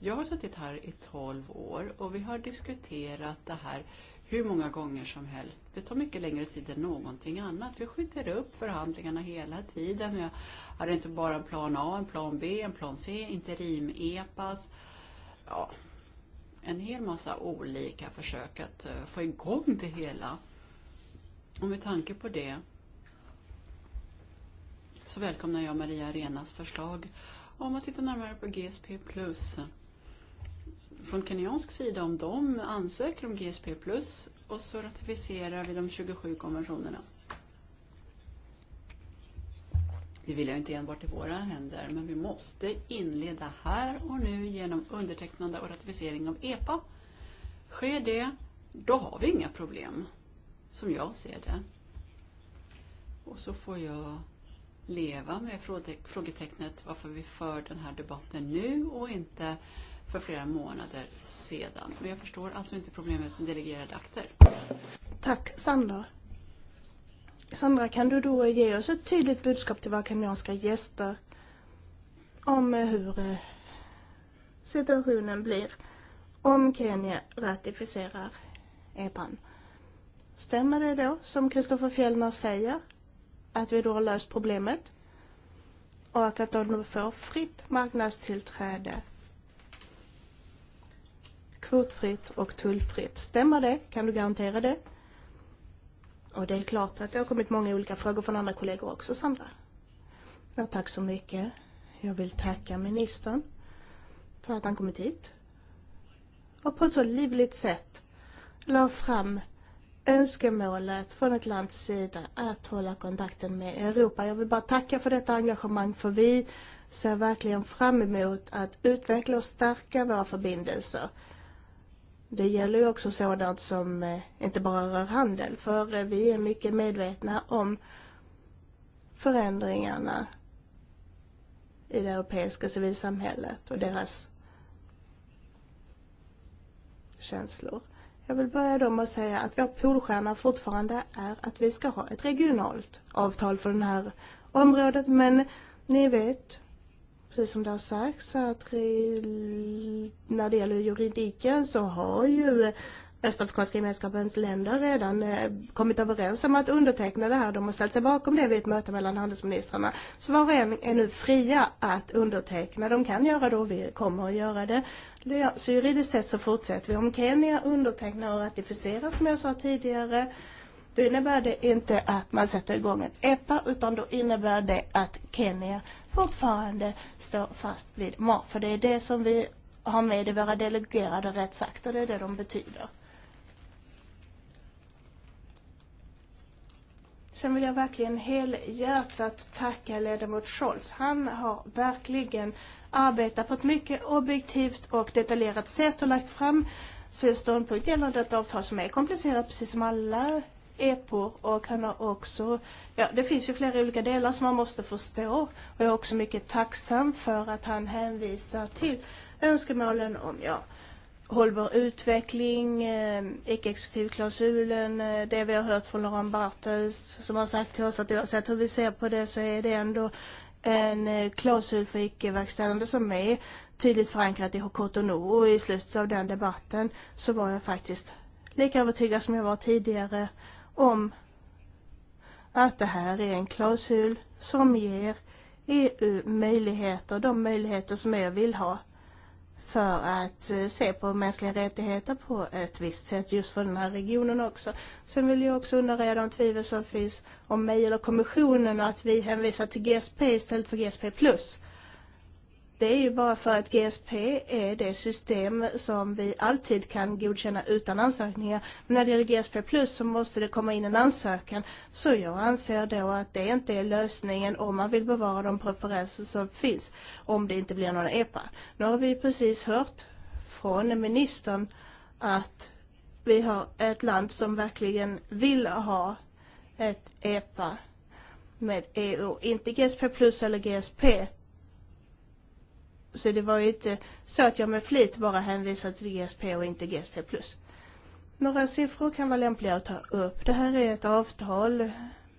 Jag har suttit här i 12 år och vi har diskuterat det här hur många gånger som helst. Det tar mycket längre tid än någonting annat. Vi skjuter upp förhandlingarna hela tiden. Jag hade inte bara en plan A, en plan B, en plan C, interim-EPAS. Ja, en hel massa olika försök att eh, få igång det hela. Och med tanke på det så välkomnar jag Maria Arenas förslag om att titta närmare på GSP+. Från kenyansk sida, om de ansöker om GSP+, och så ratificerar vi de 27 konventionerna. Det vill jag inte enbart i våra händer, men vi måste inleda här och nu genom undertecknande och ratificering av EPA. Sker det, då har vi inga problem, som jag ser det. Och så får jag leva med frågetecknet varför vi för den här debatten nu och inte för flera månader sedan. Men jag förstår alltså inte problemet med delegerade akter. Tack, Sandra. Sandra, kan du då ge oss ett tydligt budskap till våra kenyanska gäster om hur eh, situationen blir om Kenya ratificerar EPAN? Stämmer det då, som Kristoffer Fjellner säger, att vi då har löst problemet och att de får fritt marknadstillträde kvotfritt och tullfritt. Stämmer det? Kan du garantera det? Och det är klart att det har kommit många olika frågor från andra kollegor också, Sandra. Ja, tack så mycket. Jag vill tacka ministern för att han kommit hit och på ett så livligt sätt la fram önskemålet från ett lands sida att hålla kontakten med Europa. Jag vill bara tacka för detta engagemang för vi ser verkligen fram emot att utveckla och stärka våra förbindelser Det gäller ju också sådant som eh, inte bara rör handel, för vi är mycket medvetna om förändringarna i det europeiska civilsamhället och deras känslor. Jag vill börja då med att säga att vår polstjärna fortfarande är att vi ska ha ett regionalt avtal för det här området, men ni vet Precis som det har sagts att när det gäller juridiken så har ju Östafrikanska gemenskapens länder redan kommit överens om att underteckna det här. De har ställt sig bakom det vid ett möte mellan handelsministrarna. Så var och en är nu fria att underteckna. De kan göra det och vi kommer att göra det. Så juridiskt sett så fortsätter vi. Om Kenya undertecknar och ratificerar som jag sa tidigare då innebär det inte att man sätter igång ett EPA utan då innebär det att Kenya fortfarande stå fast vid MA. För det är det som vi har med i våra delegerade rättsakter, det är det de betyder. Sen vill jag verkligen helhjärtat tacka ledamot Scholz. Han har verkligen arbetat på ett mycket objektivt och detaljerat sätt och lagt fram sin ståndpunkt gällande ett avtal som är komplicerat, precis som alla EPO och han har också, ja det finns ju flera olika delar som man måste förstå och jag är också mycket tacksam för att han hänvisar till önskemålen om ja, hållbar utveckling, eh, icke exekutiv klausulen, eh, det vi har hört från Laurent Barthes som har sagt till oss att oavsett hur vi ser på det så är det ändå en eh, klausul för icke-verkställande som är tydligt förankrat i Cotonou och i slutet av den debatten så var jag faktiskt lika övertygad som jag var tidigare om att det här är er en klausul som ger EU möjligheter, de möjligheter som jag e vill ha för att eh, se på mänskliga rättigheter på ett visst sätt just för den här regionen också. Sen vill jag också undanröja de tvivel som finns om mig eller kommissionen och att vi hänvisar till GSP istället för GSP+. plus. Det är ju bara för att GSP är det system som vi alltid kan godkänna utan ansökningar. Men när det gäller GSP plus så måste det komma in en ansökan. Så jag anser då att det inte är lösningen om man vill bevara de preferenser som finns. Om det inte blir några e EPA. Nu har vi precis hört från ministern att vi har ett land som verkligen vill ha ett EPA med EU. Inte GSP plus eller GSP Så det var ju inte så att jag med flit bara hänvisade till GSP och inte GSP+. Några siffror kan vara lämpliga att ta upp. Det här är ett avtal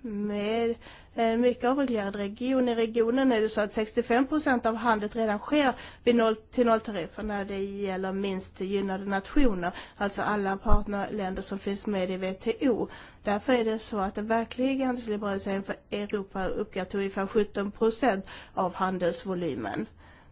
med en eh, mycket avreglerad region. I regionen är det så att 65 procent av handeln redan sker vid noll, till nolltariffer när det gäller minst gynnade nationer, alltså alla partnerländer som finns med i WTO. Därför är det så att den verkliga handelsliberaliseringen för Europa uppgår till ungefär 17 procent av handelsvolymen.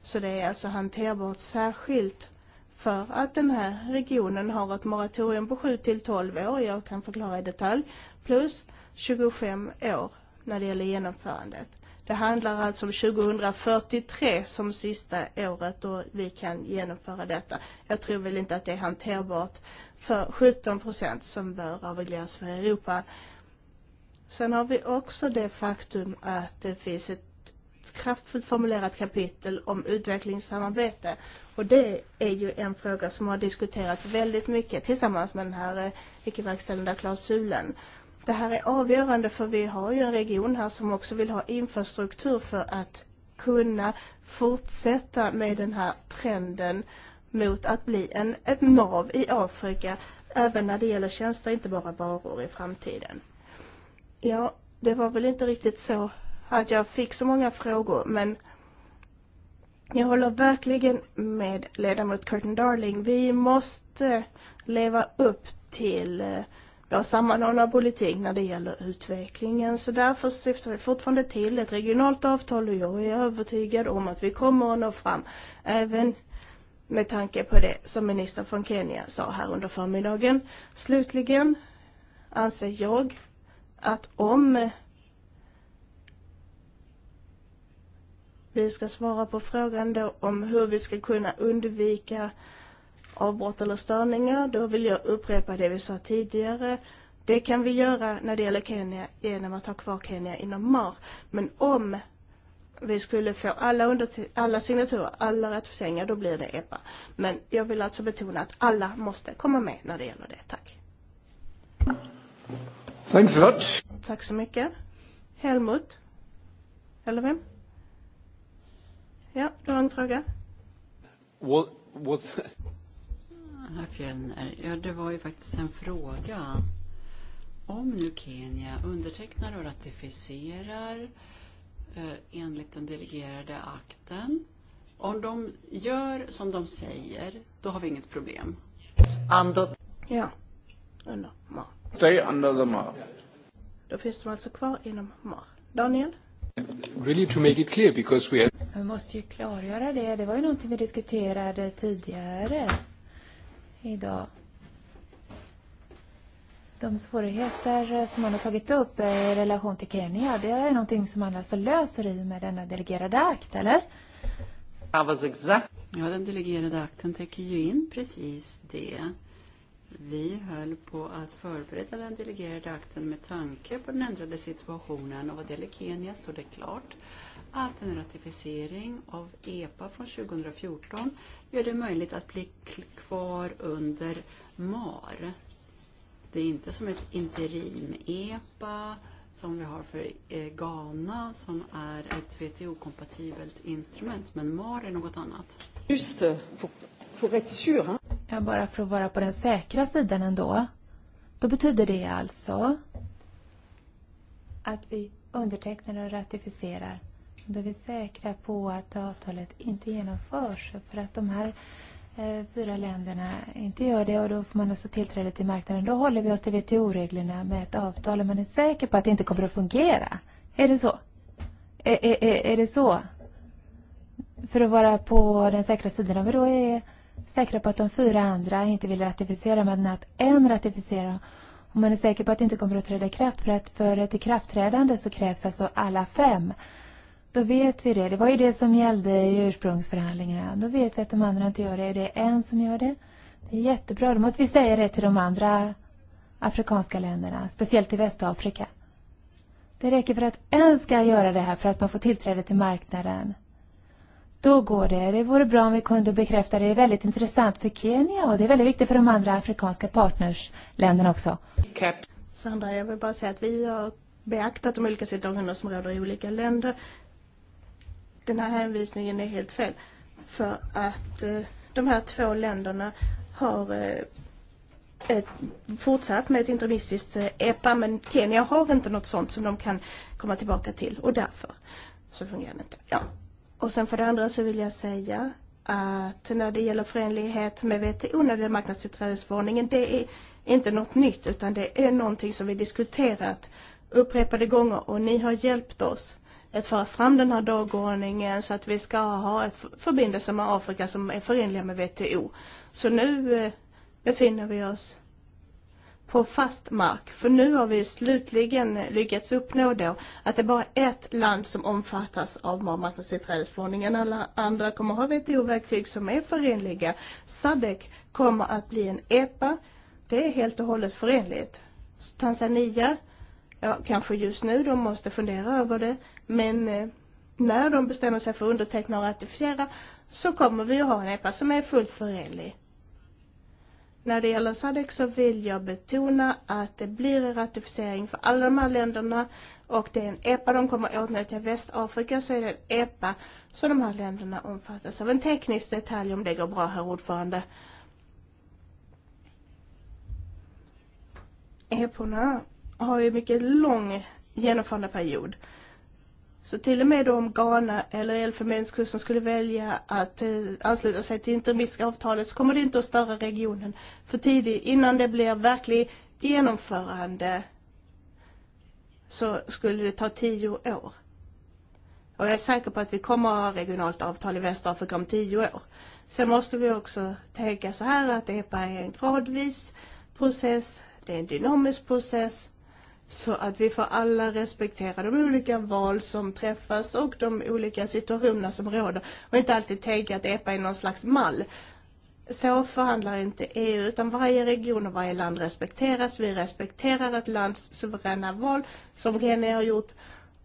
Så det är alltså hanterbart särskilt för att den här regionen har ett moratorium på 7 till 12 år, jag kan förklara i detalj, plus 25 år när det gäller genomförandet. Det handlar alltså om 2043 som sista året då vi kan genomföra detta. Jag tror väl inte att det är hanterbart för 17 procent som bör avregleras för Europa. Sen har vi också det faktum att det finns ett kraftfullt formulerat kapitel om utvecklingssamarbete. Och det är ju en fråga som har diskuterats väldigt mycket tillsammans med den här eh, icke-verkställande klausulen. Det här är avgörande för vi har ju en region här som också vill ha infrastruktur för att kunna fortsätta med den här trenden mot att bli en, ett nav i Afrika även när det gäller tjänster, inte bara varor i framtiden. Ja, det var väl inte riktigt så att jag fick så många frågor, men jag håller verkligen med ledamot Curtin Darling. Vi måste eh, leva upp till vår eh, sammanhållna politik när det gäller utvecklingen. Så därför syftar vi fortfarande till ett regionalt avtal och jag är övertygad om att vi kommer att nå fram även med tanke på det som ministern från Kenya sa här under förmiddagen. Slutligen anser jag att om Vi ska svara på frågan då om hur vi ska kunna undvika avbrott eller störningar. Då vill jag upprepa det vi sa tidigare. Det kan vi göra när det gäller Kenya genom att ha kvar Kenya inom MAR. Men om vi skulle få alla, under, alla signaturer, alla ratificeringar, då blir det EPA. Men jag vill alltså betona att alla måste komma med när det gäller det. Tack. Thanks a lot. Tack så mycket. Helmut? Eller vem? Ja, du har en fråga? What, what... Herr Fjellner, ja, det var ju faktiskt en fråga. Om nu Kenya undertecknar och ratificerar eh, enligt den delegerade akten, om de gör som de säger, då har vi inget problem. Under... Ja, under MAR. Stay under the MAR. Då finns de alltså kvar inom MAR. Daniel? Really måste ju klargöra det. Det var ju någonting vi diskuterade tidigare idag. De svårigheter som man har tagit upp i relation till Kenya, det är ju någonting som man alltså löser i med denna delegerade akt, eller? Ja, den delegerade akten täcker ju in precis det vi höll på att förbereda den delegerade akten med tanke på den ändrade situationen och vad gäller Kenya stod det klart att en ratificering av EPA från 2014 gör det möjligt att bli kvar under MAR. Det är inte som ett interim-EPA som vi har för eh, Ghana som är ett WTO-kompatibelt instrument, men MAR är något annat. Just för, för att vara säker bara för att vara på den säkra sidan ändå. Då betyder det alltså att vi undertecknar och ratificerar. Då är vi säkra på att avtalet inte genomförs för att de här eh, fyra länderna inte gör det och då får man alltså tillträde till marknaden. Då håller vi oss till WTO-reglerna med ett avtal och man är säker på att det inte kommer att fungera. Är det så? Är, är, är det så? För att vara på den säkra sidan, om vi då är säkra på att de fyra andra inte vill ratificera men att en ratificerar och man är säker på att det inte kommer att träda i kraft för att för ett ikraftträdande så krävs alltså alla fem. Då vet vi det. Det var ju det som gällde i ursprungsförhandlingarna. Då vet vi att de andra inte gör det. Är det en som gör det? Det är jättebra. Då måste vi säga det till de andra afrikanska länderna, speciellt i Västafrika. Det räcker för att en ska göra det här för att man får tillträde till marknaden. Då går det. Det vore bra om vi kunde bekräfta det. Det är väldigt intressant för Kenya och det är väldigt viktigt för de andra afrikanska partnersländerna också. Sandra, jag vill bara säga att vi har beaktat de olika situationer som råder i olika länder. Den här hänvisningen är helt fel. För att eh, de här två länderna har eh, ett, fortsatt med ett interimistiskt eh, EPA men Kenya har inte något sånt som de kan komma tillbaka till och därför så fungerar det inte. Ja. Och sen för det andra så vill jag säga att när det gäller förenlighet med WTO, när det är marknadstillträdesförordningen, det är inte något nytt utan det är någonting som vi diskuterat upprepade gånger och ni har hjälpt oss att föra fram den här dagordningen så att vi ska ha ett förbindelse med Afrika som är förenliga med WTO. Så nu eh, befinner vi oss på fast mark. För nu har vi slutligen lyckats uppnå då att det är bara ett land som omfattas av marknadstillträdesförordningen. Alla andra kommer att ha WTO-verktyg som är förenliga. SADC kommer att bli en EPA. Det är helt och hållet förenligt. Tanzania, ja, kanske just nu, de måste fundera över det. Men eh, när de bestämmer sig för att underteckna och ratifiera så kommer vi att ha en EPA som är fullt förenlig. När det gäller SADC så vill jag betona att det blir en ratificering för alla de här länderna och det är en EPA de kommer att åtnjuta i Västafrika så är det en EPA så de här länderna omfattas av en teknisk detalj om det går bra, herr ordförande. EPA har ju mycket lång genomförandeperiod. period Så till och med om Ghana eller Elfenbenskusten skulle välja att eh, ansluta sig till avtalet så kommer det inte att störa regionen för tidigt. Innan det blir verkligt genomförande så skulle det ta tio år. Och jag är säker på att vi kommer att ha regionalt avtal i Västafrika om tio år. Sen måste vi också tänka så här att EPA är en gradvis process, det är en dynamisk process så att vi får alla respektera de olika val som träffas och de olika situationerna som råder och inte alltid tänka att EPA är någon slags mall. Så förhandlar inte EU, utan varje region och varje land respekteras. Vi respekterar ett lands suveräna val, som René har gjort.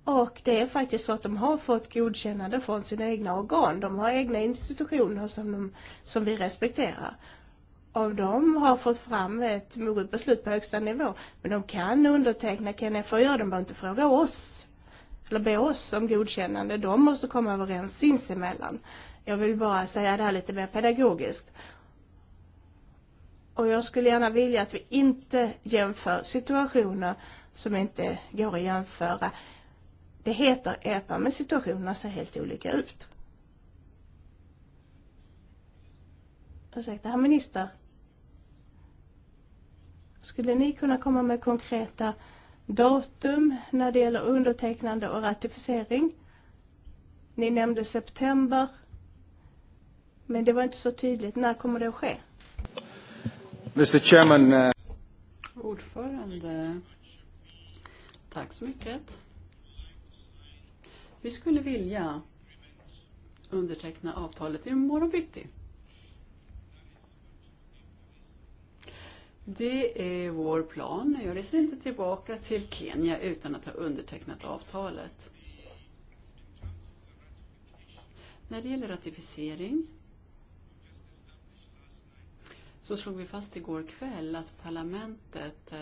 Och det är faktiskt så att de har fått godkännande från sina egna organ. De har egna institutioner som, de, som vi respekterar av dem har fått fram ett moget beslut på högsta nivå. Men de kan underteckna kan jag få göra, de behöver inte fråga oss eller be oss om godkännande. De måste komma överens sinsemellan. Jag vill bara säga det här lite mer pedagogiskt. Och jag skulle gärna vilja att vi inte jämför situationer som inte går att jämföra. Det heter EPA, men situationerna ser helt olika ut. Ursäkta, herr minister. Skulle ni kunna komma med konkreta datum när det gäller undertecknande och ratificering? Ni nämnde september, men det var inte så tydligt. När kommer det att ske? Mr Chairman. Uh... Ordförande, tack så mycket. Vi skulle vilja underteckna avtalet i morgon bitti. Det är vår plan. Jag reser inte tillbaka till Kenya utan att ha undertecknat avtalet. När det gäller ratificering så slog vi fast igår kväll att parlamentet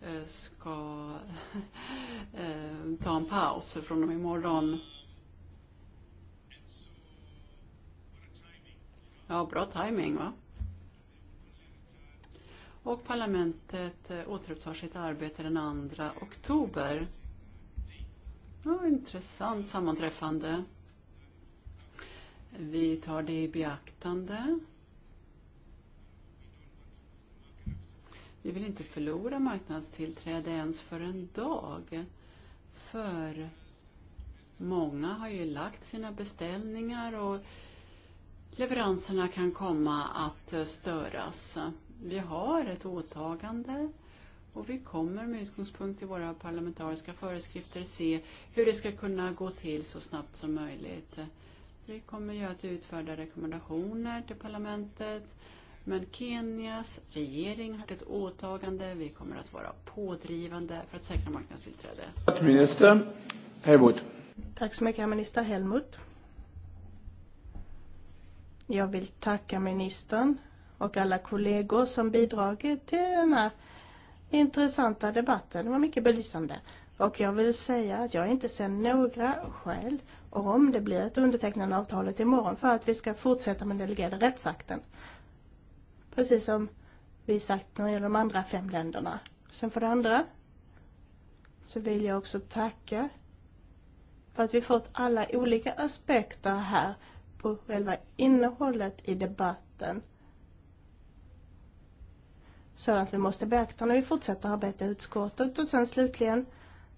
eh, ska *laughs* eh, ta en paus från och med imorgon. Ja, bra timing va? och parlamentet eh, återupptar sitt arbete den 2 oktober. Ja, intressant sammanträffande. Vi tar det i beaktande. Vi vill inte förlora marknadstillträde ens för en dag. För många har ju lagt sina beställningar och leveranserna kan komma att eh, störas. Vi har ett åtagande och vi kommer med utgångspunkt i våra parlamentariska föreskrifter se hur det ska kunna gå till så snabbt som möjligt. Vi kommer ju att utfärda rekommendationer till parlamentet men Kenias regering har ett åtagande. Vi kommer att vara pådrivande för att säkra marknadstillträde. Minister Helmut. Tack så mycket, minister Helmut. Jag vill tacka ministern och alla kollegor som bidragit till den här intressanta debatten. Det var mycket belysande. Och jag vill säga att jag inte ser några skäl om det blir ett undertecknande avtalet imorgon för att vi ska fortsätta med delegerade rättsakten. Precis som vi sagt när det gäller de andra fem länderna. Sen för det andra så vill jag också tacka för att vi fått alla olika aspekter här på själva innehållet i debatten sådant vi måste beakta när vi fortsätter arbeta i utskottet. Och sen slutligen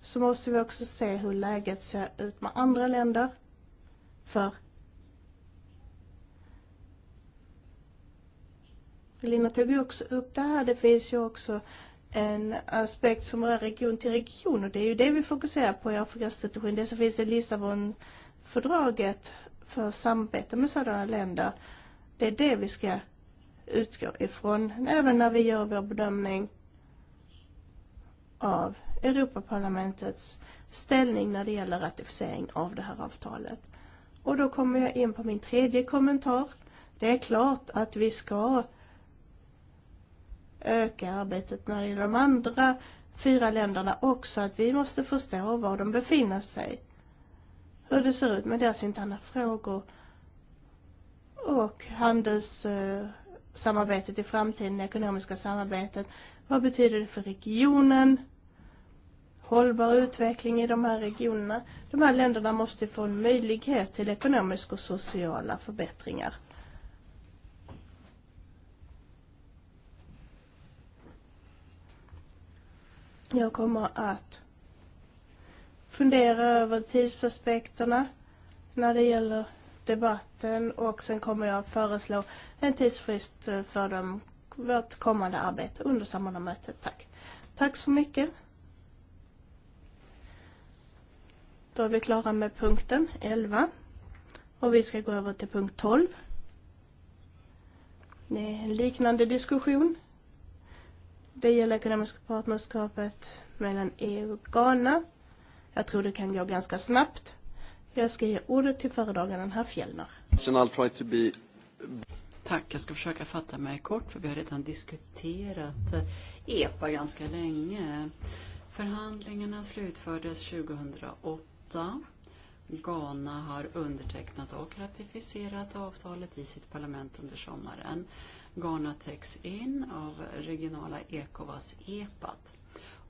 så måste vi också se hur läget ser ut med andra länder. För Lina tog ju också upp det här. Det finns ju också en aspekt som rör region till region och det är ju det vi fokuserar på i Afrikastrategin. Det som finns i Lissabonfördraget för samarbete med sådana länder. Det är det vi ska utgår ifrån även när vi gör vår bedömning av Europaparlamentets ställning när det gäller ratificering av det här avtalet. Och då kommer jag in på min tredje kommentar. Det är klart att vi ska öka arbetet när det gäller de andra fyra länderna också, att vi måste förstå var de befinner sig. Hur det ser ut med deras interna frågor och handels eh, samarbetet i framtiden, ekonomiska samarbetet. Vad betyder det för regionen? Hållbar utveckling i de här regionerna. De här länderna måste få en möjlighet till ekonomiska och sociala förbättringar. Jag kommer att fundera över tidsaspekterna när det gäller debatten och sen kommer jag föreslå en tidsfrist för dem, vårt kommande arbete under samordnarmötet. Tack. Tack så mycket. Då är vi klara med punkten 11 och vi ska gå över till punkt 12. Det är en liknande diskussion. Det gäller ekonomiska partnerskapet mellan EU och Ghana. Jag tror det kan gå ganska snabbt. Jag ska ge ordet till föredraganden herr Fjellner. Tack, jag ska försöka fatta mig kort för vi har redan diskuterat eh, EPA ganska länge. Förhandlingarna slutfördes 2008. Ghana har undertecknat och ratificerat avtalet i sitt parlament under sommaren. Ghana täcks in av regionala Ecowas EPAT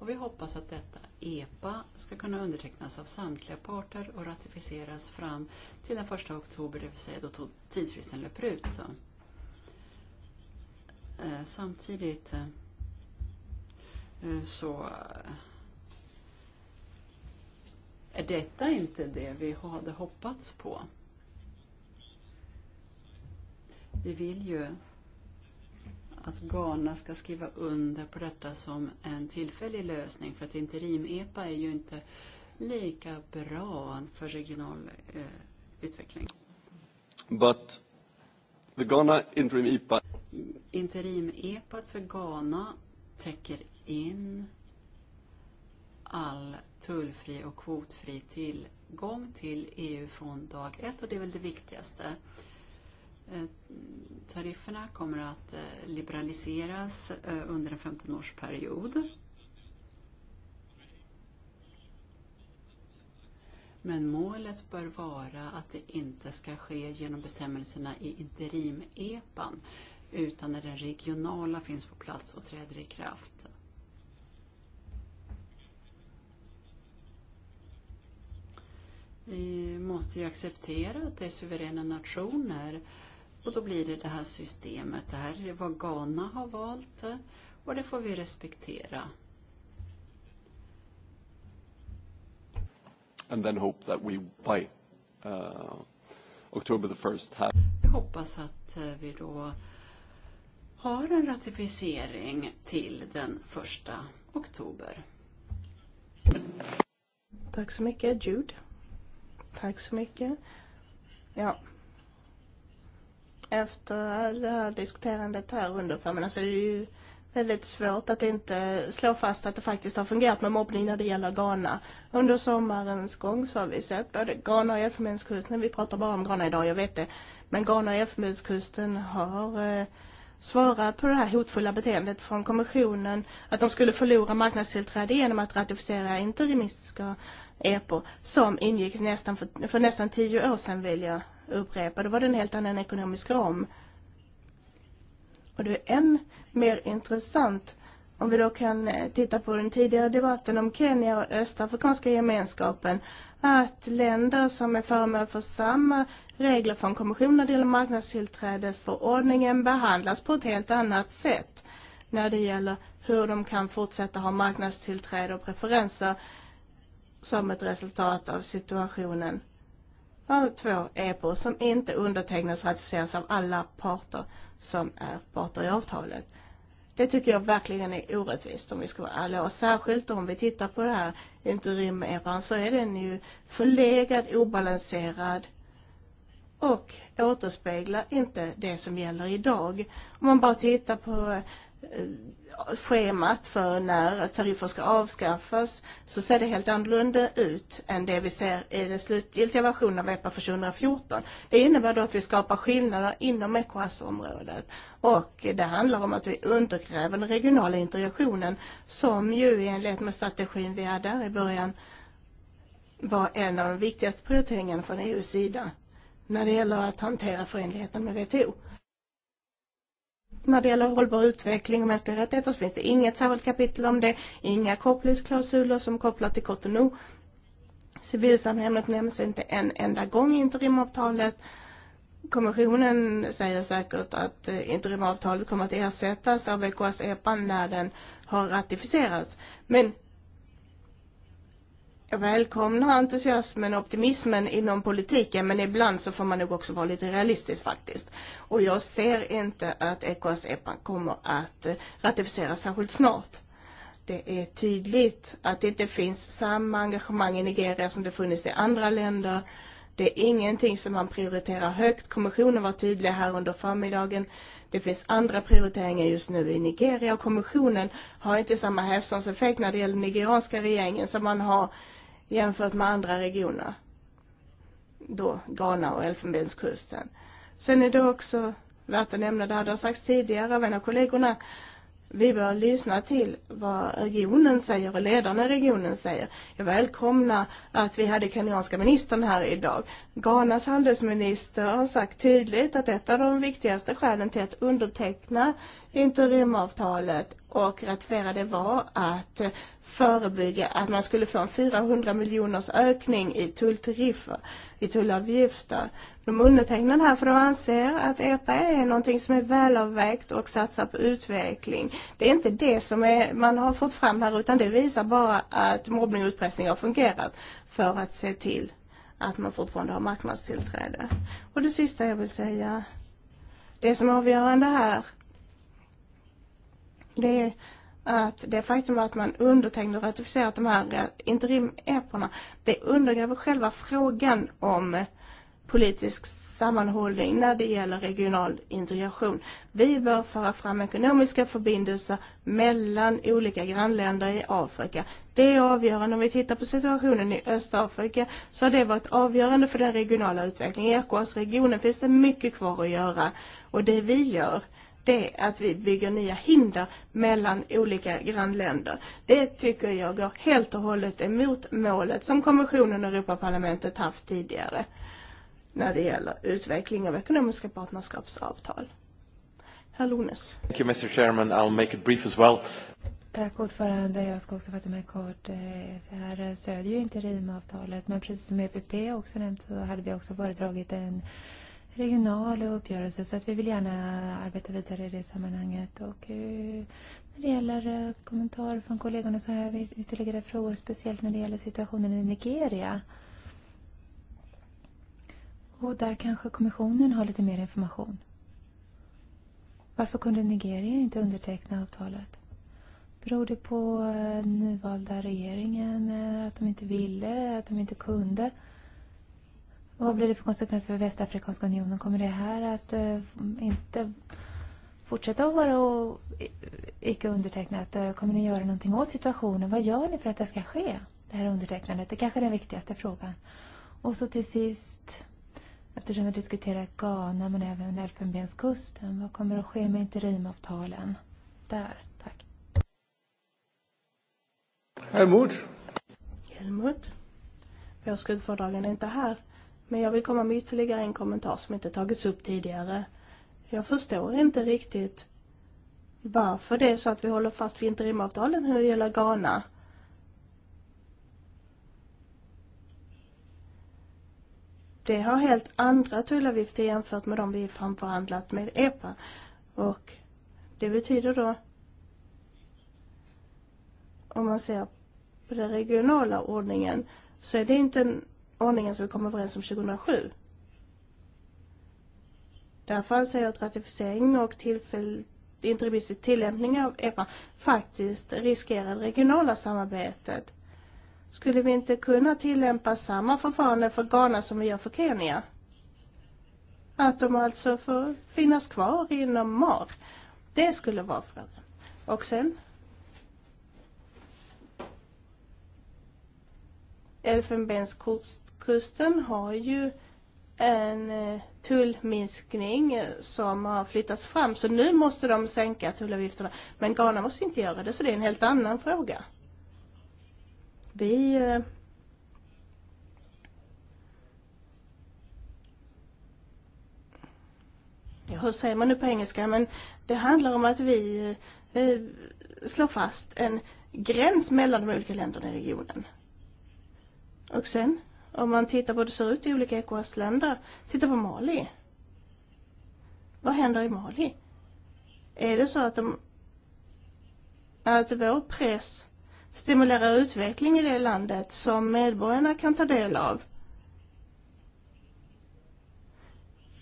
och vi hoppas att detta EPA ska kunna undertecknas av samtliga parter och ratificeras fram till den 1 oktober, det vill säga då tidsfristen löper ut. Så. Eh, samtidigt eh, så eh, är detta inte det vi hade hoppats på. Vi vill ju att Ghana ska skriva under på detta som en tillfällig lösning för att interim-EPA är ju inte lika bra för regional eh, utveckling. But the Ghana interim-EPA Interim-EPA för Ghana täcker in all tullfri och kvotfri tillgång till EU från dag ett och det är väl det viktigaste. Eh, Eh, tarifferna kommer att eh, liberaliseras eh, under en 15-årsperiod. Men målet bör vara att det inte ska ske genom bestämmelserna i interim-EPAN utan när den regionala finns på plats och träder i kraft. Vi måste ju acceptera att det är suveräna nationer eh, Och då blir det det här systemet. Det här är vad Ghana har valt och det får vi respektera. And then hope that we by uh, October the first have... Vi hoppas att eh, vi då har en ratificering till den första oktober. Tack så mycket, Jude. Tack så mycket. Ja, efter er det här diskuterandet här under förmiddagen så är det ju väldigt svårt att inte slå fast att det faktiskt har fungerat med mobbning när det gäller Ghana. Under sommarens gång så har vi sett både Ghana och Elfenbenskusten, vi pratar bara om Ghana idag, jag vet det, men Ghana och Elfenbenskusten har eh, øh, svarat på det här hotfulla beteendet från kommissionen att de skulle förlora marknadstillträde genom att ratificera interimistiska EPO som ingick nästan för, för nästan tio år sedan vill jag upprepa, då var det en helt annan ekonomisk ram. Och det är än mer intressant om vi då kan eh, titta på den tidigare debatten om Kenya och Östafrikanska gemenskapen, att länder som är föremål för samma regler från kommissionen när det gäller marknadstillträdesförordningen behandlas på ett helt annat sätt när det gäller hur de kan fortsätta ha marknadstillträde och preferenser som ett resultat av situationen av två EPO som inte undertecknas och ratificeras av alla parter som är parter i avtalet. Det tycker jag verkligen är orättvist om vi ska vara ärliga. Och särskilt om vi tittar på det här interim-epan så är den ju förlegad, obalanserad och återspeglar inte det som gäller idag. Om man bara tittar på eh, schemat för när tariffer ska avskaffas så ser det helt annorlunda ut än det vi ser i den slutgiltiga versionen av EPA för 2014. Det innebär då att vi skapar skillnader inom ECOWAS-området och det handlar om att vi undergräver den regionala integrationen som ju i enlighet med strategin vi hade där i början var en av de viktigaste prioriteringarna från EUs sida när det gäller att hantera förenligheten med WTO när det gäller hållbar utveckling och mänskliga rättigheter så finns det inget särskilt kapitel om det, inga kopplingsklausuler som kopplar till Cotonou. Civilsamhället nämns inte en enda gång i interimavtalet. Kommissionen säger säkert att eh, interimavtalet kommer att ersättas av eks epa när den har ratificerats. Men Jag välkomnar entusiasmen och optimismen inom politiken men ibland så får man nog också vara lite realistisk faktiskt. Och jag ser inte att EKS epan kommer att ratificeras särskilt snart. Det är tydligt att det inte finns samma engagemang i Nigeria som det funnits i andra länder. Det är ingenting som man prioriterar högt. Kommissionen var tydlig här under förmiddagen. Det finns andra prioriteringar just nu i Nigeria och kommissionen har inte samma hävstångseffekt när det gäller nigerianska regeringen som man har jämfört med andra regioner. Då Ghana och Elfenbenskusten. Sen är det också värt att nämna, det har sagts tidigare av en av kollegorna, Vi bör lyssna till vad regionen säger och ledarna i regionen säger. Jag välkomnar att vi hade kenyanska ministern här idag. Ghanas handelsminister har sagt tydligt att ett av er de viktigaste skälen till att underteckna interimavtalet och ratifiera det var att förebygga att man skulle få en 400 miljoners ökning i tulltariffer tullavgifter. E e de undertecknade här för de anser att EPA är någonting som är välavvägt och satsar på utveckling. Det är inte det som är, man har fått fram här utan det visar bara att mobbning och utpressning har fungerat för att se till att man fortfarande har marknadstillträde. Och det sista jag vill säga, det som är avgörande här, det är att det faktum att man undertecknar och ratificerar de här interim-EPORna, det undergräver själva frågan om politisk sammanhållning när det gäller regional integration. Vi bör föra fram ekonomiska förbindelser mellan olika grannländer i Afrika. Det är avgörande. Om vi tittar på situationen i Östafrika så har det varit avgörande för den regionala utvecklingen. I Ekoas regionen finns det mycket kvar att göra. Och det vi gör det är att vi bygger nya hinder mellan olika grannländer. Det tycker jag går helt och hållet emot målet som kommissionen och Europaparlamentet haft tidigare när det gäller utveckling av ekonomiska partnerskapsavtal. Herr Lunes. Thank you, Mr. Chairman. I'll make it brief as well. Tack ordförande. Jag ska också fatta mig kort. Eh, det här stödjer ju inte RIM-avtalet men precis som EPP också nämnt så hade vi också föredragit en regional uppgörelse så att vi vill gärna arbeta vidare i det sammanhanget. Och när det gäller kommentarer från kollegorna så har vi ytterligare frågor, speciellt när det gäller situationen i Nigeria. Och där kanske kommissionen har lite mer information. Varför kunde Nigeria inte underteckna avtalet? Beror det på nyvalda regeringen, att de inte ville, att de e inte kunde? Vad blir det för konsekvenser för Västafrikanska unionen? Kommer det här att uh, inte fortsätta att vara och, icke undertecknat? Eh, kommer ni göra någonting åt situationen? Vad gör ni för att det ska ske, det här undertecknandet? Det kanske är den viktigaste frågan. Och så till sist, eftersom vi diskuterar Ghana men även Elfenbenskusten, vad kommer att ske med interimavtalen där? Tack. Helmut. Helmut. Jag skuggfördragen är inte här. Men jag vill komma med ytterligare en kommentar som inte tagits upp tidigare. Jag förstår inte riktigt varför det är så att vi håller fast vid interimavtalen när det gäller Ghana. Det har helt andra tullavgifter jämfört med de vi framförhandlat med EPA. Och det betyder då, om man ser på den regionala ordningen, så är det inte en ordningen er som vi kom överens om 2007. Därför anser jag att ratificering och tillfälligt interimistisk tillämpning av EPA faktiskt riskerar det regionala samarbetet. Skulle vi inte kunna tillämpa samma förfarande för Ghana som vi gör för Kenya? Att de alltså får finnas kvar inom MAR. Det skulle vara frågan. Och sen? Elfenbenskorts västkusten har ju en tullminskning som har flyttats fram. Så nu måste de sänka tullavgifterna. Men Ghana måste inte göra det, så det är en helt annan fråga. Vi eh, Ja, hur säger man nu på engelska, men det handlar om att vi eh, slår fast en gräns mellan de olika länderna i regionen. Och sen Om man tittar på hur det ser ut i olika EKS-länder. Titta på Mali. Vad händer i Mali? Är det så att, de, att vår press stimulerar utveckling i det landet som medborgarna kan ta del av?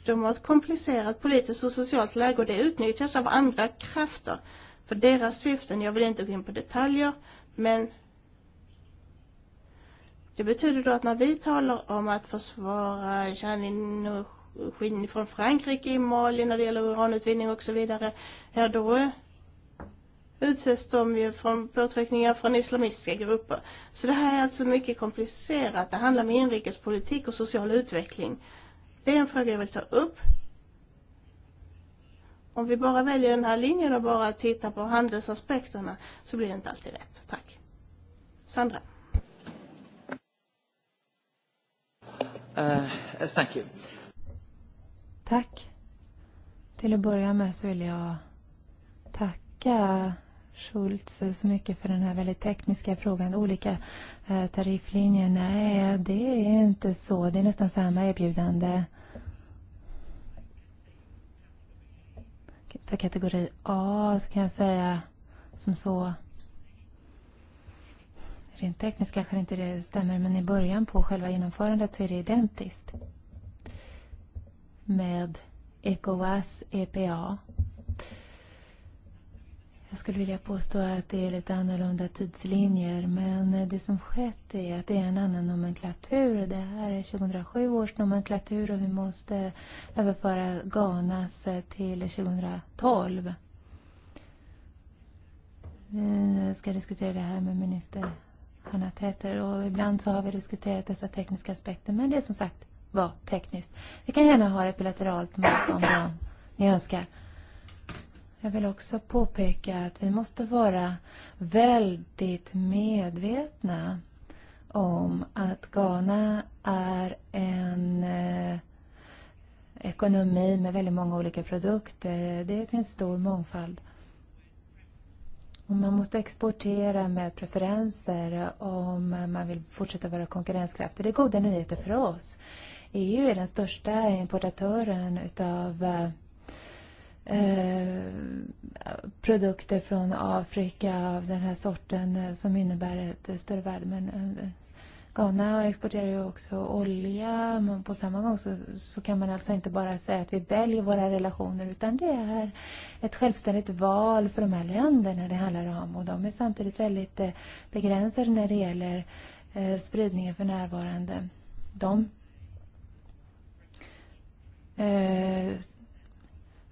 De har ett komplicerat politiskt och socialt läge och det utnyttjas av andra krafter för deras syften. Jag vill inte gå in på detaljer, men Det betyder då att när vi talar om att försvara kärnenergin från Frankrike i Mali när det gäller uranutvinning och så vidare, ja er då utsätts de øh, ju från påtryckningar från islamistiska grupper. Så det här är er alltså mycket komplicerat. Det handlar om inrikespolitik och social utveckling. Det är er en fråga jag vill ta upp. Om vi bara väljer den här linjen och bara tittar på handelsaspekterna så blir det inte alltid rätt. Tack. Sandra. Mm. Uh, thank you. Tack. Till att börja med så vill jag tacka Schultz så mycket för den här väldigt tekniska frågan. Olika eh, tarifflinjer, nej det är inte så. Det är nästan samma erbjudande. För kategori A så kan jag säga som så Rent tekniskt kanske inte det stämmer, men i början på själva genomförandet så är det identiskt med ECOWAS EPA. Jag skulle vilja påstå att det är lite annorlunda tidslinjer, men det som skett är att det är en annan nomenklatur. Det här är 2007 års nomenklatur och vi måste överföra GANAS till 2012. Vi ska diskutera det här med minister han har skönheter och ibland så har vi diskuterat dessa tekniska aspekter men det är som sagt var tekniskt. Vi kan gärna ha ett bilateralt möte om det ni önskar. Jag vill också påpeka att vi måste vara väldigt medvetna om att Ghana är en eh, ekonomi med väldigt många olika produkter. Det finns stor mångfald. Och man måste exportera med preferenser, om man vill fortsätta vara konkurrenskraftig. Det är goda nyheter för oss. EU är den största importatören av eh, produkter från Afrika av den här sorten no, som innebär ett eh, större eh, värde. Men Ghana exporterar ju också olja, men på samma gång så, så kan man alltså inte bara säga att vi väljer våra relationer utan det är ett självständigt val för de här länderna det handlar om och de är samtidigt väldigt begränsade när det gäller spridningen för närvarande. De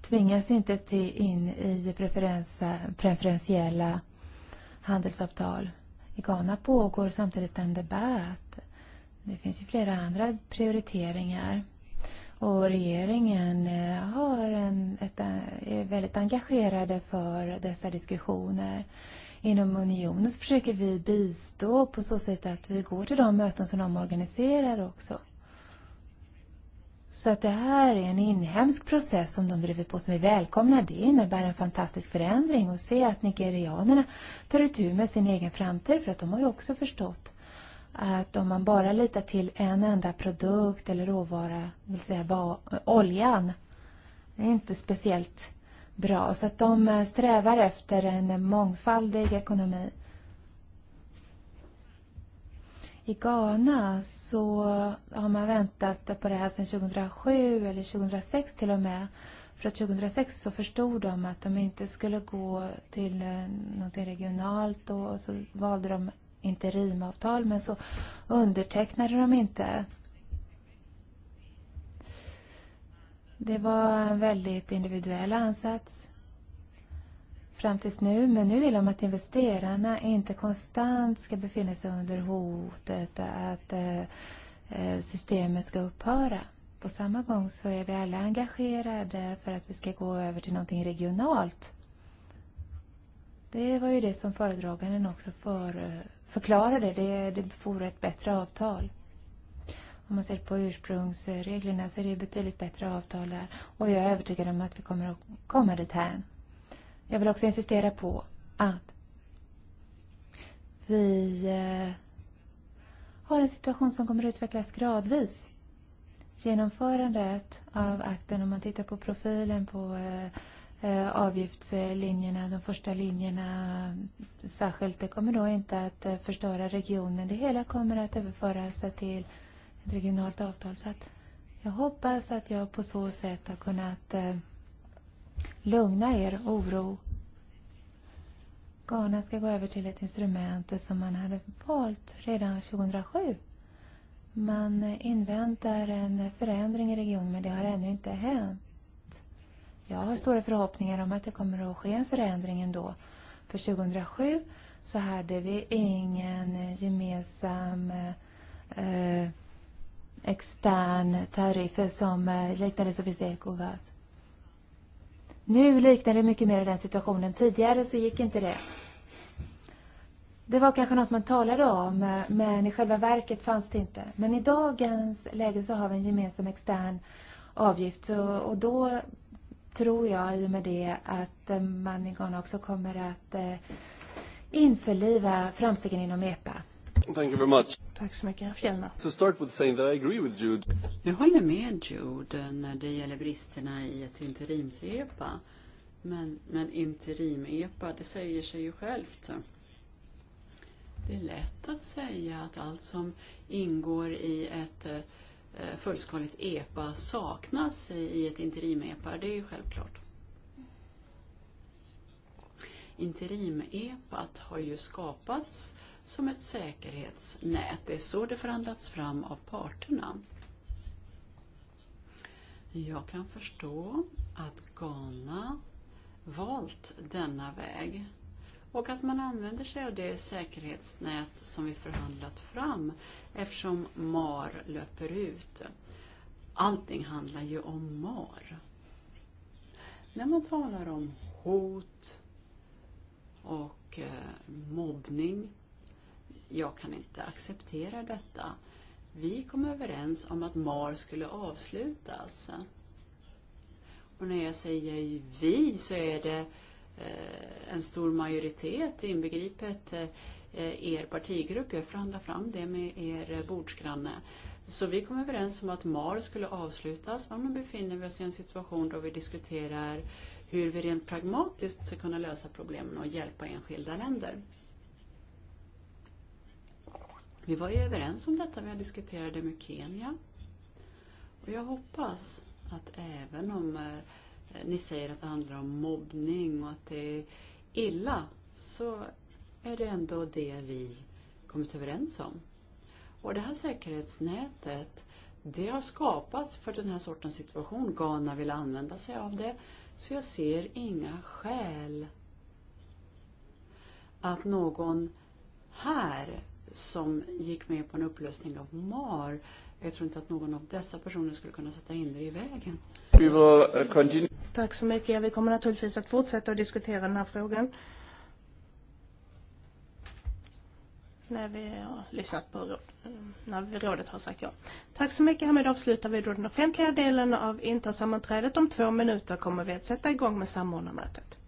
tvingas inte till in i preferens, preferentiella handelsavtal. I Ghana pågår samtidigt en debatt. Det finns ju flera andra prioriteringar. Och regeringen eh, har en, ett, eh, är väldigt engagerade för dessa diskussioner. Inom unionen så försöker vi bistå på så sätt att vi går till de möten som de organiserar också. Så att det här är en inhemsk process som de driver på som vi välkomnar. Det innebär en fantastisk förändring och se att nigerianerna tar tur med sin egen framtid för att de har ju också förstått att om man bara litar till en enda produkt eller råvara, vill säga oljan, det är inte speciellt bra. Så att de eh, strävar efter en mångfaldig ekonomi i Ghana så har man väntat på det här sedan 2007 eller 2006 till och med. För att 2006 så förstod de att de inte skulle gå till något regionalt och så valde de inte rimavtal men så undertecknade de inte. Det var en väldigt individuell ansats fram tills nu, men nu vill de att investerarna inte konstant ska befinna sig under hotet att eh, eh, systemet ska upphöra. På samma gång så är vi alla engagerade för att vi ska gå över till någonting regionalt. Det var ju det som föredraganden också för, eh, förklarade. Det, det vore ett bättre avtal. Om man ser på ursprungsreglerna så är det betydligt bättre avtal där. Och jag är övertygad om att vi kommer att komma dit här. Jag vill också insistera på att vi eh, har en situation som kommer att utvecklas gradvis. Genomförandet av akten, om man tittar på profilen på eh, eh, avgiftslinjerna, de första linjerna särskilt, det kommer då inte att förstöra regionen. Det hela kommer att överföras till ett regionalt avtal. Så att jag hoppas att jag på så sätt har kunnat eh, Lugna er oro. Ghana ska gå över till ett instrument som man hade valt redan 2007. Man inväntar en förändring i regionen men det har ännu inte hänt. Jag har stora förhoppningar om att det kommer att ske en förändring ändå. För 2007 så hade vi ingen eh, gemensam eh, eh extern tariff som eh, liknade Sofis Ekovas. Nu liknar det mycket mer den situationen. Tidigare så gick inte det. Det var kanske något man talade om, men i själva verket fanns det inte. Men i dagens läge så har vi en gemensam extern avgift Så, och då tror jag i och med det att man i också kommer att införliva framstegen inom EPA. Thank you very much. Tack så mycket. Fjellna. No. To start with saying that I agree with Jude. Jag håller med Jude när det gäller bristerna i ett interims-EPA. Men, men interim-EPA, det säger sig ju självt. Det är lätt att säga att allt som ingår i ett eh, fullskaligt EPA saknas i i ett interim-EPA. Det är ju självklart. Interim-EPAT har ju skapats som ett säkerhetsnät. Det är så det förhandlats fram av parterna. Jag kan förstå att Ghana valt denna väg och att man använder sig av det säkerhetsnät som vi förhandlat fram eftersom MAR löper ut. Allting handlar ju om MAR. När man talar om hot och eh, mobbning Jag kan inte acceptera detta. Vi kom överens om att MAR skulle avslutas. Och när jag säger vi så är det eh, en stor majoritet inbegripet eh, er partigrupp. Jag förhandlar fram det med er bordsgranne. Så vi kom överens om att MAR skulle avslutas. Och nu befinner vi oss i en situation då vi diskuterar hur vi rent pragmatiskt ska kunna lösa problemen och hjälpa enskilda länder. Vi var ju överens om detta när jag diskuterade med Kenya. Och jag hoppas att även om eh, ni säger att det handlar om mobbning och att det är illa så är det ändå det vi kommit överens om. Och det här säkerhetsnätet det har skapats för den här sortens situation. Ghana vill använda sig av det. Så jag ser inga skäl att någon här som gick med på en upplösning av MAR. Jag tror inte att någon av dessa personer skulle kunna sätta hinder i vägen. Vi uh, Tack så mycket. Vi kommer naturligtvis att fortsätta att diskutera den här frågan. När vi har lyssnat på när rådet har sagt ja. Tack så mycket. Härmed avslutar vi då den offentliga delen av intersammanträdet. Om två minuter kommer vi att sätta igång med samordnarmötet.